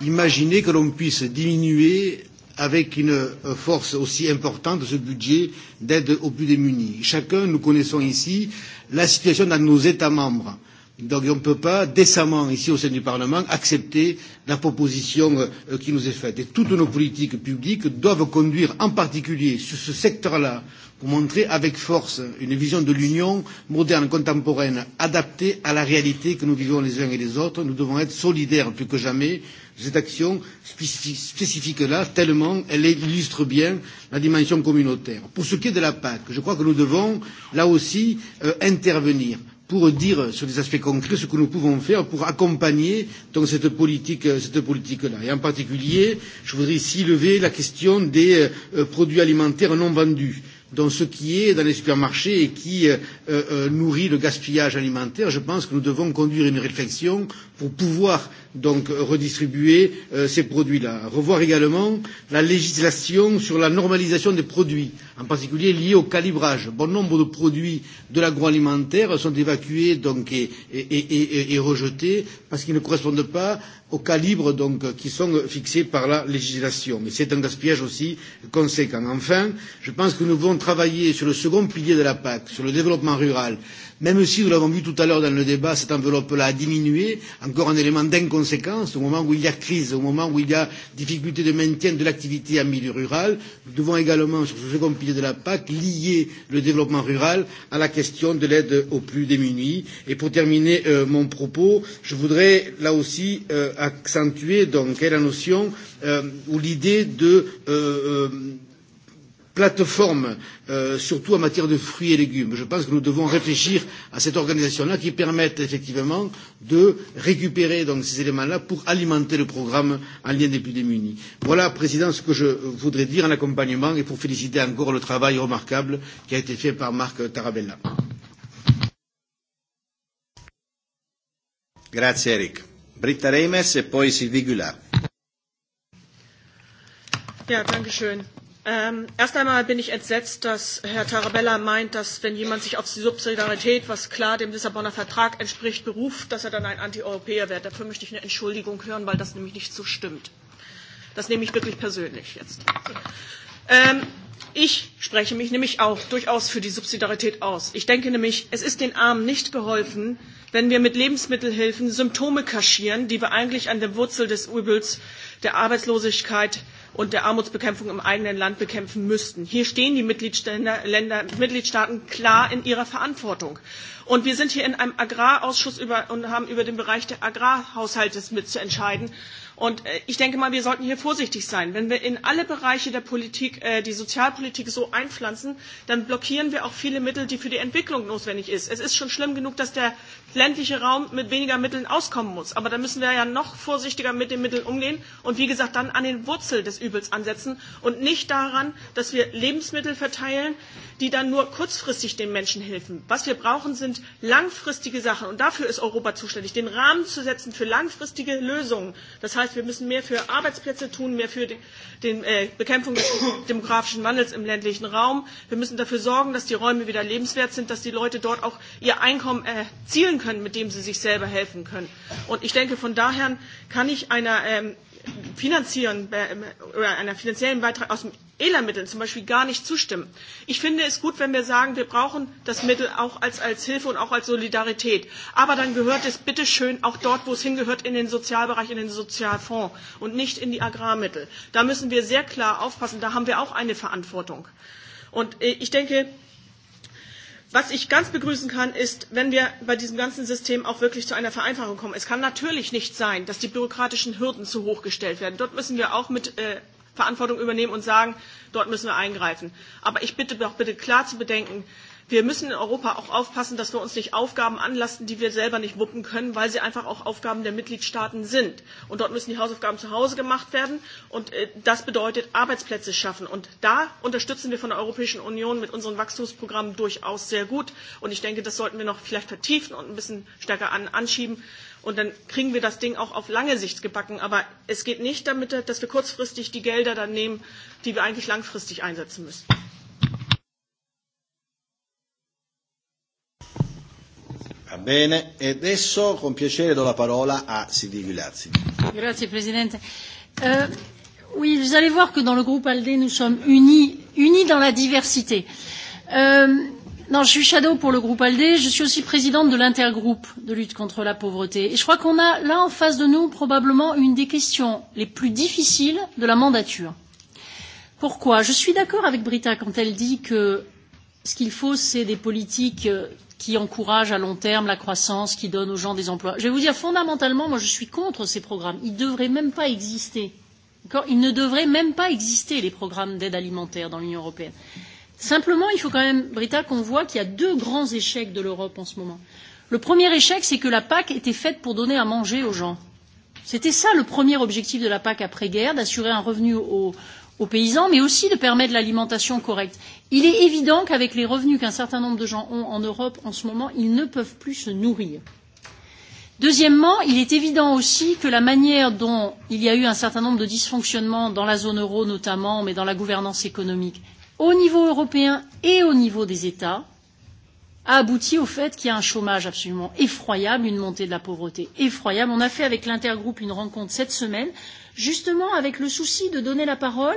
imaginer que l'on puisse diminuer avec une euh, force aussi importante de ce budget d'aide aux plus démunis Chacun, nous connaissons ici la situation dans nos États membres. Donc on ne peut pas décemment, ici au sein du Parlement, accepter la proposition euh, qui nous est faite. Et toutes nos politiques publiques doivent conduire, en particulier sur ce secteur-là, pour montrer avec force une vision de l'Union moderne, contemporaine, adaptée à la réalité que nous vivons les uns et les autres. Nous devons être solidaires plus que jamais de cette action spécifique-là, tellement elle illustre bien la dimension communautaire. Pour ce qui est de la PAC, je crois que nous devons, là aussi, euh, intervenir pour dire sur des aspects concrets ce que nous pouvons faire pour accompagner donc, cette politique là euh, cette politique Et en particulier, je voudrais ici lever la question des euh, euh, produits alimentaires non vendus dans ce qui est dans les supermarchés et qui euh, euh, euh nourrit le gaspillage alimentaire, je pense que nous devons conduire une réflexion pour pouvoir donc euh, redistribuer euh, ces produits-là. Revoir également la législation sur la normalisation des produits, en particulier liée au calibrage. Bon nombre de produits de l'agroalimentaire sont évacués donc, et, et, et, et et rejetés parce qu'ils ne correspondent pas aux calibres donc, qui sont fixés par la législation. Mais c'est un gaspillage aussi conséquent. Enfin, je pense que nous devons travailler sur le second pilier de la PAC, sur le développement rural. Euh, même si nous l'avons vu tout à l'heure dans le débat, cette enveloppe-là a diminué, encore un élément d'inconséquence, au moment où il y a crise, au moment où il y a difficulté de maintien de l'activité en milieu rural, nous devons également, sur ce second pilier de la PAC, lier le développement rural à la question de l'aide aux plus démunis. Et pour terminer euh, mon propos, je voudrais là aussi euh, accentuer donc la notion euh, ou l'idée de euh, euh, plateforme, euh, surtout en matière de fruits et légumes. Je pense que nous devons réfléchir à cette organisation-là qui permette effectivement de récupérer donc, ces éléments-là pour alimenter le programme en lien des plus démunis. Voilà, Président, ce que je voudrais dire en accompagnement et pour féliciter encore le travail remarquable qui a été fait par Marc Tarabella. Grazie Eric. Britta Reimers et puis Sylvie Gullard. Ja, danke schön. Ähm, erst einmal bin ich entsetzt, dass Herr Tarabella meint, dass wenn jemand sich auf die Subsidiarität, was klar dem Lissabonner Vertrag entspricht, beruft, dass er dann ein Antieuropäer wird. Dafür möchte ich eine Entschuldigung hören, weil das nämlich nicht so stimmt. Das nehme ich wirklich persönlich jetzt. Ähm, ich spreche mich nämlich auch durchaus für die Subsidiarität aus. Ich denke nämlich, es ist den Armen nicht geholfen, wenn wir mit Lebensmittelhilfen Symptome kaschieren, die wir eigentlich an der Wurzel des Übels der Arbeitslosigkeit und der Armutsbekämpfung im eigenen Land bekämpfen müssten. Hier stehen die Mitgliedstaaten klar in ihrer Verantwortung. Und wir sind hier in einem Agrarausschuss über, und haben über den Bereich der Agrarhaushalte mitzuentscheiden. Und äh, ich denke mal, wir sollten hier vorsichtig sein. Wenn wir in alle Bereiche der Politik äh, die Sozialpolitik so einpflanzen, dann blockieren wir auch viele Mittel, die für die Entwicklung notwendig sind. Es ist schon schlimm genug, dass der ländliche Raum mit weniger Mitteln auskommen muss. Aber da müssen wir ja noch vorsichtiger mit den Mitteln umgehen und wie gesagt dann an den Wurzel des Übels ansetzen und nicht daran, dass wir Lebensmittel verteilen, die dann nur kurzfristig den Menschen helfen. Was wir brauchen, sind langfristige Sachen. Und dafür ist Europa zuständig, den Rahmen zu setzen für langfristige Lösungen. Das heißt, wir müssen mehr für Arbeitsplätze tun, mehr für die den, äh, Bekämpfung des demografischen Wandels im ländlichen Raum. Wir müssen dafür sorgen, dass die Räume wieder lebenswert sind, dass die Leute dort auch ihr Einkommen äh, erzielen können, mit dem sie sich selber helfen können. Und ich denke, von daher kann ich einer ähm, finanzieren äh, oder einer finanziellen Beitrag aus dem ELA-Mitteln zum Beispiel gar nicht zustimmen. Ich finde es gut, wenn wir sagen, wir brauchen das Mittel auch als, als Hilfe und auch als Solidarität. Aber dann gehört es bitte schön auch dort, wo es hingehört, in den Sozialbereich, in den Sozialfonds und nicht in die Agrarmittel. Da müssen wir sehr klar aufpassen. Da haben wir auch eine Verantwortung. Und äh, ich denke, Was ich ganz begrüßen kann, ist, wenn wir bei diesem ganzen System auch wirklich zu einer Vereinfachung kommen. Es kann natürlich nicht sein, dass die bürokratischen Hürden zu hoch gestellt werden. Dort müssen wir auch mit äh, Verantwortung übernehmen und sagen, dort müssen wir eingreifen. Aber ich bitte doch bitte klar zu bedenken, Wir müssen in Europa auch aufpassen, dass wir uns nicht Aufgaben anlasten, die wir selber nicht wuppen können, weil sie einfach auch Aufgaben der Mitgliedstaaten sind. Und dort müssen die Hausaufgaben zu Hause gemacht werden. Und äh, das bedeutet Arbeitsplätze schaffen. Und da unterstützen wir von der Europäischen Union mit unseren Wachstumsprogrammen durchaus sehr gut. Und ich denke, das sollten wir noch vielleicht vertiefen und ein bisschen stärker an, anschieben. Und dann kriegen wir das Ding auch auf lange Sicht gebacken. Aber es geht nicht damit, dass wir kurzfristig die Gelder dann nehmen, die wir eigentlich langfristig einsetzen müssen. Bene, e adesso con piacere do la parola a Sidi Gulazzi. Grazie Presidente. Euh, oui, vous allez voir que dans le groupe ALDE, nous sommes unis, unis dans la diversité. Euh, non, je suis shadow pour le groupe ALDE, je suis aussi présidente de l'intergroupe de lutte contre la pauvreté. Et je crois qu'on a là en face de nous probablement une des questions les plus difficiles de la mandature. Pourquoi Je suis d'accord avec Brita quand elle dit que ce qu'il faut, c'est des politiques euh, qui encourage à long terme la croissance, qui donne aux gens des emplois. Je vais vous dire, fondamentalement, moi je suis contre ces programmes. Ils ne devraient même pas exister. Ils ne devraient même pas exister, les programmes d'aide alimentaire dans l'Union européenne. Simplement, il faut quand même, Brita, qu'on voit qu'il y a deux grands échecs de l'Europe en ce moment. Le premier échec, c'est que la PAC était faite pour donner à manger aux gens. C'était ça le premier objectif de la PAC après-guerre, d'assurer un revenu aux, aux paysans, mais aussi de permettre l'alimentation correcte. Il est évident qu'avec les revenus qu'un certain nombre de gens ont en Europe en ce moment, ils ne peuvent plus se nourrir. Deuxièmement, il est évident aussi que la manière dont il y a eu un certain nombre de dysfonctionnements dans la zone euro notamment, mais dans la gouvernance économique, au niveau européen et au niveau des États, a abouti au fait qu'il y a un chômage absolument effroyable, une montée de la pauvreté effroyable. On a fait avec l'intergroupe une rencontre cette semaine justement avec le souci de donner la parole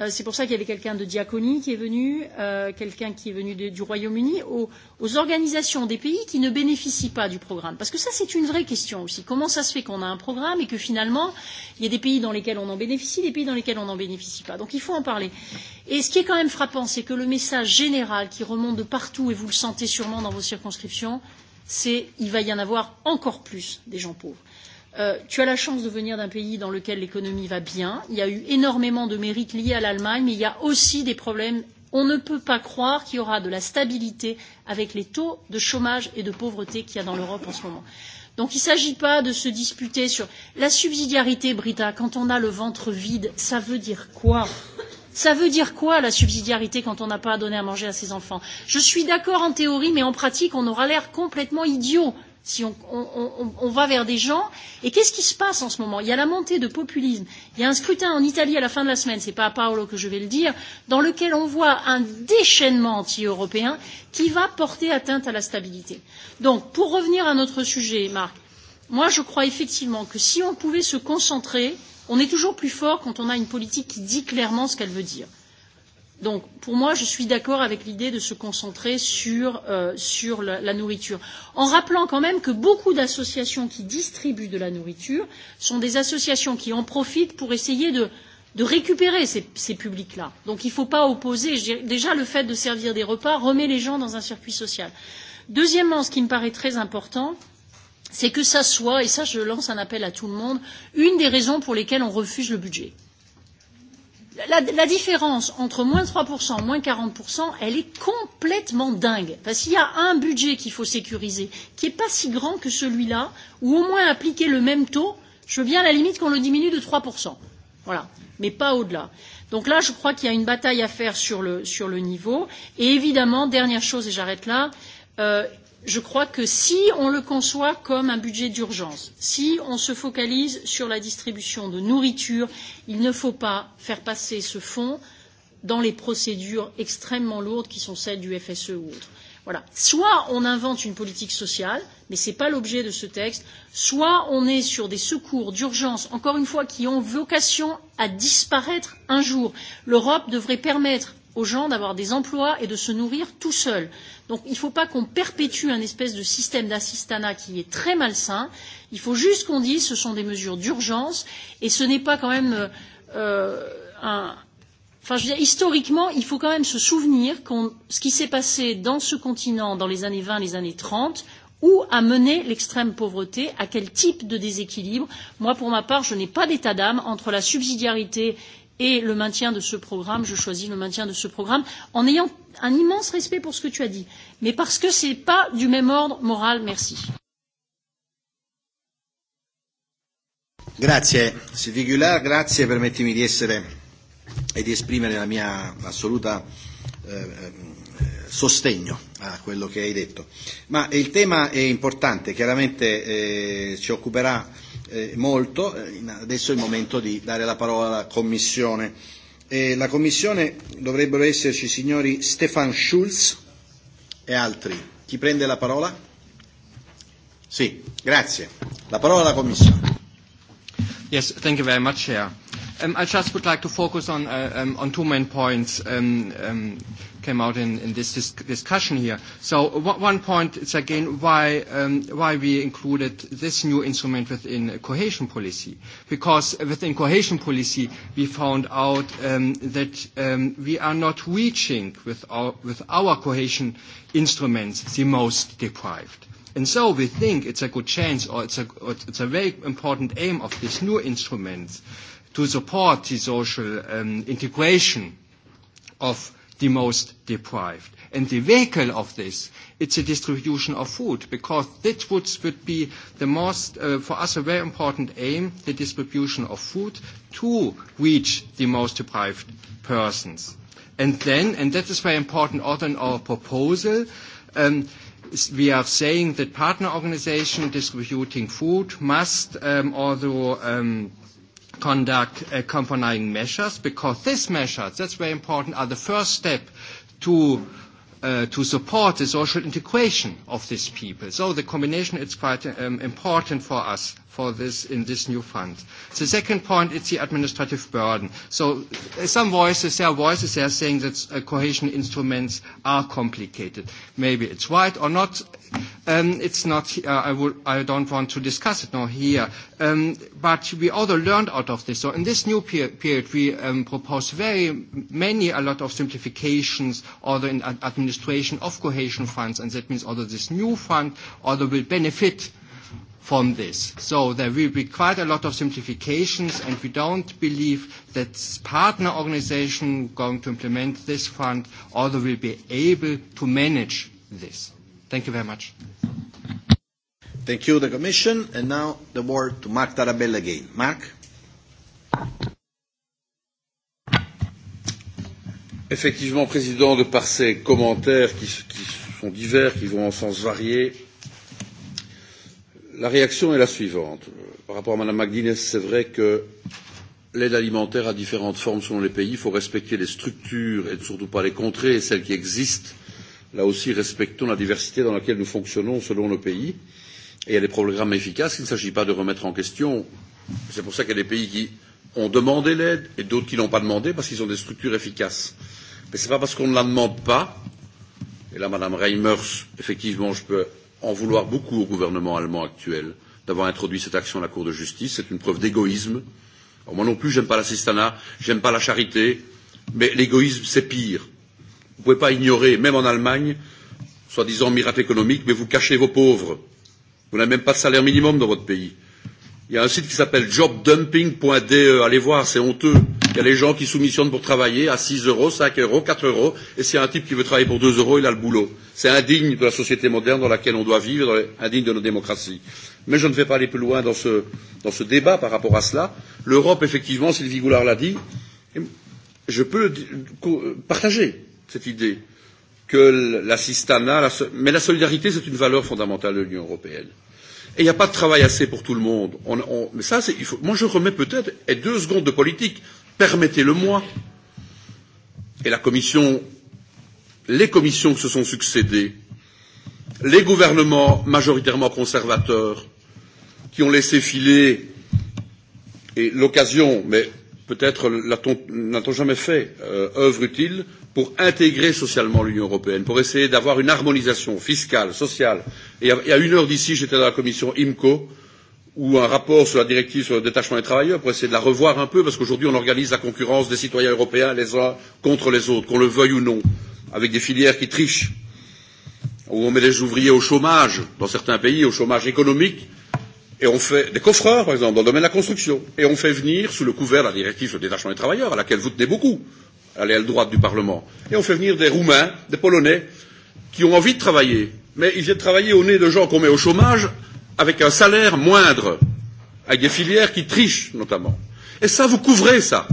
euh, c'est pour ça qu'il y avait quelqu'un de Diaconie qui est venu, euh, quelqu'un qui est venu de, du Royaume-Uni, aux, aux organisations des pays qui ne bénéficient pas du programme. Parce que ça, c'est une vraie question aussi. Comment ça se fait qu'on a un programme et que finalement, il y a des pays dans lesquels on en bénéficie, des pays dans lesquels on n'en bénéficie pas. Donc il faut en parler. Et ce qui est quand même frappant, c'est que le message général qui remonte de partout, et vous le sentez sûrement dans vos circonscriptions, c'est qu'il va y en avoir encore plus des gens pauvres. Euh, tu as la chance de venir d'un pays dans lequel l'économie va bien. Il y a eu énormément de mérites liés à l'Allemagne, mais il y a aussi des problèmes. On ne peut pas croire qu'il y aura de la stabilité avec les taux de chômage et de pauvreté qu'il y a dans l'Europe en ce moment. Donc il ne s'agit pas de se disputer sur la subsidiarité, Brita, quand on a le ventre vide, ça veut dire quoi Ça veut dire quoi la subsidiarité quand on n'a pas à donner à manger à ses enfants Je suis d'accord en théorie, mais en pratique, on aura l'air complètement idiot si on, on, on, on va vers des gens. Et qu'est-ce qui se passe en ce moment Il y a la montée de populisme. Il y a un scrutin en Italie à la fin de la semaine, ce n'est pas à Paolo que je vais le dire, dans lequel on voit un déchaînement anti-européen qui va porter atteinte à la stabilité. Donc, pour revenir à notre sujet, Marc, moi je crois effectivement que si on pouvait se concentrer, on est toujours plus fort quand on a une politique qui dit clairement ce qu'elle veut dire. Donc, pour moi, je suis d'accord avec l'idée de se concentrer sur, euh, sur la, la nourriture, en rappelant quand même que beaucoup d'associations qui distribuent de la nourriture sont des associations qui en profitent pour essayer de, de récupérer ces, ces publics-là. Donc, il ne faut pas opposer. Je dirais, déjà, le fait de servir des repas remet les gens dans un circuit social. Deuxièmement, ce qui me paraît très important, c'est que ça soit, et ça je lance un appel à tout le monde, une des raisons pour lesquelles on refuse le budget la, la différence entre moins 3% et moins 40%, elle est complètement dingue. Parce qu'il y a un budget qu'il faut sécuriser, qui n'est pas si grand que celui-là, ou au moins appliquer le même taux, je veux bien à la limite qu'on le diminue de 3%. Voilà. Mais pas au-delà. Donc là, je crois qu'il y a une bataille à faire sur le, sur le niveau. Et évidemment, dernière chose, et j'arrête là, euh, je crois que si on le conçoit comme un budget d'urgence, si on se focalise sur la distribution de nourriture, il ne faut pas faire passer ce fonds dans les procédures extrêmement lourdes qui sont celles du FSE ou autres. Voilà. Soit on invente une politique sociale, mais ce n'est pas l'objet de ce texte, soit on est sur des secours d'urgence, encore une fois, qui ont vocation à disparaître un jour. L'Europe devrait permettre aux gens d'avoir des emplois et de se nourrir tout seuls. Donc il ne faut pas qu'on perpétue un espèce de système d'assistanat qui est très malsain. Il faut juste qu'on dise ce sont des mesures d'urgence et ce n'est pas quand même euh, euh, un. Enfin, je veux dire, historiquement, il faut quand même se souvenir qu'on, ce qui s'est passé dans ce continent dans les années 20, les années 30, où a mené l'extrême pauvreté, à quel type de déséquilibre. Moi, pour ma part, je n'ai pas d'état d'âme entre la subsidiarité et le maintien de ce programme, je choisis le maintien de ce programme, en ayant un immense respect pour ce que tu as dit, mais parce que ce n'est pas du même ordre moral. Merci. Grazie Sylvie Gullard, grazie, permettimi di essere e di esprimere la mia assoluta eh, eh, sostegno a quello che hai detto. Ma il tema è importante, chiaramente eh, ci occuperà eh, molto, eh, adesso è il momento di dare la parola alla Commissione. Eh, la Commissione dovrebbero esserci i signori Stefan Schulz e altri. Chi prende la parola? Sì, grazie. La parola alla Commissione. Yes, thank you very much, Chair. Um, I just would like to focus on, uh, um, on two main points. Um, um, came out in, in this dis- discussion here. So w- one point is again why, um, why we included this new instrument within cohesion policy. Because within cohesion policy, we found out um, that um, we are not reaching with our, with our cohesion instruments the most deprived. And so we think it's a good chance or it's a, it's a very important aim of this new instrument to support the social um, integration of the most deprived. And the vehicle of this, it's a distribution of food, because that would, would be the most, uh, for us, a very important aim, the distribution of food to reach the most deprived persons. And then, and that is very important also in our proposal, um, we are saying that partner organization distributing food must um, also um, conduct accompanying measures because these measures, that's very important, are the first step to Uh, to support the social integration of these people. So the combination is quite um, important for us for this in this new fund. The second point is the administrative burden. So uh, some voices, there are voices there saying that uh, cohesion instruments are complicated. Maybe it's right or not. Um, it's not, uh, I, will, I don't want to discuss it now here. Um, but we also learned out of this. So in this new per period, we um, propose very many, a lot of simplifications other in administration of cohesion funds. And that means also this new fund also will benefit from this. So there will be quite a lot of simplifications, and we don't believe that partner organization going to implement this fund also will be able to manage this. Thank you very much. Thank you, the Commission. And now the word to Mark Tarabella again. Mark? Effectivement, Président, de par ces commentaires qui, qui sont divers, qui vont en sens variés, la réaction est la suivante. Par rapport à Mme McGuinness, c'est vrai que l'aide alimentaire a différentes formes selon les pays. Il faut respecter les structures et surtout pas les contrées, celles qui existent. Là aussi, respectons la diversité dans laquelle nous fonctionnons selon le pays. Et il y a des programmes efficaces qu'il ne s'agit pas de remettre en question. C'est pour ça qu'il y a des pays qui ont demandé l'aide et d'autres qui ne l'ont pas demandé parce qu'ils ont des structures efficaces. Mais ce n'est pas parce qu'on ne la demande pas, et là, Mme Reimers, effectivement, je peux en vouloir beaucoup au gouvernement allemand actuel d'avoir introduit cette action à la Cour de justice. C'est une preuve d'égoïsme. Alors moi non plus, j'aime pas l'assistanat, j'aime pas la charité, mais l'égoïsme, c'est pire. Vous ne pouvez pas ignorer, même en Allemagne, soi-disant miracle économique, mais vous cachez vos pauvres. Vous n'avez même pas de salaire minimum dans votre pays. Il y a un site qui s'appelle jobdumping.de, euh, allez voir, c'est honteux. Il y a les gens qui soumissionnent pour travailler à 6 euros, 5 euros, 4 euros, et s'il y a un type qui veut travailler pour 2 euros, il a le boulot. C'est indigne de la société moderne dans laquelle on doit vivre, indigne de nos démocraties. Mais je ne vais pas aller plus loin dans ce, dans ce débat par rapport à cela. L'Europe, effectivement, Sylvie Goulard l'a dit, je peux partager cette idée que la la, mais la solidarité, c'est une valeur fondamentale de l'Union européenne. Et il n'y a pas de travail assez pour tout le monde. On, on, mais ça, il faut, moi, je remets peut-être, deux secondes de politique, permettez-le-moi, et la Commission, les commissions qui se sont succédées, les gouvernements majoritairement conservateurs qui ont laissé filer et l'occasion, mais peut-être n'a-t-on jamais fait euh, œuvre utile pour intégrer socialement l'Union européenne, pour essayer d'avoir une harmonisation fiscale, sociale. Et à, et à une heure d'ici, j'étais dans la commission IMCO ou un rapport sur la directive sur le détachement des travailleurs pour essayer de la revoir un peu, parce qu'aujourd'hui on organise la concurrence des citoyens européens les uns contre les autres, qu'on le veuille ou non, avec des filières qui trichent, où on met des ouvriers au chômage dans certains pays, au chômage économique, et on fait des coffreurs, par exemple, dans le domaine de la construction, et on fait venir, sous le couvert de la directive sur le détachement des travailleurs, à laquelle vous tenez beaucoup, à l'aile droite du Parlement, et on fait venir des Roumains, des Polonais, qui ont envie de travailler, mais ils viennent travailler au nez de gens qu'on met au chômage avec un salaire moindre, avec des filières qui trichent notamment. Et ça, vous couvrez ça.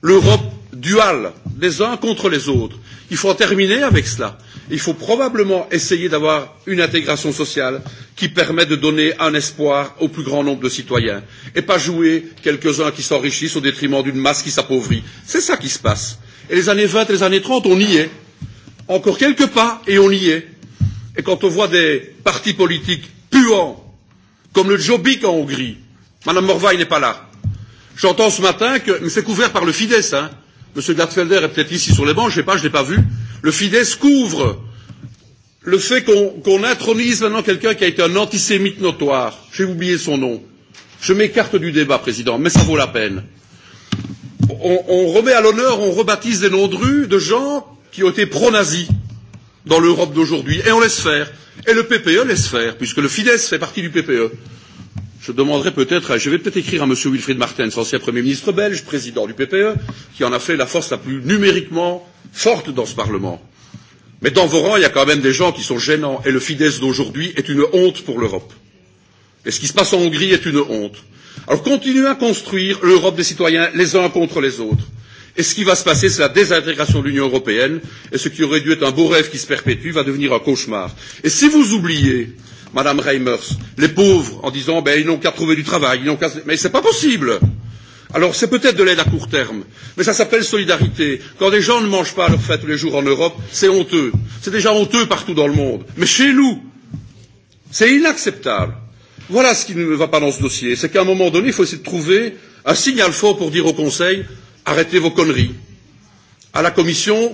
L'Europe duale, les uns contre les autres. Il faut en terminer avec cela. Il faut probablement essayer d'avoir une intégration sociale qui permet de donner un espoir au plus grand nombre de citoyens et pas jouer quelques-uns qui s'enrichissent au détriment d'une masse qui s'appauvrit. C'est ça qui se passe. Et les années 20 et les années 30, on y est. Encore quelques pas et on y est. Et quand on voit des partis politiques polluants, comme le Jobbik en Hongrie. Madame Morvaï n'est pas là. J'entends ce matin que, mais c'est couvert par le Fidesz, hein. Monsieur Gladfelder est peut-être ici sur les bancs, je ne sais pas, je ne l'ai pas vu. Le Fidesz couvre le fait qu'on qu, intronise maintenant quelqu'un qui a été un antisémite notoire. J'ai oublié son nom. Je m'écarte du débat, Président, mais ça vaut la peine. On, on remet à l'honneur, on rebaptise des noms de rue de gens qui ont été pro-nazis dans l'Europe d'aujourd'hui, et on laisse faire. Et le PPE laisse faire, puisque le Fidesz fait partie du PPE. Je demanderai peut-être, je vais peut-être écrire à M. Wilfried Martens, ancien Premier ministre belge, président du PPE, qui en a fait la force la plus numériquement forte dans ce Parlement. Mais dans vos rangs, il y a quand même des gens qui sont gênants, et le Fidesz d'aujourd'hui est une honte pour l'Europe. Et ce qui se passe en Hongrie est une honte. Alors continuez à construire l'Europe des citoyens les uns contre les autres. Et ce qui va se passer, c'est la désintégration de l'Union européenne, et ce qui aurait dû être un beau rêve qui se perpétue va devenir un cauchemar. Et si vous oubliez, Madame Reimers, les pauvres en disant ben, ils n'ont qu'à trouver du travail, ils n'ont qu'à... Mais ce n'est pas possible alors c'est peut-être de l'aide à court terme, mais ça s'appelle solidarité. Quand des gens ne mangent pas à leur fête tous les jours en Europe, c'est honteux. C'est déjà honteux partout dans le monde. Mais chez nous, c'est inacceptable. Voilà ce qui ne va pas dans ce dossier. C'est qu'à un moment donné, il faut essayer de trouver un signal fort pour dire au Conseil arrêtez vos conneries. À la Commission,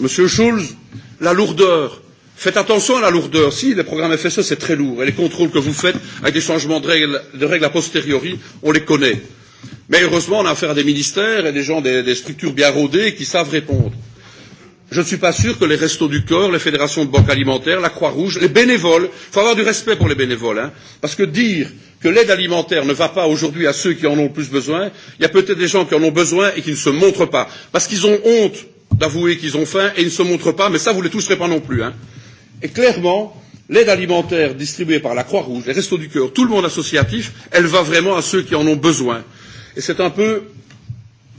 Monsieur Schulz, la lourdeur. Faites attention à la lourdeur. Si les programmes FSE, c'est très lourd. Et les contrôles que vous faites avec des changements de règles, de règles a posteriori, on les connaît. Mais heureusement, on a affaire à des ministères et des gens des, des structures bien rodées qui savent répondre. Je ne suis pas sûr que les restos du corps, les fédérations de banques alimentaires, la Croix-Rouge, les bénévoles, il faut avoir du respect pour les bénévoles, hein, parce que dire que l'aide alimentaire ne va pas aujourd'hui à ceux qui en ont le plus besoin, il y a peut-être des gens qui en ont besoin et qui ne se montrent pas, parce qu'ils ont honte d'avouer qu'ils ont faim et ils ne se montrent pas, mais ça, vous ne les toucherez pas non plus. Hein. Et clairement, l'aide alimentaire distribuée par la Croix-Rouge, les Restos du Cœur, tout le monde associatif, elle va vraiment à ceux qui en ont besoin. Et c'est un peu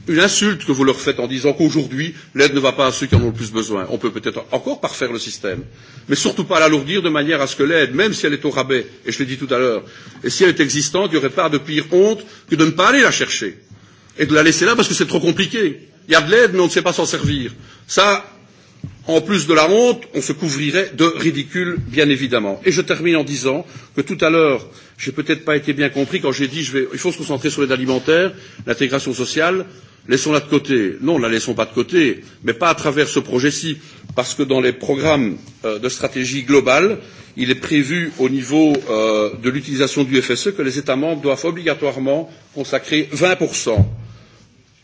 une insulte que vous leur faites en disant qu'aujourd'hui, l'aide ne va pas à ceux qui en ont le plus besoin. On peut peut-être encore parfaire le système, mais surtout pas l'alourdir de manière à ce que l'aide, même si elle est au rabais, et je l'ai dit tout à l'heure, et si elle est existante, il n'y aurait pas de pire honte que de ne pas aller la chercher et de la laisser là parce que c'est trop compliqué. Il y a de l'aide, mais on ne sait pas s'en servir. Ça, en plus de la honte, on se couvrirait de ridicule, bien évidemment. Et je termine en disant que tout à l'heure, j'ai peut-être pas été bien compris quand j'ai dit je vais, il faut se concentrer sur l'aide alimentaire, l'intégration sociale. Laissons-la de côté. Non, la laissons pas de côté, mais pas à travers ce projet-ci, parce que dans les programmes euh, de stratégie globale, il est prévu au niveau euh, de l'utilisation du FSE que les États membres doivent obligatoirement consacrer 20%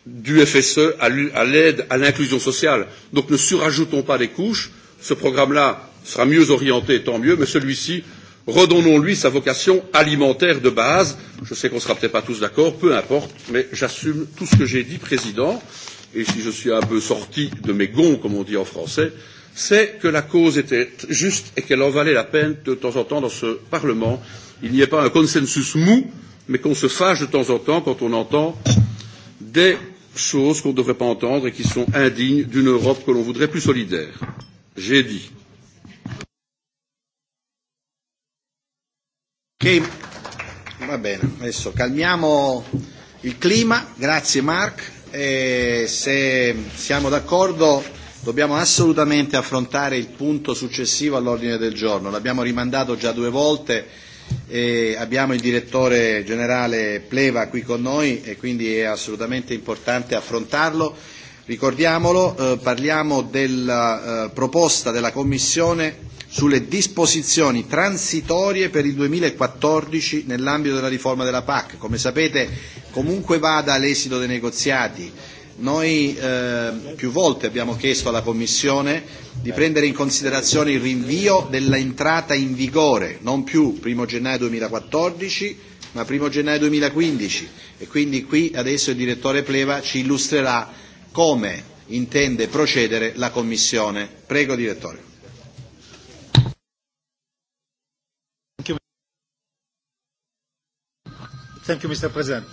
du FSE à l'aide à l'inclusion sociale. Donc ne surajoutons pas des couches. Ce programme-là sera mieux orienté, tant mieux, mais celui-ci redonnons-lui sa vocation alimentaire de base. Je sais qu'on ne sera peut-être pas tous d'accord, peu importe, mais j'assume tout ce que j'ai dit, Président, et si je suis un peu sorti de mes gonds, comme on dit en français, c'est que la cause était juste et qu'elle en valait la peine de temps en temps dans ce Parlement. Il n'y ait pas un consensus mou, mais qu'on se fâche de temps en temps quand on entend des choses qu'on ne devrait pas entendre et qui sont indignes d'une Europe que l'on voudrait plus solidaire. J'ai dit Okay. Va bene, adesso calmiamo il clima, grazie Mark. E se siamo d'accordo dobbiamo assolutamente affrontare il punto successivo all'ordine del giorno. L'abbiamo rimandato già due volte e abbiamo il direttore generale Pleva qui con noi e quindi è assolutamente importante affrontarlo. Ricordiamolo, eh, parliamo della eh, proposta della Commissione sulle disposizioni transitorie per il 2014 nell'ambito della riforma della PAC. Come sapete, comunque vada l'esito dei negoziati, noi eh, più volte abbiamo chiesto alla Commissione di prendere in considerazione il rinvio dell'entrata in vigore, non più 1 gennaio 2014, ma 1 gennaio 2015 e quindi qui adesso il direttore Pleva ci illustrerà come intende procedere la Commissione. Prego direttore. Thank you, Mr. President.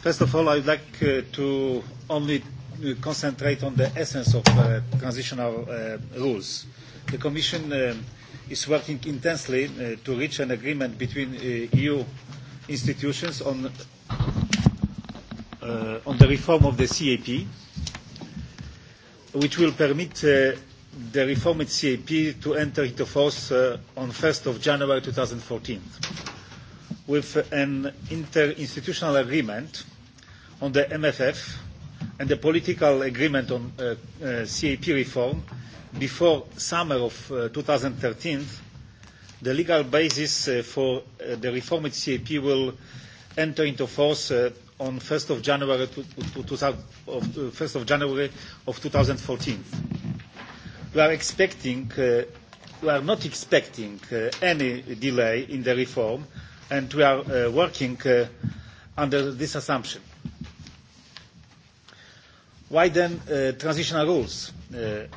First of all, I would like uh, to only uh, concentrate on the essence of uh, transitional uh, rules. The Commission uh, is working intensely uh, to reach an agreement between uh, EU institutions on, uh, on the reform of the CAP, which will permit uh, the reformed CAP to enter into force uh, on 1st of January 2014 with an interinstitutional agreement on the MFF and a political agreement on uh, uh, CAP reform before summer of uh, 2013, the legal basis uh, for uh, the reformed CAP will enter into force uh, on 1st of January, to, to, to, of, 1st uh, of January of 2014. We are expecting, uh, we are not expecting uh, any delay in the reform and we are uh, working uh, under this assumption. Why then uh, transitional rules?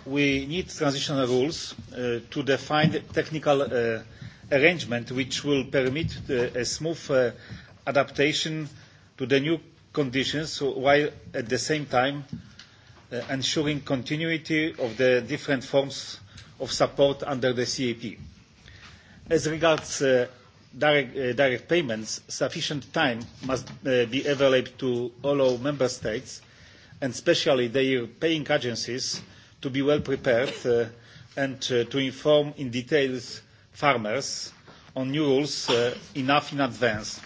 we need transitional rules to define the technical arrangement which will permit a smooth adaptation to the new conditions while at the same time ensuring continuity of the different forms of support under the CAP. As regards direct, uh, direct payments, sufficient time must uh, be available to all our member states and especially their paying agencies to be well prepared uh, and uh, to inform in detail farmers on new rules uh, enough in advance.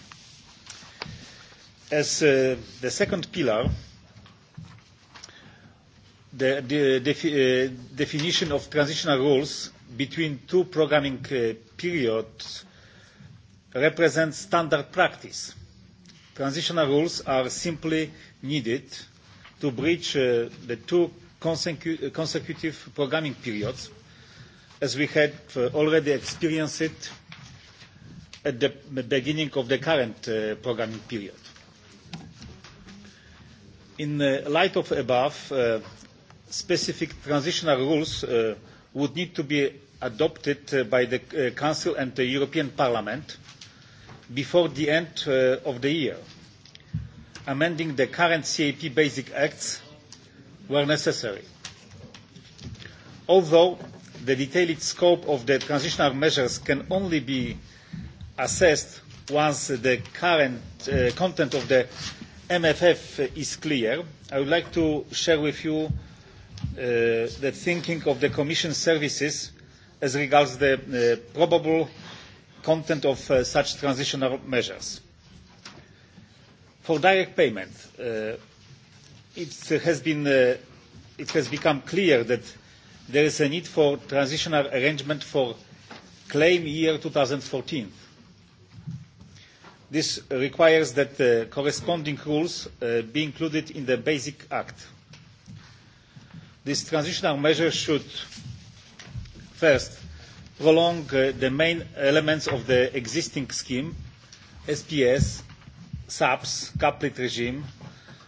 As uh, the second pillar, the, the defi uh, definition of transitional rules between two programming uh, periods represent standard practice. Transitional rules are simply needed to bridge uh, the two consecu uh, consecutive programming periods, as we had uh, already experienced it at the beginning of the current uh, programming period. In the light of above, uh, specific transitional rules uh, would need to be adopted uh, by the uh, Council and the European Parliament before the end uh, of the year, amending the current CAP basic acts where necessary. Although the detailed scope of the transitional measures can only be assessed once the current uh, content of the MFF is clear, I would like to share with you uh, the thinking of the Commission services as regards the uh, probable content of uh, such transitional measures. For direct payment, uh, it, has been, uh, it has become clear that there is a need for transitional arrangement for claim year 2014. This requires that the uh, corresponding rules uh, be included in the Basic Act. This transitional measure should, first, prolong uh, the main elements of the existing scheme, SPS, SAPS, couplet regime,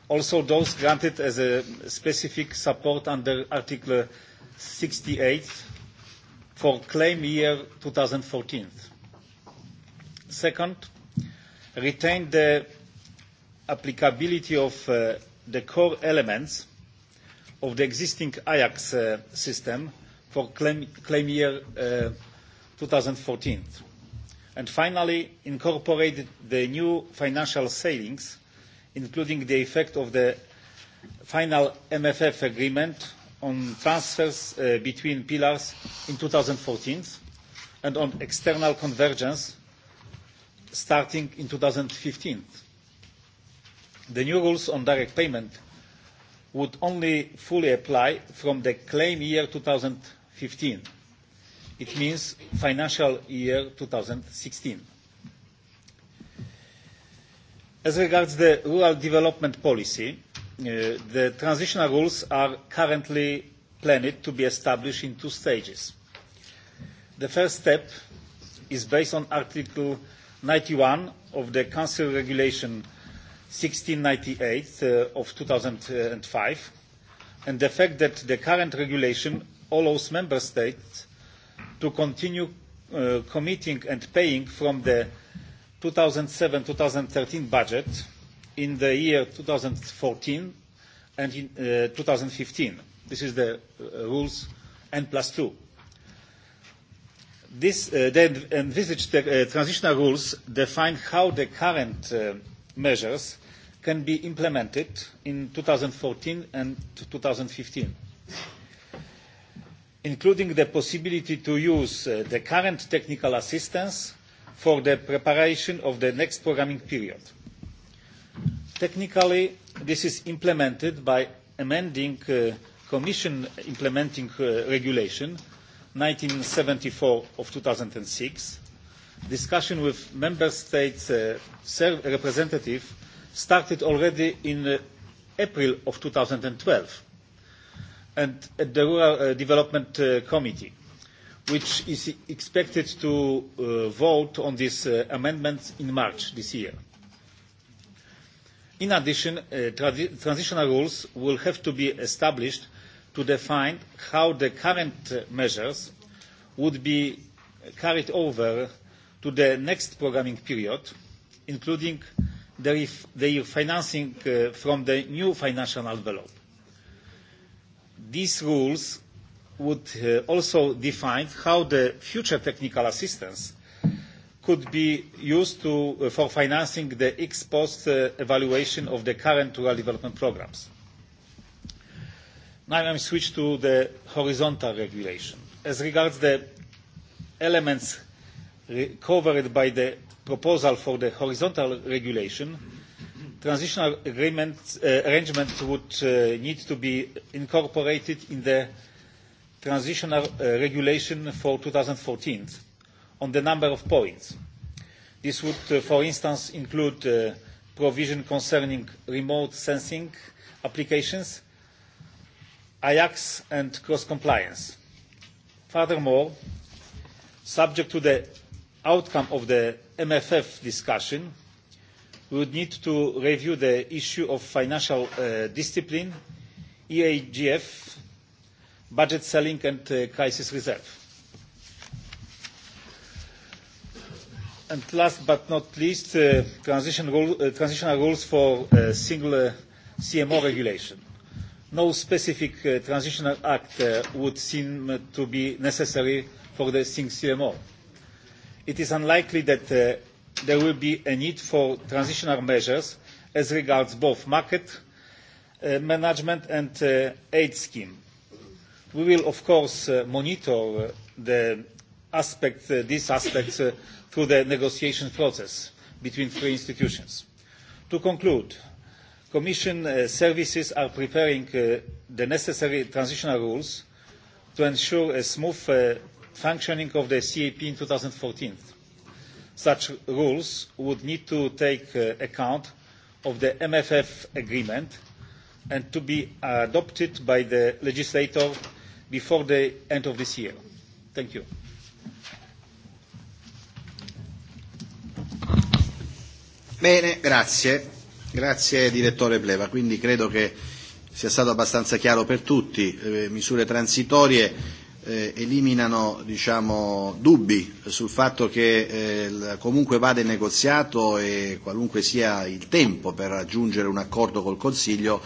also those granted as a specific support under Article 68 for claim year 2014. Second, retain the applicability of uh, the core elements of the existing Ajax uh, system for claim, year uh, 2014. And finally, incorporated the new financial savings, including the effect of the final MFF agreement on transfers uh, between pillars in 2014 and on external convergence starting in 2015. The new rules on direct payment would only fully apply from the claim year 2015 15. It means financial year 2016. As regards the rural development policy, uh, the transitional rules are currently planned to be established in two stages. The first step is based on Article 91 of the Council Regulation 1698 uh, of 2005, and the fact that the current regulation allows member states to continue uh, committing and paying from the 2007-2013 budget in the year 2014 and in uh, 2015. This is the uh, rules N plus 2. This, uh, they envisage the uh, transitional rules define how the current uh, measures can be implemented in 2014 and 2015 including the possibility to use uh, the current technical assistance for the preparation of the next programming period. Technically, this is implemented by amending uh, Commission Implementing uh, Regulation 1974 of 2006. Discussion with Member States uh, representative started already in uh, April of 2012 and at the Rural uh, Development uh, Committee, which is expected to uh, vote on these amendments in March this year. In addition, transitional rules will have to be established to define how the current measures would be carried over to the next programming period, including their financing from the new financial envelope these rules would uh, also define how the future technical assistance could be used to, uh, for financing the ex post uh, evaluation of the current rural development programs. Now I'm switch to the horizontal regulation. As regards the elements covered by the proposal for the horizontal regulation, transitional uh, eh, arrangements would uh, need to be incorporated in the transitional uh, regulation for 2014 on the number of points. This would, uh, for instance, include uh, provision concerning remote sensing applications, IACs and cross-compliance. Furthermore, subject to the outcome of the MFF discussion, we would need to review the issue of financial uh, discipline, EAGF, budget selling and uh, crisis reserve. And last but not least, uh, transition rule, uh, transitional rules for uh, single uh, CMO regulation. No specific uh, transitional act uh, would seem to be necessary for the single CMO. It is unlikely that uh, there will be a need for transitional measures as regards both market uh, management and uh, aid scheme. We will, of course, uh, monitor the aspect, these aspects through the negotiation process between three institutions. To conclude, Commission services are preparing the necessary transitional rules to ensure a smooth functioning of the CAP in 2014 Such rules would need to take uh, account of the MFF agreement and to be adopted by the legislator before the end of this year. Thank you. Bene, grazie. Grazie direttore Pleva. Quindi credo che sia stato abbastanza chiaro per tutti, eh, misure transitorie eh, eliminano diciamo, dubbi sul fatto che eh, comunque vada il negoziato e qualunque sia il tempo per raggiungere un accordo col Consiglio,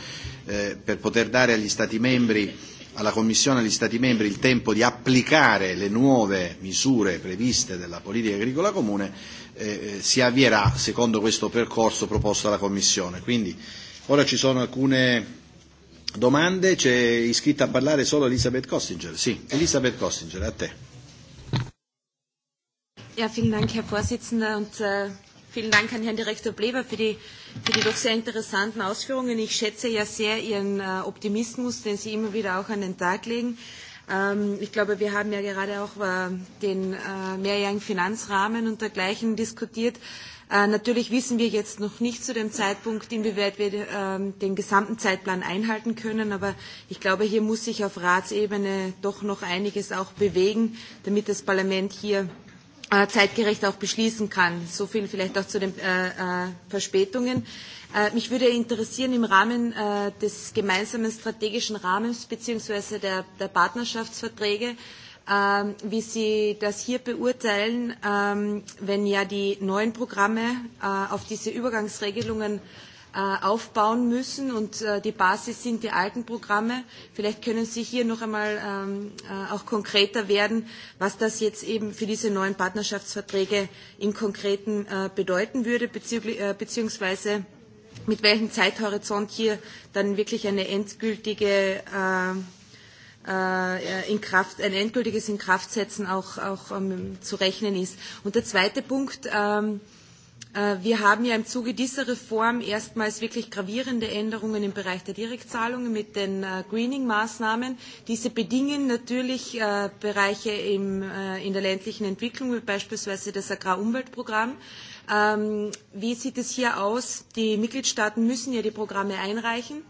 eh, per poter dare agli Stati membri, alla Commissione e agli Stati membri il tempo di applicare le nuove misure previste della politica agricola comune, eh, eh si avvierà secondo questo percorso proposto dalla Commissione. Quindi ora ci sono alcune domande. C'è iscritta a parlare solo Elisabeth Kostinger. Sì, Elisabeth Kostinger, a te. Ja, vielen Dank, Herr Vorsitzender, und äh, vielen Dank an Herrn Direktor Bleber für die, für die doch sehr interessanten Ausführungen. Ich schätze ja sehr Ihren äh, Optimismus, den Sie immer wieder auch an den Tag legen. Ähm, ich glaube, wir haben ja gerade auch äh, den äh, mehrjährigen Finanzrahmen und dergleichen diskutiert. Äh, natürlich wissen wir jetzt noch nicht zu dem Zeitpunkt, inwieweit wir ähm, den gesamten Zeitplan einhalten können, aber ich glaube, hier muss sich auf Ratsebene doch noch einiges auch bewegen, damit das Parlament hier Äh, zeitgerecht auch beschließen kann. So viel vielleicht auch zu den äh, äh, Verspätungen. Äh, mich würde interessieren, im Rahmen äh, des gemeinsamen strategischen Rahmens bzw. Der, der Partnerschaftsverträge, äh, wie Sie das hier beurteilen, äh, wenn ja die neuen Programme äh, auf diese Übergangsregelungen äh, Äh, aufbauen müssen. Und äh, die Basis sind die alten Programme. Vielleicht können Sie hier noch einmal ähm, äh, auch konkreter werden, was das jetzt eben für diese neuen Partnerschaftsverträge im Konkreten bedeuten würde, beziehungsweise mit welchem Zeithorizont hier dann wirklich eine endgültige in Kraft, ein endgültiges Inkraftsetzen auch, auch ähm, zu rechnen ist. Und der zweite Punkt, ähm, Äh, wir haben ja im Zuge dieser Reform erstmals wirklich gravierende Änderungen im Bereich der Direktzahlungen mit den äh, Greening-Maßnahmen. Diese bedingen natürlich äh, Bereiche in der ländlichen Entwicklung, wie beispielsweise das Agrarumweltprogramm. Ähm, wie sieht es hier aus? Die Mitgliedstaaten müssen ja die Programme einreichen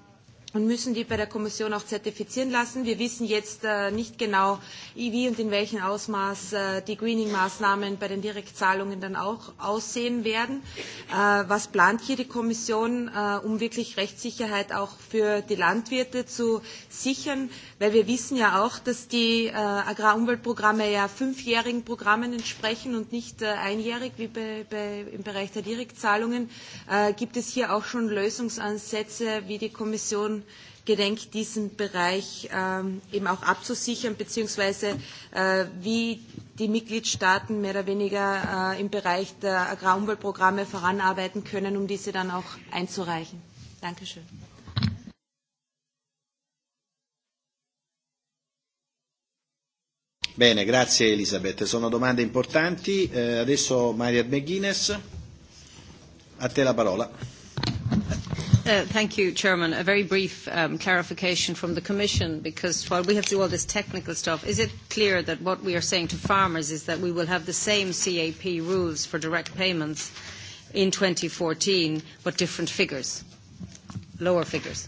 und müssen die bei der Kommission auch zertifizieren lassen. Wir wissen jetzt äh, nicht genau, wie und in welchem Ausmaß äh, die Greening-Maßnahmen bei den Direktzahlungen dann auch aussehen werden. Äh, was plant hier die Kommission, äh, um wirklich Rechtssicherheit auch für die Landwirte zu sichern? Weil wir wissen ja auch, dass die äh, Agrarumweltprogramme ja fünfjährigen Programmen entsprechen und nicht äh, einjährig wie bei, bei, im Bereich der Direktzahlungen. Äh, gibt es hier auch schon Lösungsansätze, wie die Kommission gedenkt, diesen Bereich ähm, eben auch abzusichern, beziehungsweise äh, wie die Mitgliedstaaten mehr oder weniger äh, im Bereich der Agrarumweltprogramme voranarbeiten können, um diese dann auch einzureichen. Dankeschön. Bene, grazie Elisabeth. Sono domande importanti. Eh, adesso Maria McGuinness, a te la parola. Uh, thank you, Chairman. A very brief um, clarification from the Commission, because while we have to do all this technical stuff, is it clear that what we are saying to farmers is that we will have the same CAP rules for direct payments in 2014, but different figures, lower figures?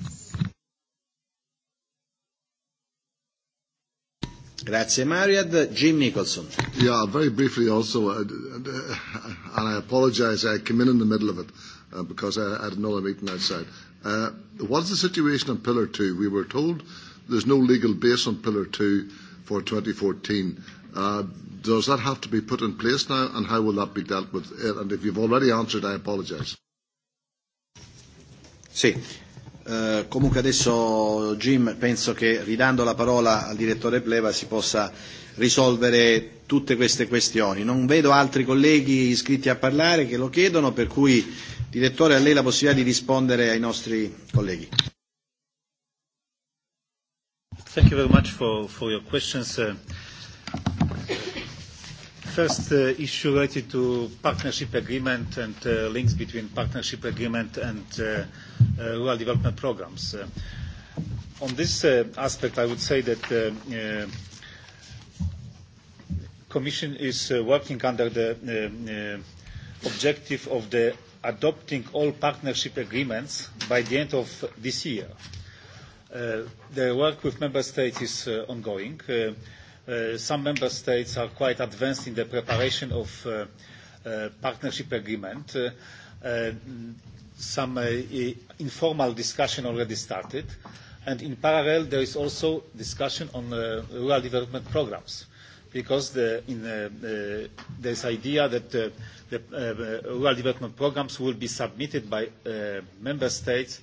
Grazie Mariad. Uh, Jim Nicholson. Yeah, very briefly also, uh, uh, and I apologize, I came in in the middle of it uh, because I, I had another meeting outside. Uh, what is the situation on Pillar 2? We were told there's no legal base on Pillar 2 for 2014. Uh, does that have to be put in place now, and how will that be dealt with? Uh, and if you've already answered, I apologise. Sì, Uh, comunque adesso Jim penso che ridando la parola al direttore Pleva si possa risolvere tutte queste questioni. Non vedo altri colleghi iscritti a parlare che lo chiedono, per cui Direttore, a lei la possibilità di rispondere ai nostri colleghi. Thank you very much for, for your questions. Uh, first uh, issue related to partnership agreement and uh, links between partnership agreement and uh, uh, rural development programs. Uh, on this uh, aspect, I would say that uh, uh, Commission is uh, working under the uh, uh, objective of the adopting all partnership agreements by the end of this year. Uh, the work with member states is uh, ongoing. Uh, uh some member states are quite advanced in the preparation of uh, uh, partnership agreement. Some informal discussion already started, and in parallel, there is also discussion on rural development programs, because the, in, uh, there's idea that the uh, rural development programs will be submitted by uh, member states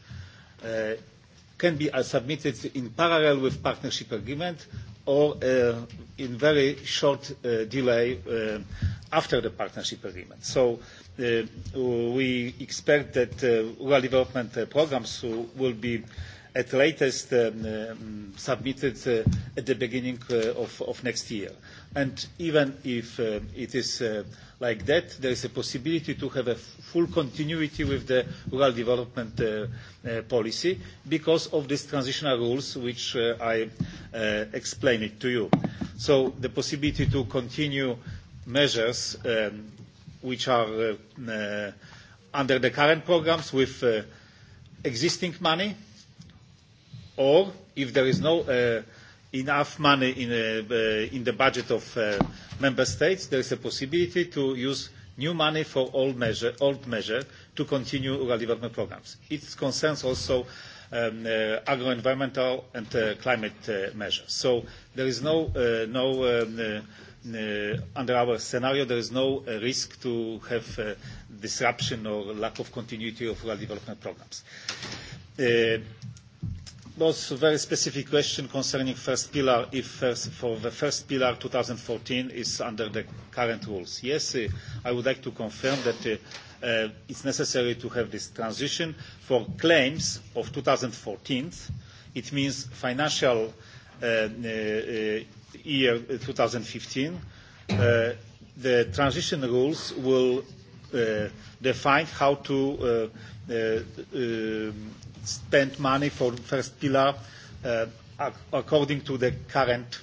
uh, can be uh, submitted in parallel with partnership agreement or uh, in very short uh, delay uh, after the partnership agreement. So uh, we expect that uh, rural development uh, programs will be at latest um, um, submitted uh, at the beginning uh, of, of next year. And even if uh, it is uh, like that, there is a possibility to have a full continuity with the rural development uh, uh, policy because of these transitional rules which uh, I uh, explained it to you. So the possibility to continue measures um, which are uh, uh, under the current programs with uh, existing money or if there is no uh, enough money in, uh, uh, in the budget of uh, member states, there is a possibility to use new money for old measure, old measure to continue rural development programs. It concerns also um, uh, agro-environmental and uh, climate uh, measures. So there is no, uh, no um, Uh, uh under our scenario, there is no uh, risk to have uh, disruption or lack of continuity of rural development programs. Uh, was a very specific question concerning first pillar, if first, for the first pillar 2014 is under the current rules. Yes, eh, I would like to confirm that it eh, is eh, it's necessary to have this transition for claims of 2014. It means financial year 2015. the transition rules will define how to um, spend money for first pillar uh, according to the current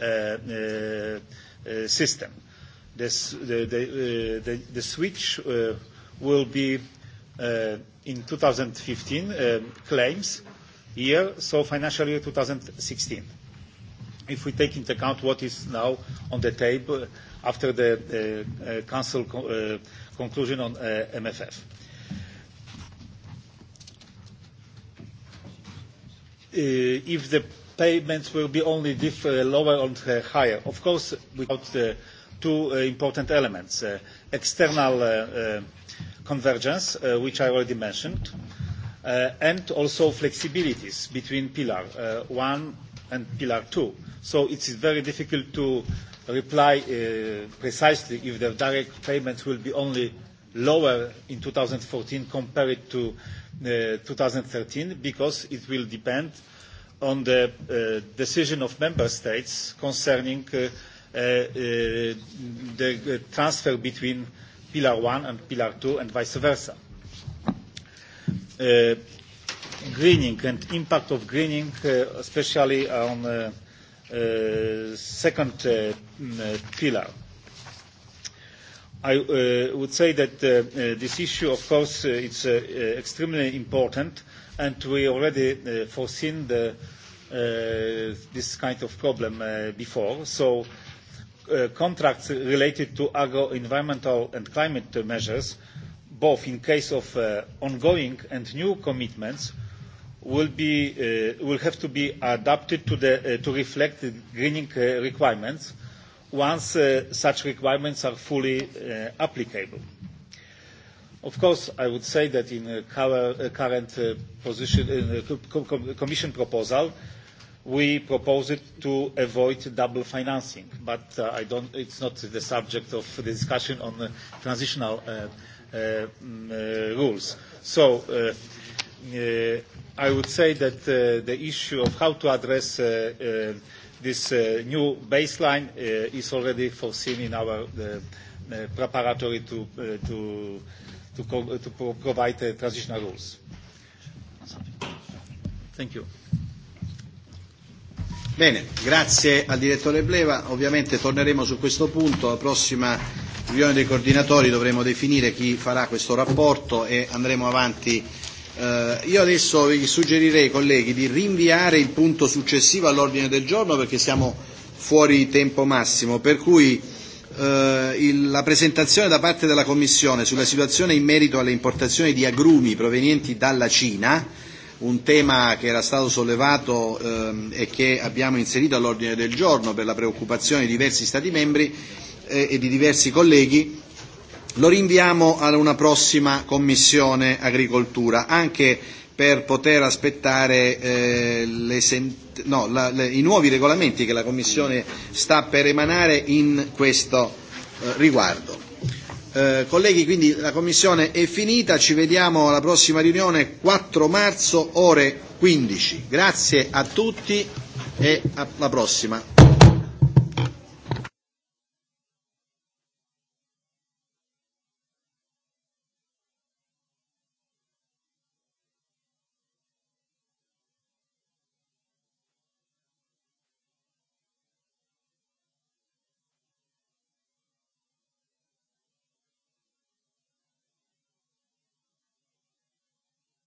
uh, uh, system. the, switch will be in 2015 claims year, so financial year 2016. If we take into account what is now on the table after the uh, uh, Council co uh, conclusion on uh, MFF. Uh, if the payments will be only uh, lower or uh, higher. Of course, without the two important elements, external convergence, which I already mentioned, and also flexibilities between Pillar one and Pillar two. So it is very difficult to reply precisely if the direct payments will be only lower in 2014 compared to 2013 uh, because it will depend on the uh, decision of member states concerning uh, uh, uh the uh, transfer between Pillar 1 and Pillar 2 and vice versa. greening and impact of greening, especially on second mm, pillar. I uh, would say that uh, uh, this issue, of course, uh, it's uh, uh, extremely important, and we already uh, foreseen the, uh, this kind of problem before. So contracts related to agro-environmental and climate measures, both in case of ongoing and new commitments, will, be, will have to be adapted to, the, to reflect the greening requirements – once uh, such requirements are fully uh, applicable. Of course, I would say that in the uh, uh, current uh, position, uh, Commission proposal, we propose it to avoid double financing, but uh, I don't, it's not the subject of the discussion on the transitional uh, uh, um, uh, rules. So uh, uh, I would say that uh, the issue of how to address uh, uh, this uh, new baseline uh, is already foreseen in our uh, uh preparatory to, uh, to, to, uh, to pro provide transitional rules. Thank you. Bene, grazie al direttore Bleva. Ovviamente torneremo su questo punto. La prossima riunione dei coordinatori dovremo definire chi farà questo rapporto e andremo avanti Eh, io adesso vi suggerirei colleghi di rinviare il punto successivo all'ordine del giorno perché siamo fuori tempo massimo, per cui eh, il, la presentazione da parte della Commissione sulla situazione in merito alle importazioni di agrumi provenienti dalla Cina, un tema che era stato sollevato ehm, e che abbiamo inserito all'ordine del giorno per la preoccupazione di diversi Stati membri eh, e di diversi colleghi, Lo rinviamo ad una prossima commissione agricoltura, anche per poter aspettare eh, le sent- no, la, le, i nuovi regolamenti che la Commissione sta per emanare in questo eh, riguardo. Eh, colleghi, quindi la Commissione è finita, ci vediamo alla prossima riunione 4 marzo ore 15. Grazie a tutti e alla prossima.